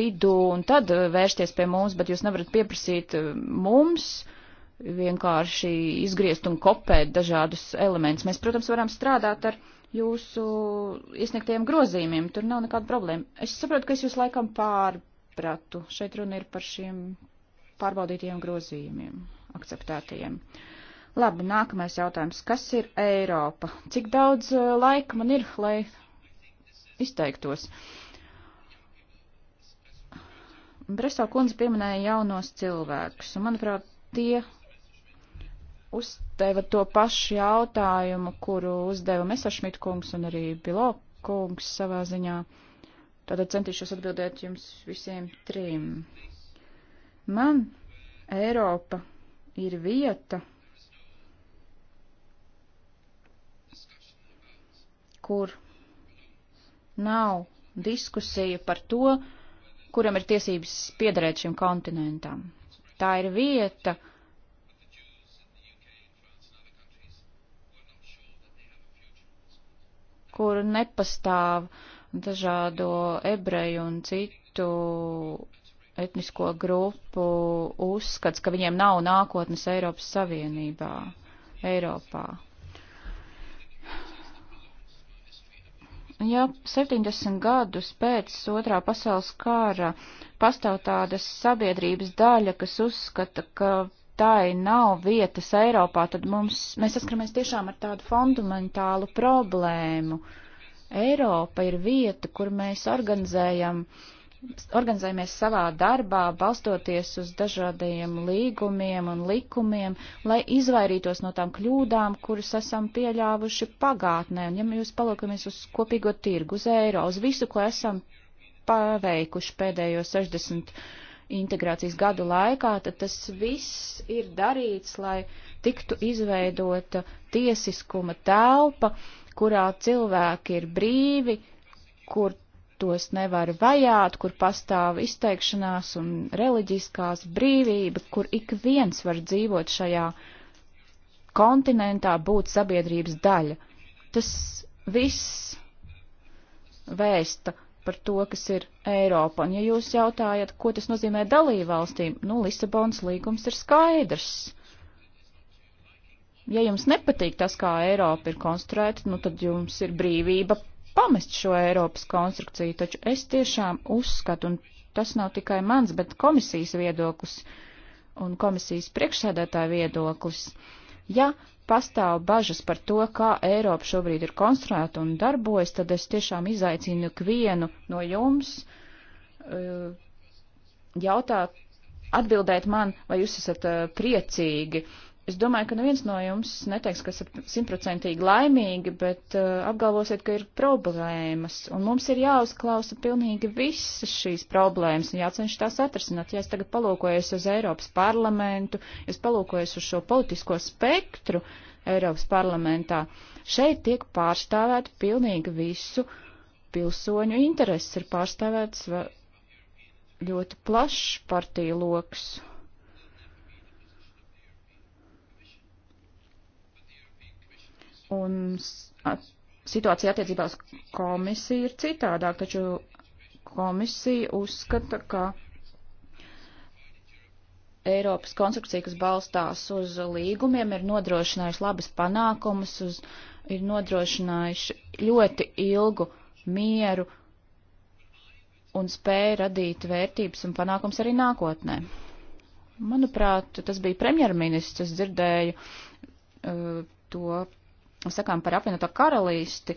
vidū un tad uh, vērsties pie mums, bet jūs nevarat pieprasīt uh, mums vienkārši izgriezt un kopēt dažādus elementus. Mēs, protams, varam strādāt ar jūsu iesniegtajiem grozījumiem, tur nav nekāda problēma. Es saprotu, ka es jūs laikam pārpratu. Šeit runa ir par šiem pārbaudītajiem grozījumiem, akceptētajiem. Labi, nākamais jautājums. Kas ir Eiropa? Cik daudz eh, laika man ir, lai izteiktos? Breso kundze pieminēja jaunos cilvēkus, un manuprāt, tie uzdeva to pašu jautājumu, kuru uzdeva Mesašmit kungs un arī Bilo kungs savā ziņā. Tātad centīšos atbildēt jums visiem trim. Man Eiropa ir vieta, kur nav diskusija par to, kuram ir tiesības piederēt šim kontinentam. Tā ir vieta, kur kur nepastāv dažādo ebreju un citu etnisko grupu uzskats, ka viņiem nav nākotnes Eiropas Savienībā, Eiropā. Ja 70 gadus pēc otrā pasaules kara pastāv tādas sabiedrības daļa, kas uzskata, ka tai nav vietas Eiropā, tad mums, mēs saskaramies tiešām ar tādu fundamentālu problēmu. Eiropa ir vieta, kur mēs organizējam, organizējamies savā darbā, balstoties uz dažādajiem līgumiem un likumiem, lai izvairītos no tām kļūdām, kuras esam pieļāvuši pagātnē. Un ja mēs palūkamies uz kopīgo tirgu, uz eiro, uz visu, ko esam paveikuši pēdējo 60 gadu integrācijas gadu laikā, tad tas viss ir darīts, lai tiktu izveidota tiesiskuma telpa, kurā cilvēki ir brīvi, kur tos nevar vajāt, kur pastāv izteikšanās un reliģiskās brīvība, kur ik viens var dzīvot šajā kontinentā, būt sabiedrības daļa. Tas viss vēsta par to, kas ir Eiropa. Un ja jūs jautājat, ko tas nozīmē dalībvalstīm, nu, Lisabonas līgums ir skaidrs. Ja jums nepatīk tas, kā Eiropa ir konstruēta, nu, tad jums ir brīvība pamest šo Eiropas konstrukciju, taču es tiešām uzskatu, un tas nav tikai mans, bet komisijas viedoklis un komisijas priekšsēdētāja viedoklis. Uh, Ja pastāv bažas par to, kā Eiropa šobrīd ir konstruēta un darbojas, tad es tiešām izaicinu ikvienu no jums eh, jautāt, atbildēt man, vai jūs esat eh, priecīgi Es domāju, ka neviens no jums neteiks, ka esat simtprocentīgi laimīgi, bet uh, apgalvosiet, ka ir problēmas. Un mums ir jāuzklausa pilnīgi visas šīs problēmas un jācenšas tās atrasināt. Ja es tagad palūkojos uz Eiropas parlamentu, es palūkojos uz šo politisko spektru Eiropas parlamentā, šeit tiek pārstāvēta pilnīgi visu pilsoņu intereses, ir pārstāvēts ļoti plašs partiju lokus. Un at, situācija attiecībā uz komisiju ir citādāk, taču komisija uzskata, ka Eiropas konstrukcija, kas balstās uz līgumiem, ir nodrošinājusi labas panākumus, uz, ir nodrošinājuši ļoti ilgu mieru un spēja radīt vērtības un panākums arī nākotnē. Manuprāt, tas bija premjerministrs, es dzirdēju uh, to sakām par apvienoto karalisti,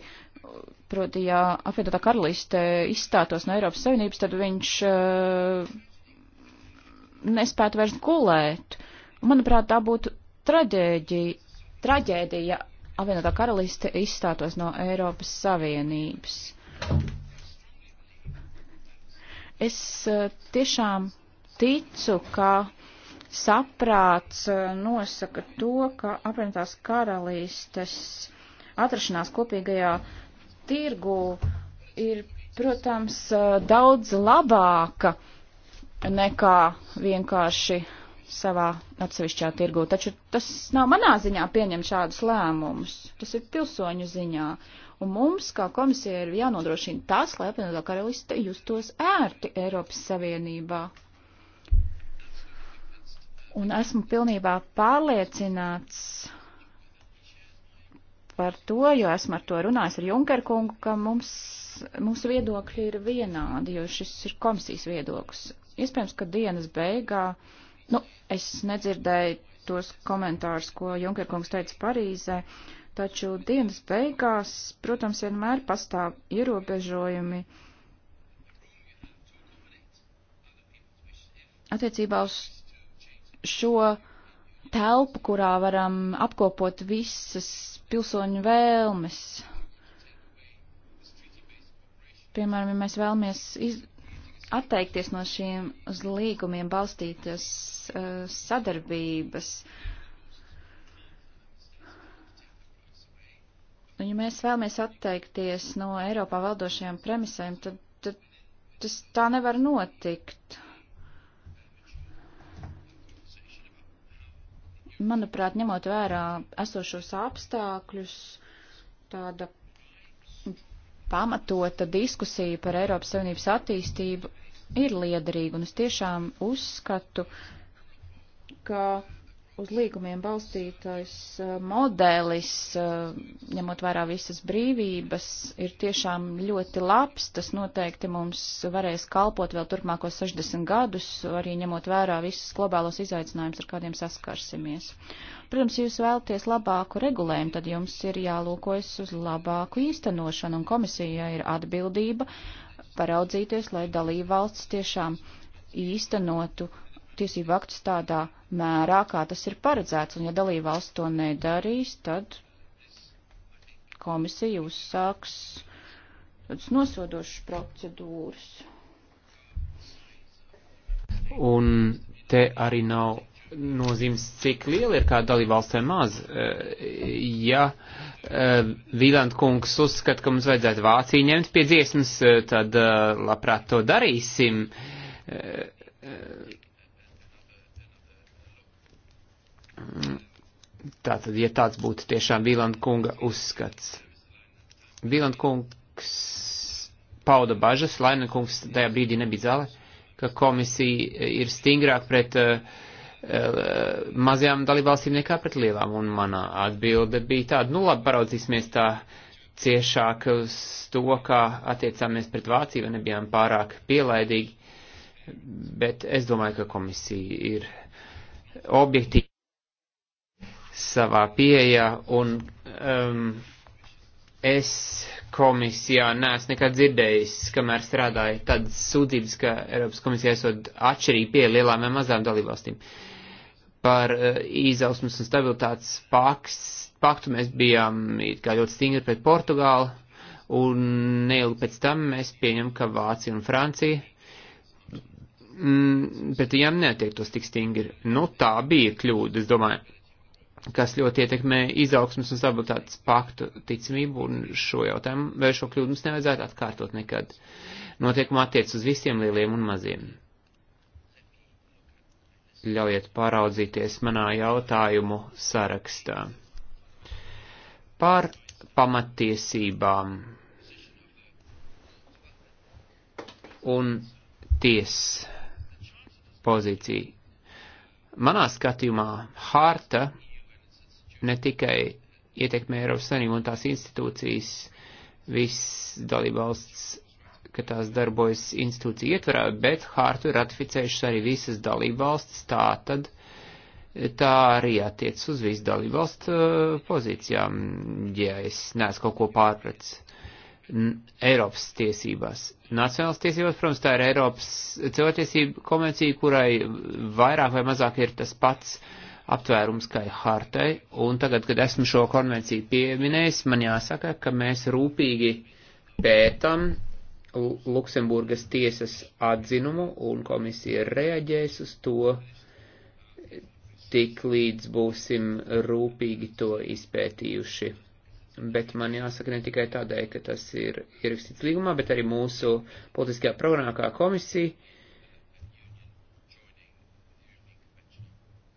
proti, ja apvienotā karaliste izstātos no Eiropas Savienības, tad viņš uh, nespētu vairs gulēt. Manuprāt, tā būtu traģēģija, traģēdija, ja apvienotā karaliste izstātos no Eiropas Savienības. Es uh, tiešām ticu, ka saprāts eh, nosaka to, ka apvienotās karalistes atrašanās kopīgajā tirgu ir, protams, eh, daudz labāka nekā vienkārši savā atsevišķā tirgū. Taču tas nav manā ziņā pieņemt šādus lēmumus. Tas ir pilsoņu ziņā. Un mums, kā komisija, ir jānodrošina tas, lai apvienotā karaliste justos ērti Eiropas Savienībā. Un esmu pilnībā pārliecināts par to, jo esmu ar to runājis ar Junker kungu, ka mums, mūsu viedokļi ir vienādi, jo šis ir komisijas viedoklis. Iespējams, ka dienas beigā, nu, es nedzirdēju tos komentārus, ko Junker kungs teica Parīzē, taču dienas beigās, protams, vienmēr pastāv ierobežojumi attiecībā uz šo telpu, kurā varam apkopot visas pilsoņu vēlmes. Piemēram, ja mēs vēlamies iz... atteikties no šiem uz līgumiem balstītas uh, sadarbības, ja mēs vēlamies atteikties no Eiropā valdošajām premisēm, tad, tad tas tā nevar notikt. manuprāt, ņemot vērā esošos apstākļus, tāda pamatota diskusija par Eiropas Savienības attīstību ir liederīga, un es tiešām uzskatu, ka uz līgumiem balstītais eh, modelis, eh, ņemot vērā visas brīvības, ir tiešām ļoti labs. Tas noteikti mums varēs kalpot vēl turpmāko 60 gadus, arī ņemot vērā visus globālos izaicinājumus, ar kādiem saskarsimies. Protams, ja jūs vēlaties labāku regulējumu, tad jums ir jālūkojas uz labāku īstenošanu, un komisija ir atbildība paraudzīties, lai dalībvalsts tiešām īstenotu tiesību aktus tādā mērā, kā tas ir paredzēts, un ja dalībvalsts to nedarīs, tad komisija uzsāks tādas nosodošas procedūras. Un te arī nav nozīmes, cik liela ir kāda dalībvalsts vai maz. Eh, ja eh, Vīland kungs uzskata, ka mums vajadzētu Vāciju ņemt pie dziesmas, eh, tad labprāt to darīsim. Tātad, ja tāds būtu tiešām Vīlanda kunga uzskats. Vīlanda kungs pauda bažas, Laina kungs tajā brīdī nebija zāle, ka komisija ir stingrāk pret uh, uh, mazajām dalībvalstīm nekā pret lielām, un manā atbilde bija tāda, nu labi, paraudzīsimies tā ciešāk uz to, kā attiecāmies pret Vāciju, vai nebijām pārāk pielaidīgi, bet es domāju, ka komisija ir objektīvi savā pieejā, un um, es komisijā neesmu nekad dzirdējis, kamēr strādāju, tādas sūdzības, ka Eiropas komisija esot atšķirīgi pie lielām un mazām dalībvalstīm. Par uh, izausmas un stabilitātes pakts, paktu mēs bijām kā ļoti stingri pret Portugālu, un neilgi pēc tam mēs pieņem, ka Vācija un Francija mm, pret viņām neatiektos tik stingri. Nu, tā bija kļūda, es domāju kas ļoti ietekmē izaugsmas un stabilitātes paktu ticamību, un šo jautājumu vai šo kļūdu mums nevajadzētu atkārtot nekad. Notiekuma attiec uz visiem lieliem un maziem. Ļaujiet pāraudzīties manā jautājumu sarakstā. Par pamattiesībām un ties pozīciju. Manā skatījumā harta ne tikai ietekmē Eiropas Savienību un tās institūcijas, viss dalībvalsts, ka tās darbojas institūcija ietvarā, bet hārtu ir ratificējušas arī visas dalībvalstis, tā tad tā arī attiec uz visu dalībvalstu uh, pozīcijām, ja es neesmu kaut ko pārpratis. Eiropas tiesībās. Nacionālas tiesībās, protams, tā ir Eiropas cilvēktiesība konvencija, kurai vairāk vai mazāk ir tas pats uh, aptvērums kā hartai, un tagad, kad esmu šo konvenciju pieminējis, man jāsaka, ka mēs rūpīgi pētam Luksemburgas tiesas atzinumu, un komisija reaģēs uz to, tik līdz būsim rūpīgi to izpētījuši. Bet man jāsaka ne tikai tādēļ, ka tas ir ierakstīts līgumā, bet arī mūsu politiskajā programmā kā komisija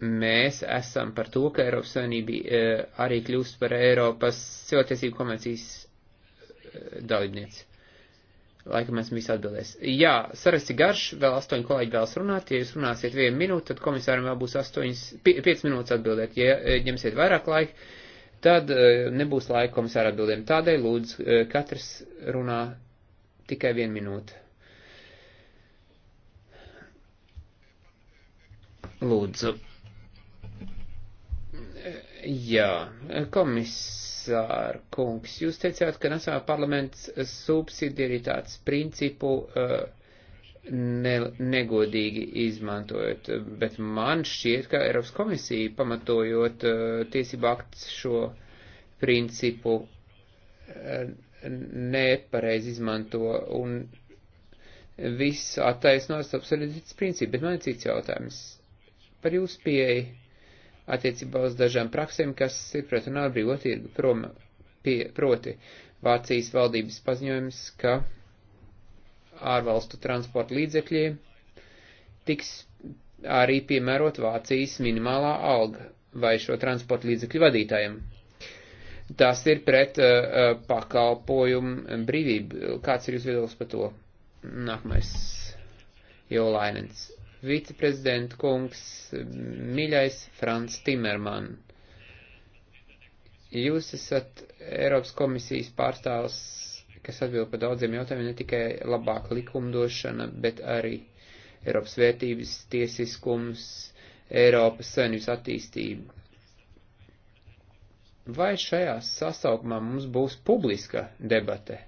mēs esam par to, ka Eiropas Savienība e, arī kļūst par Eiropas cilvēktiesību konvencijas e, dalībnieci. Laikam esmu visu atbildējis. Jā, saraksts ir garš, vēl astoņi kolēģi vēlas runāt. Ja jūs runāsiet vienu minūti, tad komisāram vēl būs astoņas, piecas minūtes atbildēt. Ja e, ņemsiet vairāk laika, tad nebūs laika komisāra atbildēm. Tādēļ lūdzu, katrs runā tikai vienu minūti. Lūdzu. Jā, komisār kungs, jūs teicāt, ka Nacionālā parlaments subsidiaritātes principu uh, ne, negodīgi izmantojot, bet man šķiet, ka Eiropas komisija pamatojot uh, tiesību aktu šo principu uh, nepareizi izmanto un viss attaisnos subsidiaritātes principu, bet man ir cits jautājums par jūsu pieeju attiecībā uz dažām praksēm, kas ir pretrunā ar brīvo tirgu. Prom, pie, proti, Vācijas valdības paziņojums, ka ārvalstu transporta līdzekļi tiks arī piemērot Vācijas minimālā alga vai šo transporta līdzekļu vadītājiem. Tas ir pret uh, uh pakalpojumu brīvību. Kāds ir jūs viedoklis par to? Nākamais Jolainens viceprezidenta kungs, mīļais Frans Timerman. Jūs esat Eiropas komisijas pārstāvs, kas atbild par daudziem jautājumiem, ne tikai labāka likumdošana, bet arī Eiropas vērtības, tiesiskums, Eiropas savienības attīstība. Vai šajā sasaukumā mums būs publiska debate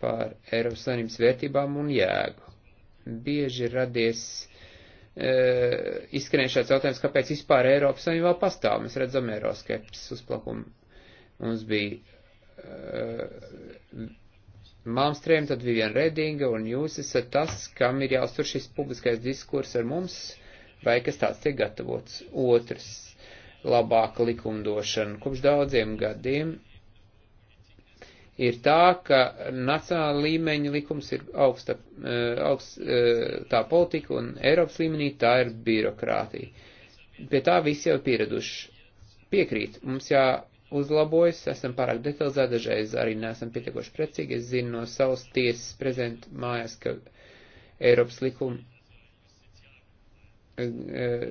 par Eiropas savienības vērtībām un jēgu? bieži radies e, izskanēja šāds jautājums, kāpēc vispār Eiropas Savienībā pastāv. Mēs redzam eiroskepsis uzplakumu. Mums bija e, Malmstrēm, tad Vivian Redinga, un jūs esat tas, kam ir jāuztur šis publiskais diskurs ar mums, vai kas tāds tiek gatavots. Otrs, labāka likumdošana. Kopš daudziem gadiem ir tā, ka nacionāla līmeņa likums ir augsta, eh, augsta eh, politika un Eiropas līmenī tā ir birokrātija. Pie tā visi jau pieraduši. Piekrīt, mums jāuzlabojas, esam pārāk detalizēti, dažreiz arī neesam pietiekoši precīgi. Es zinu no savas tiesas prezentu mājās, ka Eiropas likuma eh,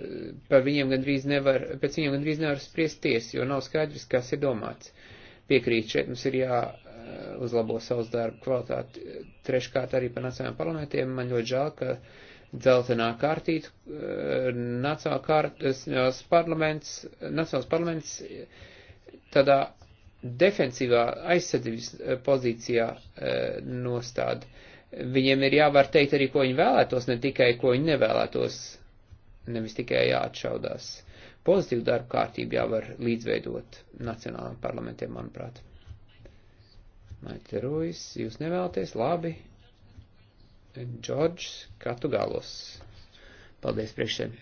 par viņiem gandrīz nevar, pēc viņiem gandrīz nevar spriest tiesa, jo nav skaidrs, kas ir domāts. Uh, piekrīt, šeit mums ir jā Uh, uzlabo savus darbu kvalitāti. Treškārt arī par nacionālajiem parlamentiem man ļoti žēl, ka dzeltenā kārtīt uh, nacionālās eh, parlaments, nacionālās parlaments eh, tādā defensīvā aizsardzības eh, pozīcijā nostāda. Viņiem ir jāvar teikt arī, ko viņi vēlētos, ne tikai, ko viņi nevēlētos, nevis tikai jāatšaudās. Pozitīvu darbu kārtību jāvar līdzveidot nacionālajiem parlamentiem, manuprāt. Maita Ruijs, jūs nevēlaties, labi. Džordžs Katugalos. Paldies priekšsēm.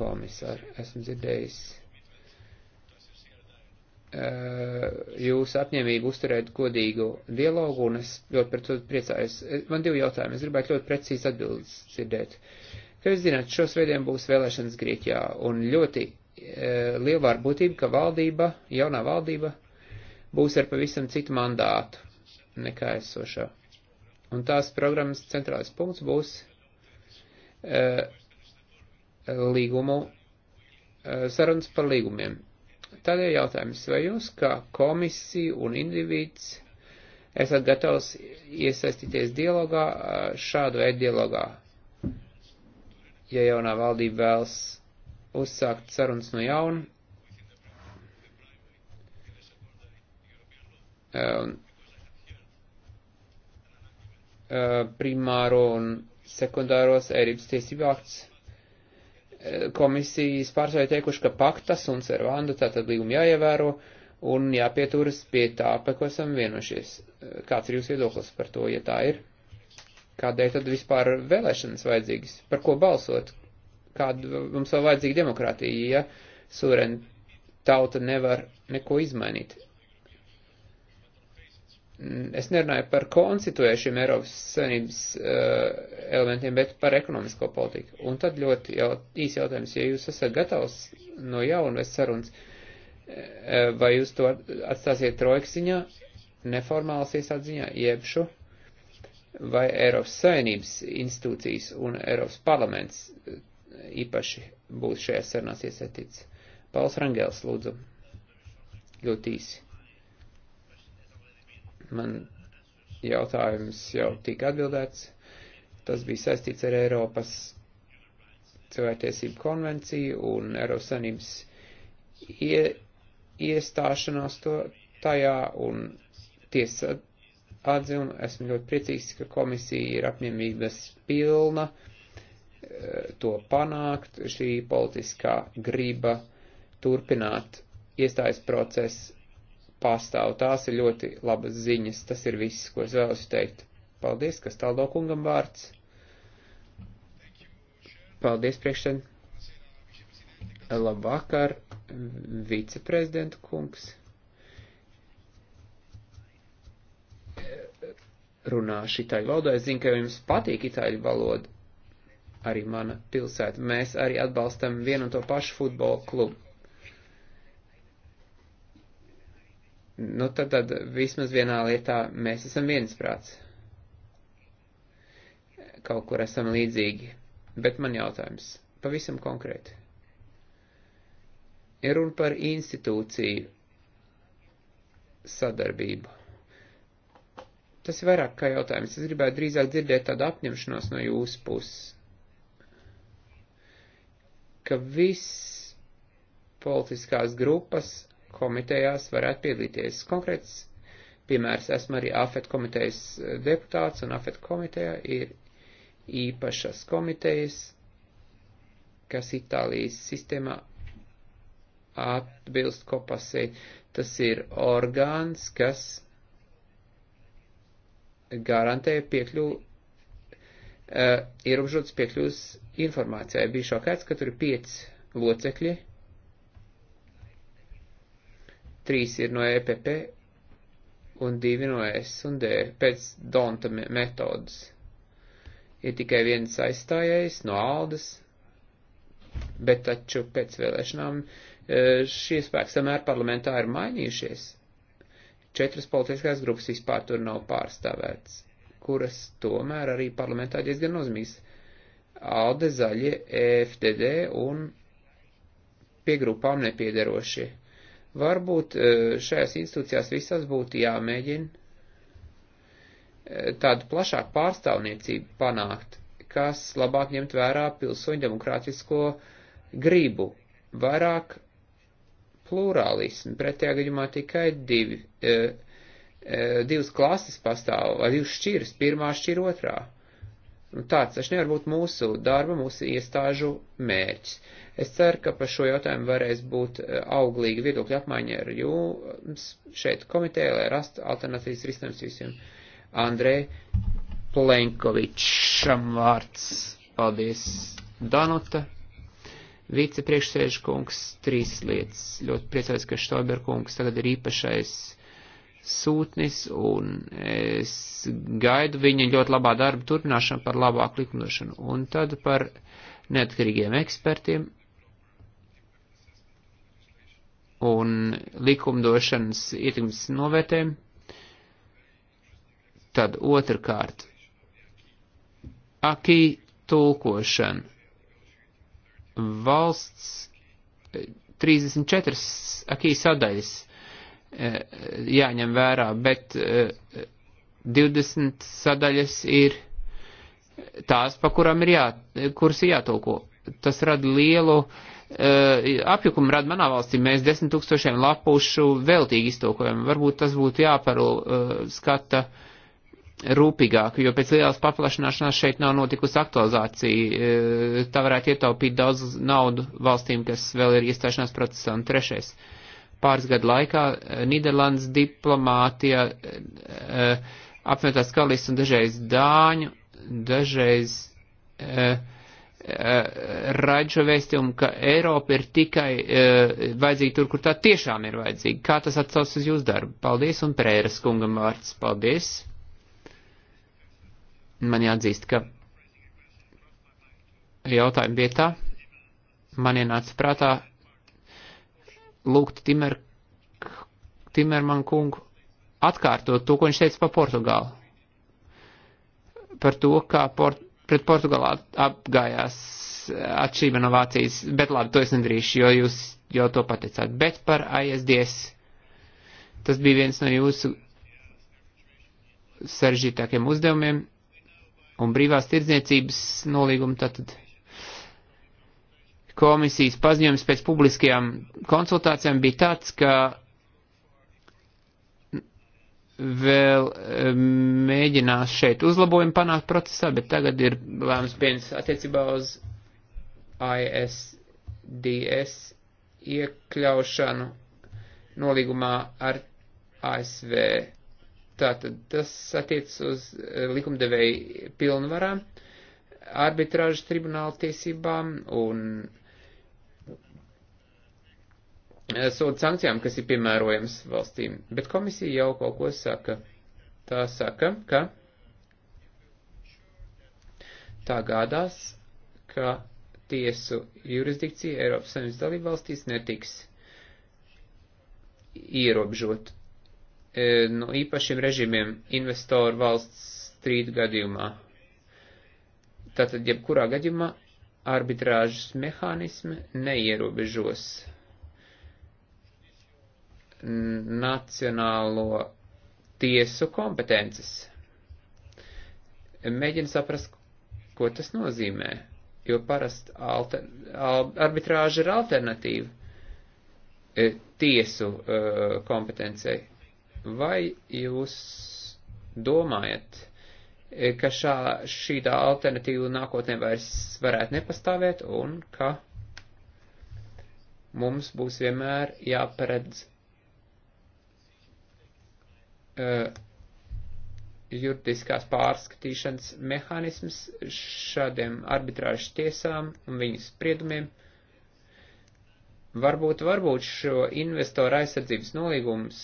Komisār, esmu dzirdējis. Eh, jūs apņēmīgi uzturēt godīgu dialogu, un es ļoti par to priecājos. Eh, man divi jautājumi, es gribētu ļoti precīzi atbildes dzirdēt. Kā jūs zināt, šos veidiem būs vēlēšanas Grieķijā, un ļoti e, eh, liela var būtība, ka valdība, jaunā valdība, e, būs ar pavisam citu mandātu nekā esošā. Un tās programmas centrālais punkts būs e, līgumu, e, sarunas par līgumiem. Tādēļ jautājums, vai jūs kā komisija un individs esat gatavs iesaistīties dialogā, eh, šādu veidu dialogā, ja jaunā valdība vēlas uzsākt sarunas no jauna Um, uh, primāro un sekundāros ērības tiesību akts. Uh, komisijas pārstāvja teikuši, ka paktas un servanda tātad līguma jāievēro un jāpieturas pie tā, pa ko esam vienošies. Uh, kāds ir jūsu viedoklis par to, ja tā ir? Kādēļ tad vispār vēlēšanas vajadzīgas? Par ko balsot? Kāda mums vēl vajadzīga demokrātija, ja suverēna tauta nevar neko izmainīt? Mm, es nerunāju par konstituējušiem Eiropas Savienības uh, elementiem, bet par ekonomisko politiku. Un tad ļoti jau, īsi jautājums, ja jūs esat gatavs no jauna vest sarunas, uh, vai jūs to atstāsiet trojkas ziņā, neformālas iestādes ziņā, iepšu, vai Eiropas Savienības institūcijas un Eiropas parlaments eh, īpaši būs šajās sarunās iesaistīts. Pauls Rangels, lūdzu. Ļoti īsi. Man jautājums jau tika atbildēts. Tas bija saistīts ar Eiropas cilvēktiesību konvenciju un Eiropas Sanības ie, iestāšanos to, tajā un tiesa atzinumu. Esmu ļoti priecīgs, ka komisija ir apņemības pilna eh, to panākt, šī politiskā griba turpināt iestājas procesu pastāv. Tās ir ļoti labas ziņas. Tas ir viss, ko es vēlos teikt. Paldies, kas tāldo kungam vārds. Paldies, priekšsēd. Labvakar, viceprezidenta kungs. Runāšu itāļu valodā. Es zinu, ka jums patīk itāļu valoda. Arī mana pilsēta. Mēs arī atbalstam vienu un to pašu futbola klubu nu tad, tad vismaz vienā lietā mēs esam viensprāts. Kaut kur esam līdzīgi. Bet man jautājums, pavisam konkrēti. Ir runa par institūciju sadarbību. Tas ir vairāk kā jautājums. Es gribētu drīzāk dzirdēt tādu apņemšanos no jūsu puses, ka viss politiskās grupas komitejās varētu piedalīties. Konkrēts piemērs esmu arī AFET komitejas eh, deputāts, un AFET komitejā ir īpašas komitejas, kas Itālijas sistēmā atbilst kopasē. Tas ir orgāns, kas garantē piekļuvu, uh, eh, ierobežotas piekļuvas informācijai. Bija šokēts, ka tur ir pieci locekļi Trīs ir no EPP un divi no S un D pēc Donta me metodas. Ir tikai viens aizstājējs no Aldas, bet taču pēc vēlēšanām e, šie spēki samēr parlamentā ir mainījušies. Četras politiskās grupas vispār tur nav pārstāvēts, kuras tomēr arī parlamentā diezgan nozīmīgs. Alde, Zaļie, EFDD un pie grupām nepiedarošie. Uh, Varbūt e, šajās institūcijās visās būtu jāmēģina e, tādu plašāku pārstāvniecību panākt, kas labāk ņemt vērā pilsoņu demokrātisko gribu, vairāk plurālismu, pretējā gadījumā tikai divi, e, e, divas klases pastāv, vai divas šķiras, pirmā šķira otrā. Un nu, tāds taču nevar būt mūsu darba, mūsu iestāžu mērķis. Es ceru, ka par šo jautājumu varēs būt e, auglīga viedokļa apmaiņa ar jums šeit komitejā, lai rastu alternatīvas risinājums visiem. Andrei Plenkovičam vārds. Paldies, Danuta. Vicepriekšsēžu kungs, trīs lietas. Ļoti priecājos, ka Štoiber kungs tagad ir īpašais sūtnis, un es gaidu viņa ļoti labā darba turpināšanu par labāku likumdošanu. Un tad par neatkarīgiem ekspertiem un likumdošanas ietekmes novērtējumu. Tad otrkārt, akī tulkošana. Valsts 34 eh, akī sadaļas eh, jāņem vērā, bet 20 eh, sadaļas ir tās, pa kurām ir jā, kuras jātulko. Tas rada lielu uh, Eh, apjukumu rada manā valstī, mēs desmit tūkstošiem lapušu veltīgi iztokojam. Varbūt tas būtu jāparu uh, skata rūpīgāk, jo pēc lielās paplašanāšanās šeit nav notikusi aktualizācija. Uh, tā varētu ietaupīt daudz naudu valstīm, kas vēl ir iestāšanās procesā. Un trešais. Pāris gadu laikā Nīderlandes diplomātija, uh, apvienotās kalists un dažreiz Dāņu, dažreiz. Uh, Eh, raidžo vēstījumu, ka Eiropa ir tikai eh, vajadzīga tur, kur tā tiešām ir vajadzīga. Kā tas atsauc uz jūsu darbu? Paldies un prēras kungam vārds. Paldies. Man jāatzīst, ka jautājuma vietā man ienāca prātā lūgt Timer, Timerman kungu atkārtot to, ko viņš teica par Portugālu. Par to, kā Port pret Portugālu apgājās atšķirība no Vācijas, bet labi, to es nedarīšu, jo jūs jau to pateicāt. Bet par ISDS. Tas bija viens no jūsu sarežģītākiem uzdevumiem un brīvās tirdzniecības nolīguma tātad. Komisijas paziņojums pēc publiskajām konsultācijām bija tāds, ka vēl mēģinās šeit uzlabojumu panākt procesā, bet tagad ir lēmums pieņems attiecībā uz ISDS iekļaušanu nolīgumā ar ASV. Tātad tas attiec uz eh, likumdevēju pilnvarām, arbitrāžas tribunāla tiesībām un Eh, sodu sankcijām, kas ir piemērojams valstīm. Bet komisija jau kaut ko saka. Tā saka, ka tā gādās, ka tiesu jurisdikcija Eiropas Savienības dalību valstīs netiks ierobžot e, eh, no īpašiem režīmiem investoru valsts strīdu gadījumā. Tātad, jebkurā gadījumā arbitrāžas mehānismi neierobežos nacionālo tiesu kompetences. Mēģinu saprast, ko tas nozīmē, jo parasti alter, arbitrāža ir alternatīva e, tiesu e, kompetencei. Vai jūs domājat, e, ka šā, šī tā alternatīva nākotnē vairs varētu nepastāvēt un ka mums būs vienmēr jāparedz Uh, juridiskās pārskatīšanas mehānisms šādiem arbitrāžu tiesām un viņas spriedumiem. Varbūt, varbūt šo investoru aizsardzības nolīgums,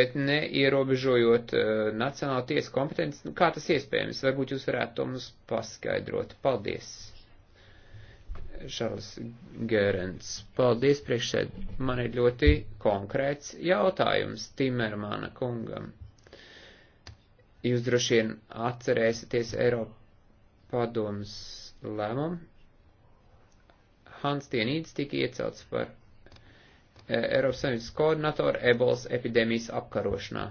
bet neierobežojot uh, nacionālu tiesu kompetenci, nu, kā tas iespējams, varbūt jūs varētu to mums paskaidrot. Paldies! Šarls Gērens. Paldies priekšsēd. Man ir ļoti konkrēts jautājums Timermana kungam. Jūs droši vien atcerēsieties Eiropa padomas lēmumu. Hans Tienīts tika iecelts par e, Eiropas Savienības koordinatoru ebolas epidēmijas apkarošanā.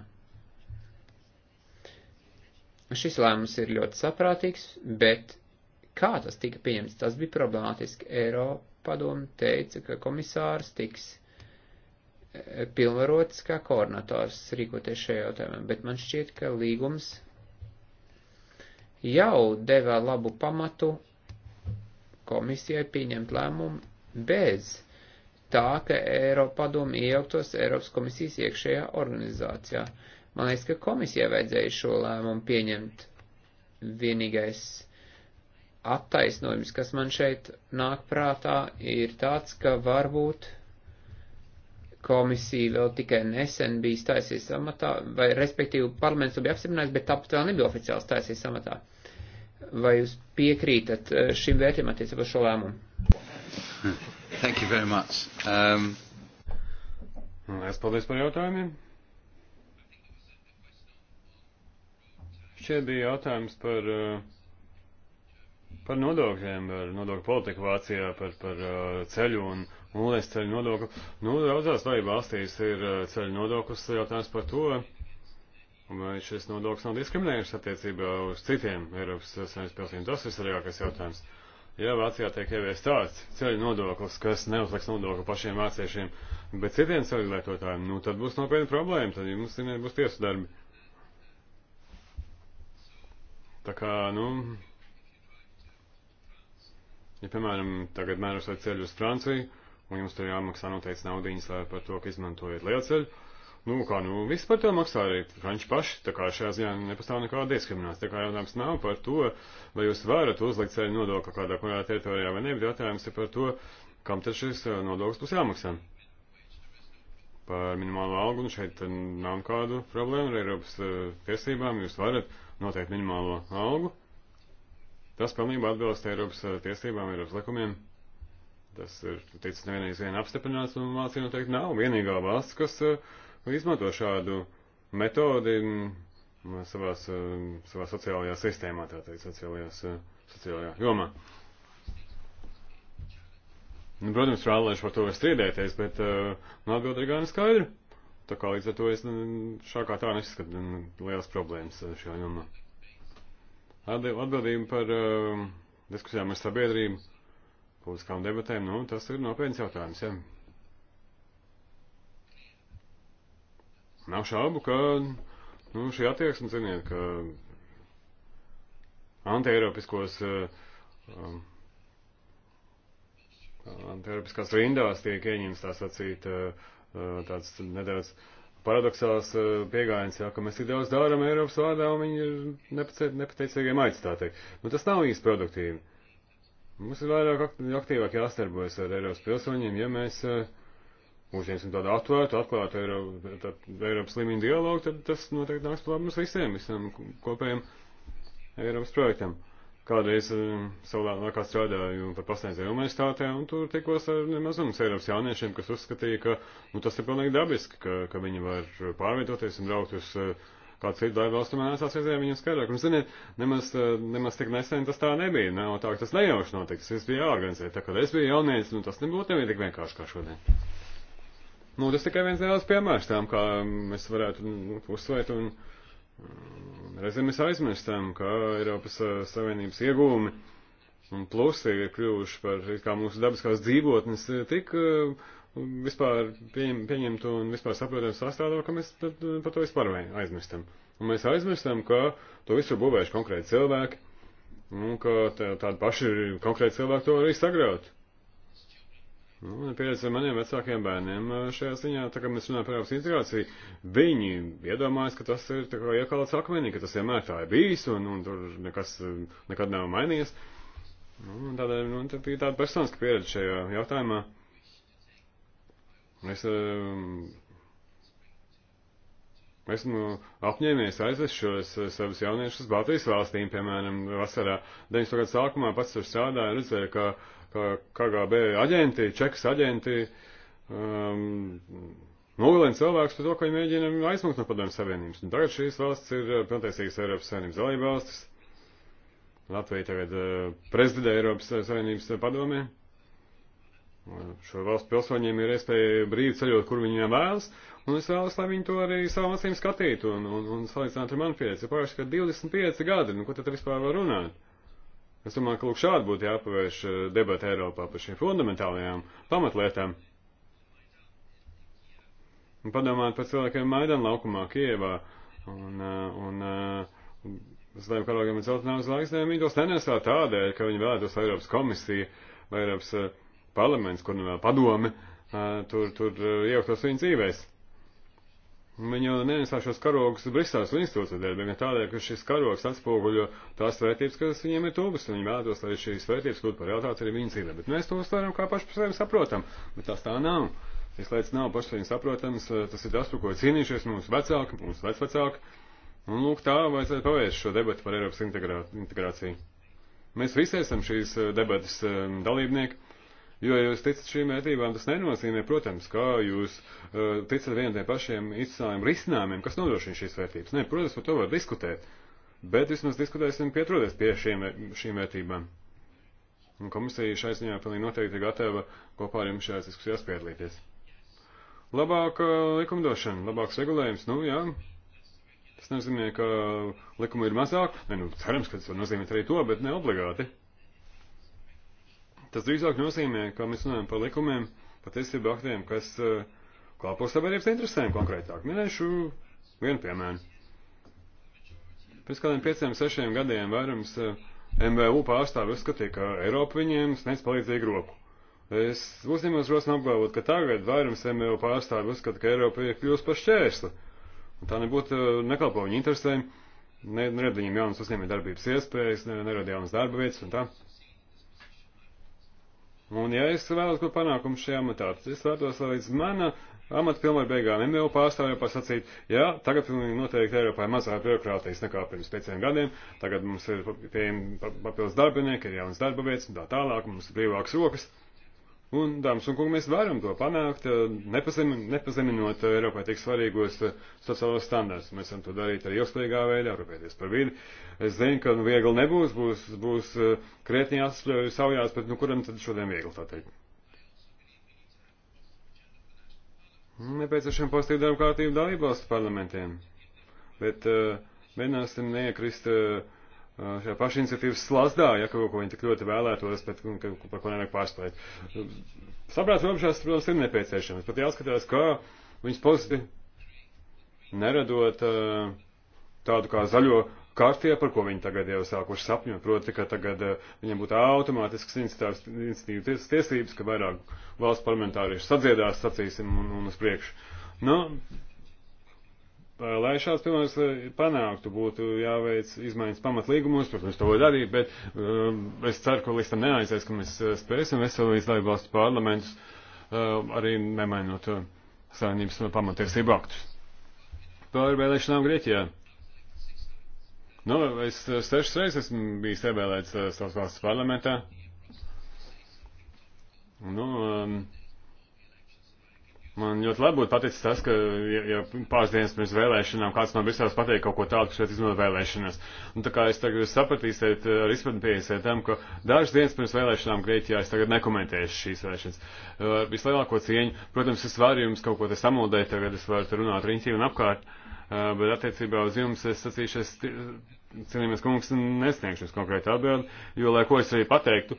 Šis lēmums ir ļoti saprātīgs, bet Kā tas tika pieņemts? Tas bija problemātiski. Eiropadomu teica, ka komisārs tiks eh, pilnvarots kā koordinators rīkoties šajā jautājumā, bet man šķiet, ka līgums jau devā labu pamatu komisijai pieņemt lēmumu bez tā, ka Eiropadomu iejauktos Eiropas komisijas iekšējā organizācijā. Man liekas, ka komisijai vajadzēja šo lēmumu pieņemt vienīgais attaisnojums, kas man šeit nāk prātā, ir tāds, ka varbūt komisija vēl tikai nesen bija stājusies amatā, vai respektīvi parlaments to bija apstiprinājis, bet tāpat vēl nebija oficiāli stājusies amatā. Vai jūs piekrītat eh, šim vērtiem attiecībā šo lēmumu? Thank you very much. Um... Lielas paldies par jautājumiem. Šeit bija jautājums par uh, par nodokļiem, par nodokļu politiku Vācijā, par, par uh, ceļu un mūlēs ceļu nodokli. Nu, daudzās dalība valstīs ir uh, ceļu nodoklis, jautājums par to, vai šis nodoklis nav diskriminējušs attiecībā uz citiem Eiropas Savienības pilsēm. Tas ir svarīgākais jautājums. Ja Vācijā tiek ieviest tāds ceļu nodoklis, kas neuzliks nodokli pašiem vāciešiem, bet citiem ceļu lietotājiem, nu tad būs nopietna problēma, tad jums būs tiesu darbi. Tā kā, nu, Ja, piemēram, tagad mērosiet ceļu uz Franciju, un jums tur jāmaksā noteikts naudiņas, lai par to, ka izmantojat lielceļu, nu, kā, nu, viss par to maksā arī franči paši, tā kā šajā ziņā nepastāv nekāda diskriminācija, tā kā jautājums nav par to, vai jūs varat uzlikt ceļu nodokli kādā kurā teritorijā vai ne, bet jautājums ir par to, kam tad šis uh, nodoklis būs jāmaksā. Par minimālo algu, nu, šeit nav kādu problēmu ar Eiropas uh, tiesībām, jūs varat noteikt minimālo algu, Tas pilnībā atbilst Eiropas eh, tiesībām, Eiropas likumiem. Tas ir teicis nevienreiz vien apstiprināts, un Vācija noteikti nav vienīgā valsts, kas uh, izmanto šādu metodi mm, savās, uh, savā sociālajā sistēmā, tā teikt, sociālajās, uh, sociālajā jomā. Nu, protams, rālēšu par to var strīdēties, bet uh, nu, atbild ir gan skaidra. Tā kā līdz ar to es mm, šā kā tā neskatu mm, lielas problēmas šajā jomā atbildību par uh, diskusijām ar sabiedrību, publiskām debatēm, nu, tas ir nopietns jautājums, jā. Ja. Nav šaubu, ka, nu, šī attieksme, ziniet, ka antieiropiskos, uh, um, antieiropiskās rindās tiek ieņems, tā sacīt, uh, uh tāds nedaudz. Uh, paradoxāls eh, pieejams, ja, ka mēs tik daudz dārām Eiropas vārdā un viņi ir nepateicīgiem aizstātēji. Nu, tas nav īsti produktīvi. Mums ir vairāk aktīvāk jāstarbojas ar Eiropas pilsoņiem, ja mēs eh, uzņemsim tādu atvērtu, atklātu Eiro, tā, Eiropas līmeni dialogu, tad tas noteikti nāks par labu mums visiem, visam kopējam Eiropas projektam. Uh, Kādreiz um, savulāk strādāju par pasniedzēju universitātē, un tur tikos ar nemazums Eiropas jauniešiem, kas uzskatīja, ka nu, tas ir pilnīgi dabiski, ka, ka viņi var pārvietoties un braukt uz uh, kādu citu darbu valstu, man esās reizē viņu skaidrāk. Un, ziniet, nemaz, uh, nemaz tik nesen tas tā nebija, nav tā, ka tas nejauši notiks, tas bija jāorganizē. Tā kā es biju jaunieks, nu, tas nebūtu nebija tik vienkārši kā šodien. Nu, tas tikai viens neliels piemērs tam, kā mēs varētu nu, uzsvērt un. Uh, Reizēm mēs aizmirstam, ka Eiropas eh, Savienības iegūmi un plusi ir kļuvuši par kā mūsu dabiskās dzīvotnes eh, tik eh, vispār pieņem, pieņemtu un vispār saprotamu sastāvā, ka mēs par to vispār aizmirstam. Un mēs aizmirstam, ka to visu ir būvējuši konkrēti cilvēki, un nu, ka tādi paši konkrēti cilvēki to arī sagrautu. Nu, pieredze maniem vecākiem bērniem šajā ziņā, tā kā mēs runājam par Eiropas integrāciju, viņi iedomājas, ka tas ir tā kā iekalts akmenī, ka tas vienmēr tā ir bijis un, un tur nekas nekad nav mainījies. Nu, tādēļ, nu, tā bija tāda personiska pieredze šajā jautājumā. Es um, esmu apņēmies aizvest šos savus jauniešus uz Baltijas valstīm, piemēram, vasarā 90. gadu sākumā pats tur strādāju, redzēju, ka uh, KGB aģenti, čekas aģenti um, nogalina cilvēkus par to, ka viņi mēģina aizmukt no padomjas savienības. Un tagad šīs valsts ir uh, pilntiesīgas Eiropas savienības dalībvalstis. Latvija tagad uh, prezidē Eiropas savienības padomē. Un šo valstu pilsoņiem ir iespēja brīvi ceļot, kur viņiem vēlas, un es vēlos, lai viņi to arī savām acīm skatītu un, un, un salīdzinātu ar manu pieredzi. Pārši, ka 25 gadi, nu, ko tad vispār var runāt? Es domāju, ka lūk šādi būtu jāpavērš eh, debata Eiropā par šīm fundamentālajām pamatlietām. Un padomāt par cilvēkiem Maidan laukumā, Kievā un, eh, un, eh, un Zvaigžņu karogiem un celtinām zvaigznēm. Viņi tos nenesā tādēļ, ka viņi vēlētos Eiropas komisiju vai Eiropas parlaments, kur nu vēl padome, tur, tur iejauktos viņu dzīvēs. Viņa nenesā šos karogus Briseles un institūciju dēļ, bet tādēļ, ka šis karogs atspoguļo tās vērtības, kas viņiem ir tuvas, un viņi vēlētos, lai šīs vērtības kļūtu par realitāti arī viņas dzīvē. Bet mēs to uztveram kā paši par sevi saprotam, bet tas tā nav. Šis lietas nav paši sevi saprotams, tas ir tas, par ko ir cīnījušies mūsu vecāki, mūsu vecvecāki. Un lūk, tā vajadzētu pavērst šo debatu par Eiropas integrā, integrāciju. Mēs visi esam šīs debatas eh, dalībnieki. Jo, ja jūs ticat šīm vērtībām, tas nenozīmē, protams, kā jūs uh, ticat vienam tiem pašiem izcēlēm risinājumiem, kas nodrošina šīs vērtības. Nē, protams, par to var diskutēt, bet vismaz diskutēsim pieturēties pie šiem, šīm vērtībām. Un komisija šai ziņā pilnīgi noteikti gatava kopā ar jums šajās diskusijās piedalīties. Labāka eh, likumdošana, labāks regulējums, nu jā. Tas nozīmē, ka likuma ir mazāk. Ne, nu, cerams, ka tas var nozīmēt arī to, bet ne obligāti. Tas drīzāk nozīmē, ka mēs runājam par likumiem, patiesību aktiem, kas uh, kalpo sabiedrības interesēm konkrētāk. Minēšu vienu piemēru. Pēc kādiem pieciem, sešiem gadiem vairums uh, eh, MVU pārstāvi uzskatīja, ka Eiropa viņiem sniedz palīdzīgu roku. Es uzņemos rosinu apgalvot, ka tagad vairums MVU pārstāvi uzskata, ka Eiropa ir kļūst par šķērsli. Un tā nebūtu uh, nekalpo viņu interesēm, nerada viņiem jaunas uzņēmē darbības iespējas, nerada jaunas darba vietas un tā. Un ja es vēlos ko panākumu šajā amatā, tad es vēlos, lai līdz mana amata pilnvaru beigām MVO pārstāvju pasacīt, jā, tagad pilnīgi noteikti Eiropā ir mazāk birokrātijas nekā pirms pieciem gadiem, tagad mums ir pieejami papildus darbinieki, ir jauns darba vietas un tā tālāk, mums ir brīvāks rokas. Un, dāmas un kungi, mēs varam to panākt, eh, nepazemi, nepazeminot Eiropā tik svarīgos eh, sociālos standārts. Mēs varam to darīt arī ilgspējīgā veidā, rūpēties par vidi. Es zinu, ka nu, viegli nebūs, būs, būs eh, krietni jāsaspļauj savjās, bet nu kuram tad šodien viegli tā teikt? Nepieciešama pozitīva darba kārtība dalībvalstu parlamentiem. Bet uh, mēģināsim neiekrist uh, šajā paša iniciatīvas slazdā, ja kaut ko viņi tik ļoti vēlētos, bet par nu, ko nevajag pārspēt. Saprāts robežās, protams, ir nepieciešams, bet jāskatās, kā viņas posti neradot tādu kā zaļo kārtie, par ko viņi tagad jau sākuši sapņot, proti, ka tagad viņiem būtu automātisks institīvas tiesības, ka vairāk valsts parlamentārieši sadziedās, sacīsim, un, un uz priekšu. Nu, lai šāds pilnvars panāktu, būtu jāveic izmaiņas pamatlīgumos, protams, to var darīt, bet uh, es ceru, ka līdz tam neaizies, ka mēs spēsim veselīs laibu valstu parlamentus, uh, arī nemainot uh, savienības pamatiesību aktus. Par vēlēšanām Grieķijā. Nu, es sešas reizes esmu bijis ievēlēts uh, savas valsts parlamentā. Nu, um, Man ļoti labi būtu paticis tas, ka ja, ja pāris dienas pirms vēlēšanām kāds no Briseles pateica kaut ko tādu, kas šeit izmanto vēlēšanas. Un tā kā es tagad sapratīsiet, ar izpratni pieeisiet tam, ka dažas dienas pirms vēlēšanām Grieķijā es tagad nekomentēšu šīs vēlēšanas. Ar vislielāko cieņu, protams, es varu jums kaut ko te samuldēt, tagad es varu te runāt riņķī un apkārt, bet attiecībā uz jums es sacīšu, es cienījamies kungs nesniegšu konkrētu atbildi, jo, lai ko es arī pateiktu,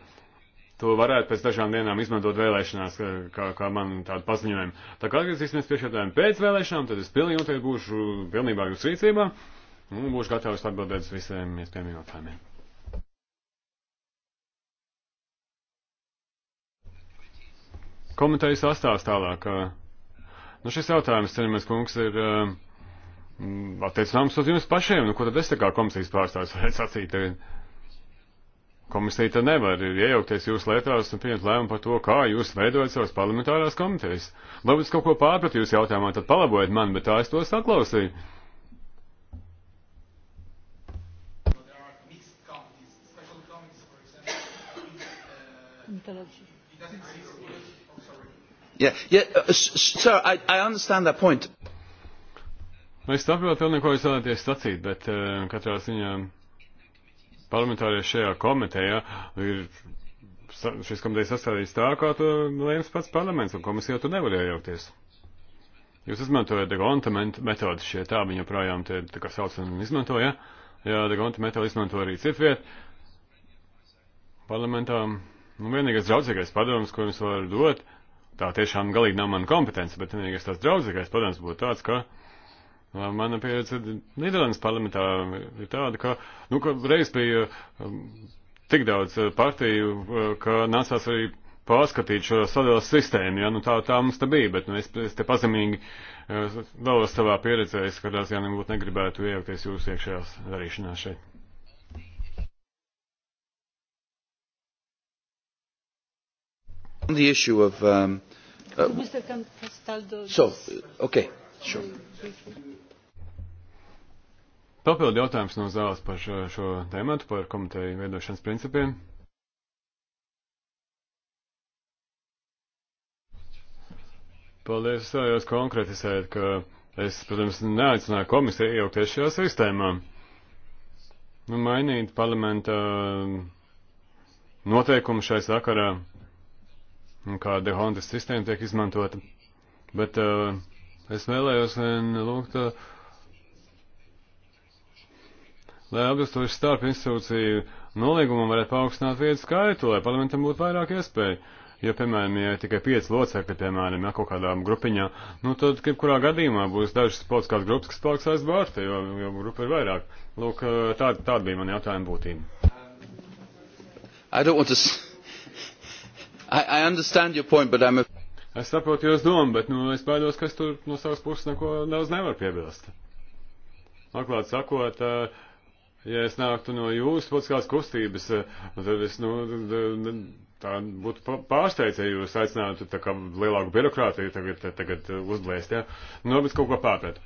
to varētu pēc dažām dienām izmantot vēlēšanās, kā, kā man tādu paziņojumu. Tā kā atgriezīsimies pie šādām pēc vēlēšanām, tad es pilnīgi noteikti būšu pilnībā jūsu rīcībā un būšu gatavs atbildēt uz visiem iespējamiem jautājumiem. Komitejas sastāvs tālāk. Nu, šis jautājums, cienījamies kungs, ir eh, attiecināms uz jums pašiem. Nu, ko tad es tā kā komisijas pārstāvis varētu sacīt? Tagad? Komisija tad nevar iejaukties jūsu lietās un pieņemt lēmumu par to, kā jūs veidojat savas parlamentārās komitejas. Labi, es kaut ko pārpratu jūsu jautājumā, tad palabojiet man, bet tā es to saklausīju. Yeah, yeah, uh, sir, I, I understand that point. Nu, es saprotu, ko jūs vēlaties sacīt, bet uh, katrā ziņā. Ziņā parlamentārieši šajā komitejā ir šis komitejas sastādījis tā, kā to lēms pats parlaments, un komisija tur nevarēja jaukties. Jūs izmantojat degonta metodi šie tā, viņa projām te tā kā sauc un izmantoja. Jā, degonta metodi izmanto arī citviet. Parlamentā, nu, vienīgais draudzīgais padoms, ko jums var dot, tā tiešām galīgi nav mana kompetence, bet vienīgais tās draudzīgais padoms būtu tāds, ka. Kā Mana pieredze Nīderlandes parlamentā ir tāda, ka, nu, ka reiz bija um, tik daudz uh, partiju, uh, ka nācās arī pārskatīt šo sadalas sistēmu, ja, nu tā, tā mums te bija, bet, nu, es, es te pazemīgi uh, dalos savā pieredzē, es kādās, ja nebūtu negribētu iejaukties jūsu iekšējās darīšanās šeit. On the issue of um, uh, so okay sure. Papildu jautājums no zāles par šo, šo tēmatu, par komiteju veidošanas principiem. Paldies, jūs konkretizējat, ka es, protams, neaicināju komisiju iejaukties šajā sistēmā. Nu, mainīt parlamenta um, noteikumu šai sakarā, kā dehontas sistēma tiek izmantota. Bet uh, es vēlējos vien lūgt uh, lai atbilstoši starp institūciju nolīgumam varētu paaugstināt vietu skaitu, lai parlamentam būtu vairāk iespēju. Ja, piemēram, ja tikai pieci locekļi, piemēram, ja kaut kādā grupiņā, nu tad, kurā gadījumā būs dažas politiskās grupas, kas paliks aiz bārta, jo, jo grupa ir vairāk. Lūk, tāda, tāda bija man jautājuma būtība. I don't want to... I, I understand your point, but I'm a... Es saprotu jūs domu, bet, nu, es baidos, ka es tur no savas puses neko daudz nevaru piebilst. Atklāt sakot, uh, ja es nāktu no jūsu politiskās kustības, tad es, nu, tā būtu pārsteigts, ja jūs aicinātu tā kā lielāku birokrātiju tagad, tagad uzblēst, jā. Ja? Nu, bet kaut ko pārpēt.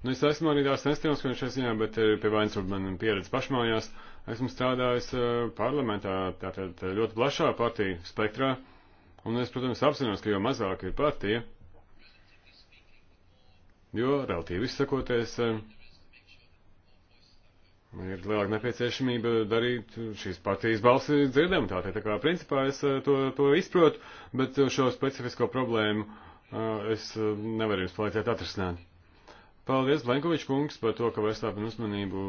Nu, es esmu arī tās nestīvums, ka viņš es ziņā, bet eh, pie vainas varbūt man pieredze pašmājās. Esmu strādājis eh, parlamentā, tātad ļoti plašā partiju spektrā, un es, protams, apzinos, ka jo mazāk ir partija, jo, relatīvi izsakoties, uh, ir lielāka nepieciešamība darīt šīs partijas balsi dzirdam. Tātad, tā kā principā es eh, to, to izprotu, bet eh, šo specifisko problēmu eh, es nevaru jums palīdzēt atrisināt. Paldies, Blenkovičs kungs, par to, ka vērstāt uzmanību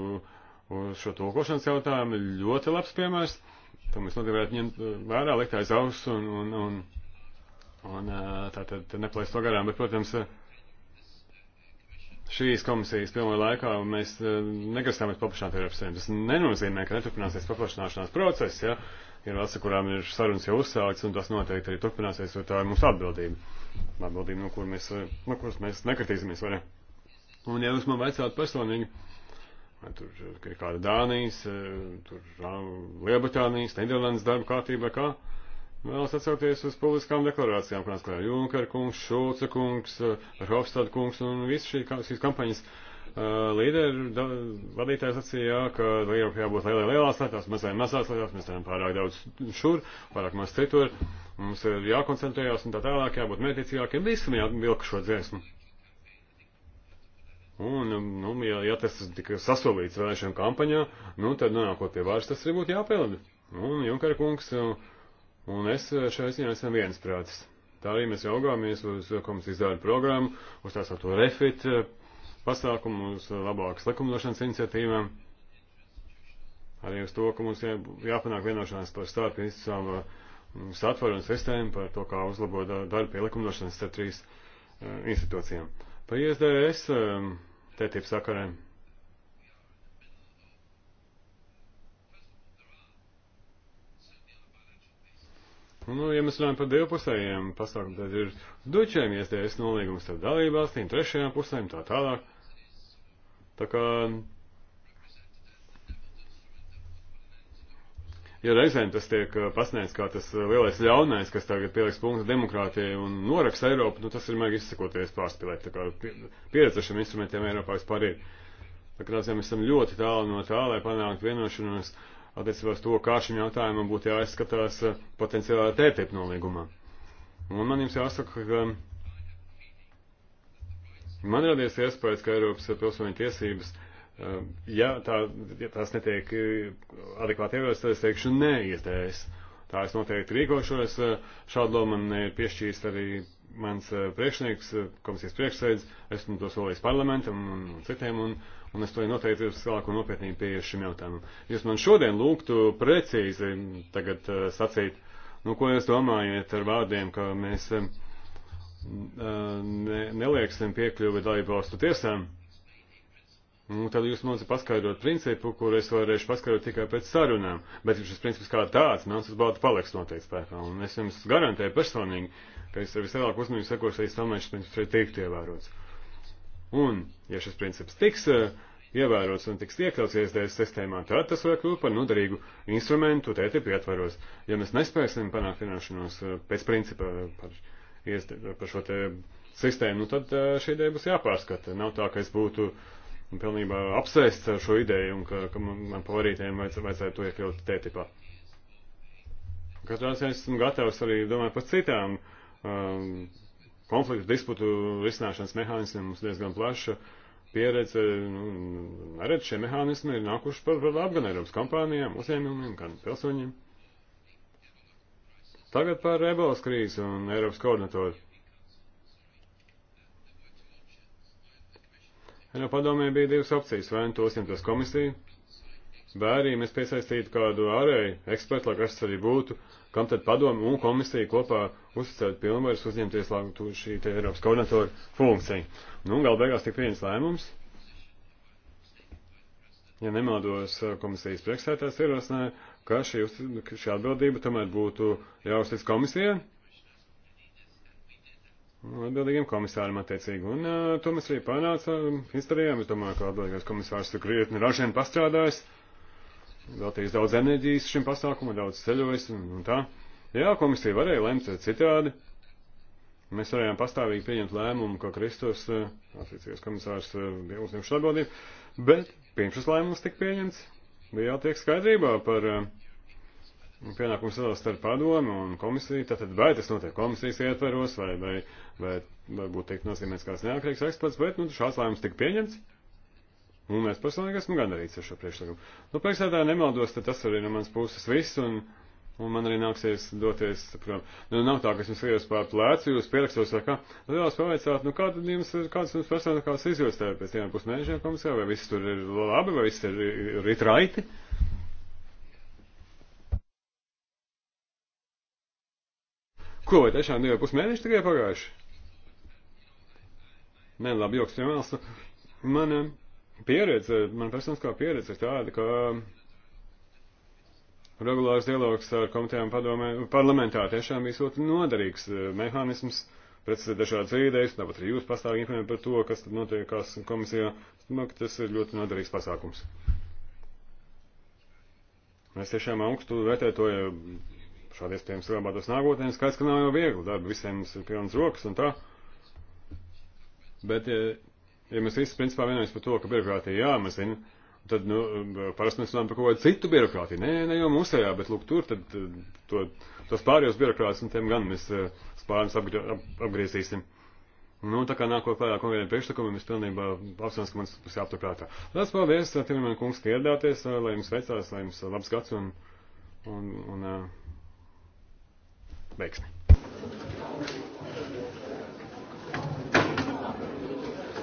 uz šo tulkošanas jautājumu. Ļoti labs piemērs. To mēs noteikti varētu ņemt vērā, likt aiz auss un, un, un, un tātad neplaist to garām. Bet, protams, šīs komisijas pilnā laikā mēs eh, negrasāmies paplašināt Eiropas Savienību. Tas nenozīmē, ka neturpināsies paplašināšanās process, ja ir valsts, kurām ir sarunas jau uzsākts, un tas noteikti arī turpināsies, jo tā ir mūsu atbildība. Atbildība, no, kur mēs, eh, no kuras mēs nekritīsimies, vai ne? Un ja jūs man vaicāt personīgi, vai tur ir kāda Dānijas, eh, tur Lielbritānijas, Nīderlandes darba kārtība, kā, kā Vēlas atsaukties uz publiskām deklarācijām, kurās klāja Junker kungs, Šulce kungs, Hofstad kungs un visi šī, šīs kampaņas uh, līderi, da, vadītājs sacīja, ka Eiropā jābūt lielai lielās lietās, mazai mazās lietās, mēs darām pārāk daudz šur, pārāk maz citur, mums ir jākoncentrējās un tā tālāk, jābūt mērķiecīgākiem, visam jāvilka šo dziesmu. Un, nu, ja, ja tas tika sasolīts vēlēšanu kampaņā, nu, tad nonākot pie vārds, tas arī būtu jāpilda. Un Junker kungs. Uh, Un es eh, šajā ziņā esam viensprātis. Tā arī mēs raugāmies uz eh, komisijas darba programmu, uz tās ar to refit eh, pasākumu, uz labākas likumdošanas iniciatīvām. Arī uz to, ka mums jā, jāpanāk vienošanās par starp institucijām mm, satvaru un sistēmu, par to, kā uzlabot darbu pie likumdošanas starp trīs institūcijām. Par ISDS tētību sakarēm. Nu, ja mēs runājam par divpusējiem pasākumiem, tad ir dučiem iestājas nolīgums ar dalību valstīm, trešajām pusēm, tā tālāk. Tā kā, ja reizēm tas tiek uh, pasniegts kā tas uh, lielais ļaunais, kas tagad pieliks punktu demokrātijai un noraks Eiropu, nu tas ir mēģi izsakoties pārspīlēt. Tā kā pieredze šiem instrumentiem Eiropā vispār ir. Tā kā tās, ja mēs esam ļoti tālu no tā, lai panāktu vienošanos. No attiecībā uz to, kā šim jautājumam būtu jāizskatās eh, potenciālā TTIP nolīgumā. Un man jums jāsaka, ka man radies iespējas, ka Eiropas pilsoņu tiesības, eh, ja, tā, ja tās netiek eh, adekvāti ievērst, tad es teikšu nē iestējas. Tā es noteikti rīkošos. Šādu lomu man ir piešķīst arī mans priekšnieks, komisijas priekšsēdz. Esmu to solījis parlamentam un citiem. Un, uh, un es to noteikti ar lielāko nopietnību pieeju šim jautājumam. Jūs man šodien lūgtu precīzi tagad uh, sacīt, nu, ko jūs domājat ar vārdiem, ka mēs uh, ne, nelieksim piekļuvi dalībvalstu tiesām. Nu, tad jūs mums paskaidrot principu, kur es varēšu paskaidrot tikai pēc sarunām. Bet šis princips kā tāds, melns uz balta paliks noteikti spēkā. Un es jums garantēju personīgi, ka es ar vislielāku uzmanību sekošu, lai es domāju, šis princips šeit tiek ievērots. Un, ja šis princips tiks eh, ievērots un tiks iekļauts iesdēļas sistēmā, tad tas var kļūt par noderīgu instrumentu TTIP ietvaros. Ja mēs nespēsim panākt vienošanos eh, pēc principa par, iesdē, par šo te sistēmu, nu tad eh, šī ideja būs jāpārskata. Nav tā, ka es būtu pilnībā apsēsts ar šo ideju un ka, ka man, man pavarītēm vajadz, vajadzētu to iekļaut TTIPā. Katrā ziņā esmu gatavs arī domāt par citām um, konfliktu disputu risināšanas mehānismiem mums diezgan plaša pieredze. Nu, Redz, šie mehānismi ir nākuši par labu gan Eiropas kompānijām, uzņēmumiem, gan pilsoņiem. Tagad par ebolas krīzi un Eiropas koordinatoru. Eiropa padomē bija divas opcijas, vai nu to uzņemtos komisiju, vai arī mēs piesaistītu kādu ārēju ekspertu, lai kas tas arī būtu, uh, kam tad padomu un komisija kopā uzticēt pilnvaras uzņemties lāgtu šī te Eiropas koordinatoru funkciju. Nu, gal beigās tik viens lēmums. Ja nemaldos, komisijas priekšsētājs ierosināja, ka šī, šī atbildība tomēr būtu jāuztic komisijai. Nu, atbildīgiem komisāriem attiecīgi. Un uh, to mēs arī panācām, izdarījām. Es domāju, ka atbildīgais komisārs ir krietni ražien pastrādājis. Uh, veltījis daudz enerģijas šim pasākumam, daudz ceļojis un, un tā. Jā, komisija varēja lemt citādi. Mēs varējām pastāvīgi pieņemt lēmumu, ka Kristus, eh, attiecīgais komisārs, bija eh, uzņemšs atbildību, bet pirms šis lēmums tika pieņemts, bija jātiek skaidrībā par eh, pienākumu sadalās starp padomu un komisiju, tātad vai tas notiek komisijas ietveros, vai, vai, vai varbūt teikt nozīmēts kāds neatkarīgs eksperts, bet, nu, šāds lēmums tika pieņemts. Un nu, es personīgi esmu gandarīts ar šo priekšlikumu. Nu, priekšsēdāji nemaldos, tad tas arī no manas puses viss, un, un man arī nāksies doties, protams, nu, nav tā, ka es jums skriešu pār plēcu, jūs pierakstos vai kā. Nu, vēlos pavaicāt, nu, kāda jums, kādas jums personīgās izjūtas pēc tiem pusmēnešiem komisijā, vai viss tur ir labi, vai viss ir, ir itraiti? Ko, vai tiešām divi pusmēneši tikai pagājuši? Nē, labi, joks, piemēram, man. Pieredze, man personiskā pieredze ir tāda, ka regulārs dialogs ar komitējām padomē, parlamentā tiešām bija ļoti noderīgs eh, mehānisms pēc dažādas idejas, tāpat arī jūs pastāvīgi informējat par to, kas tad notiekās komisijā. Domāju, ka tas ir ļoti noderīgs pasākums. Es tiešām augstu vērtēju to, ja šādi iespējams saglabātos nākotnē, skaidrs, ka nav jau viegli darba, visiem ir pilnas rokas un tā. Bet, ja eh, ja mēs visi principā vienojamies par to, ka birokrātija jāmazina, tad, nu, parasti mēs runājam par kaut kādu citu birokrātiju. Nē, ne jau mūsējā, bet, lūk, tur tad to, tos pārējos birokrātus un tiem gan mēs eh, spārnus apgrie, ap, apgriezīsim. Nu, tā kā nākot klājā konkrētiem priekšlikumiem, es pilnībā apsvērstu, ka mums tas jāapturprātā. Lielas paldies, Tirmēna kungs, ka ieradāties, eh, lai jums veicās, lai jums eh, labs gads un, un, un veiksmi. Uh,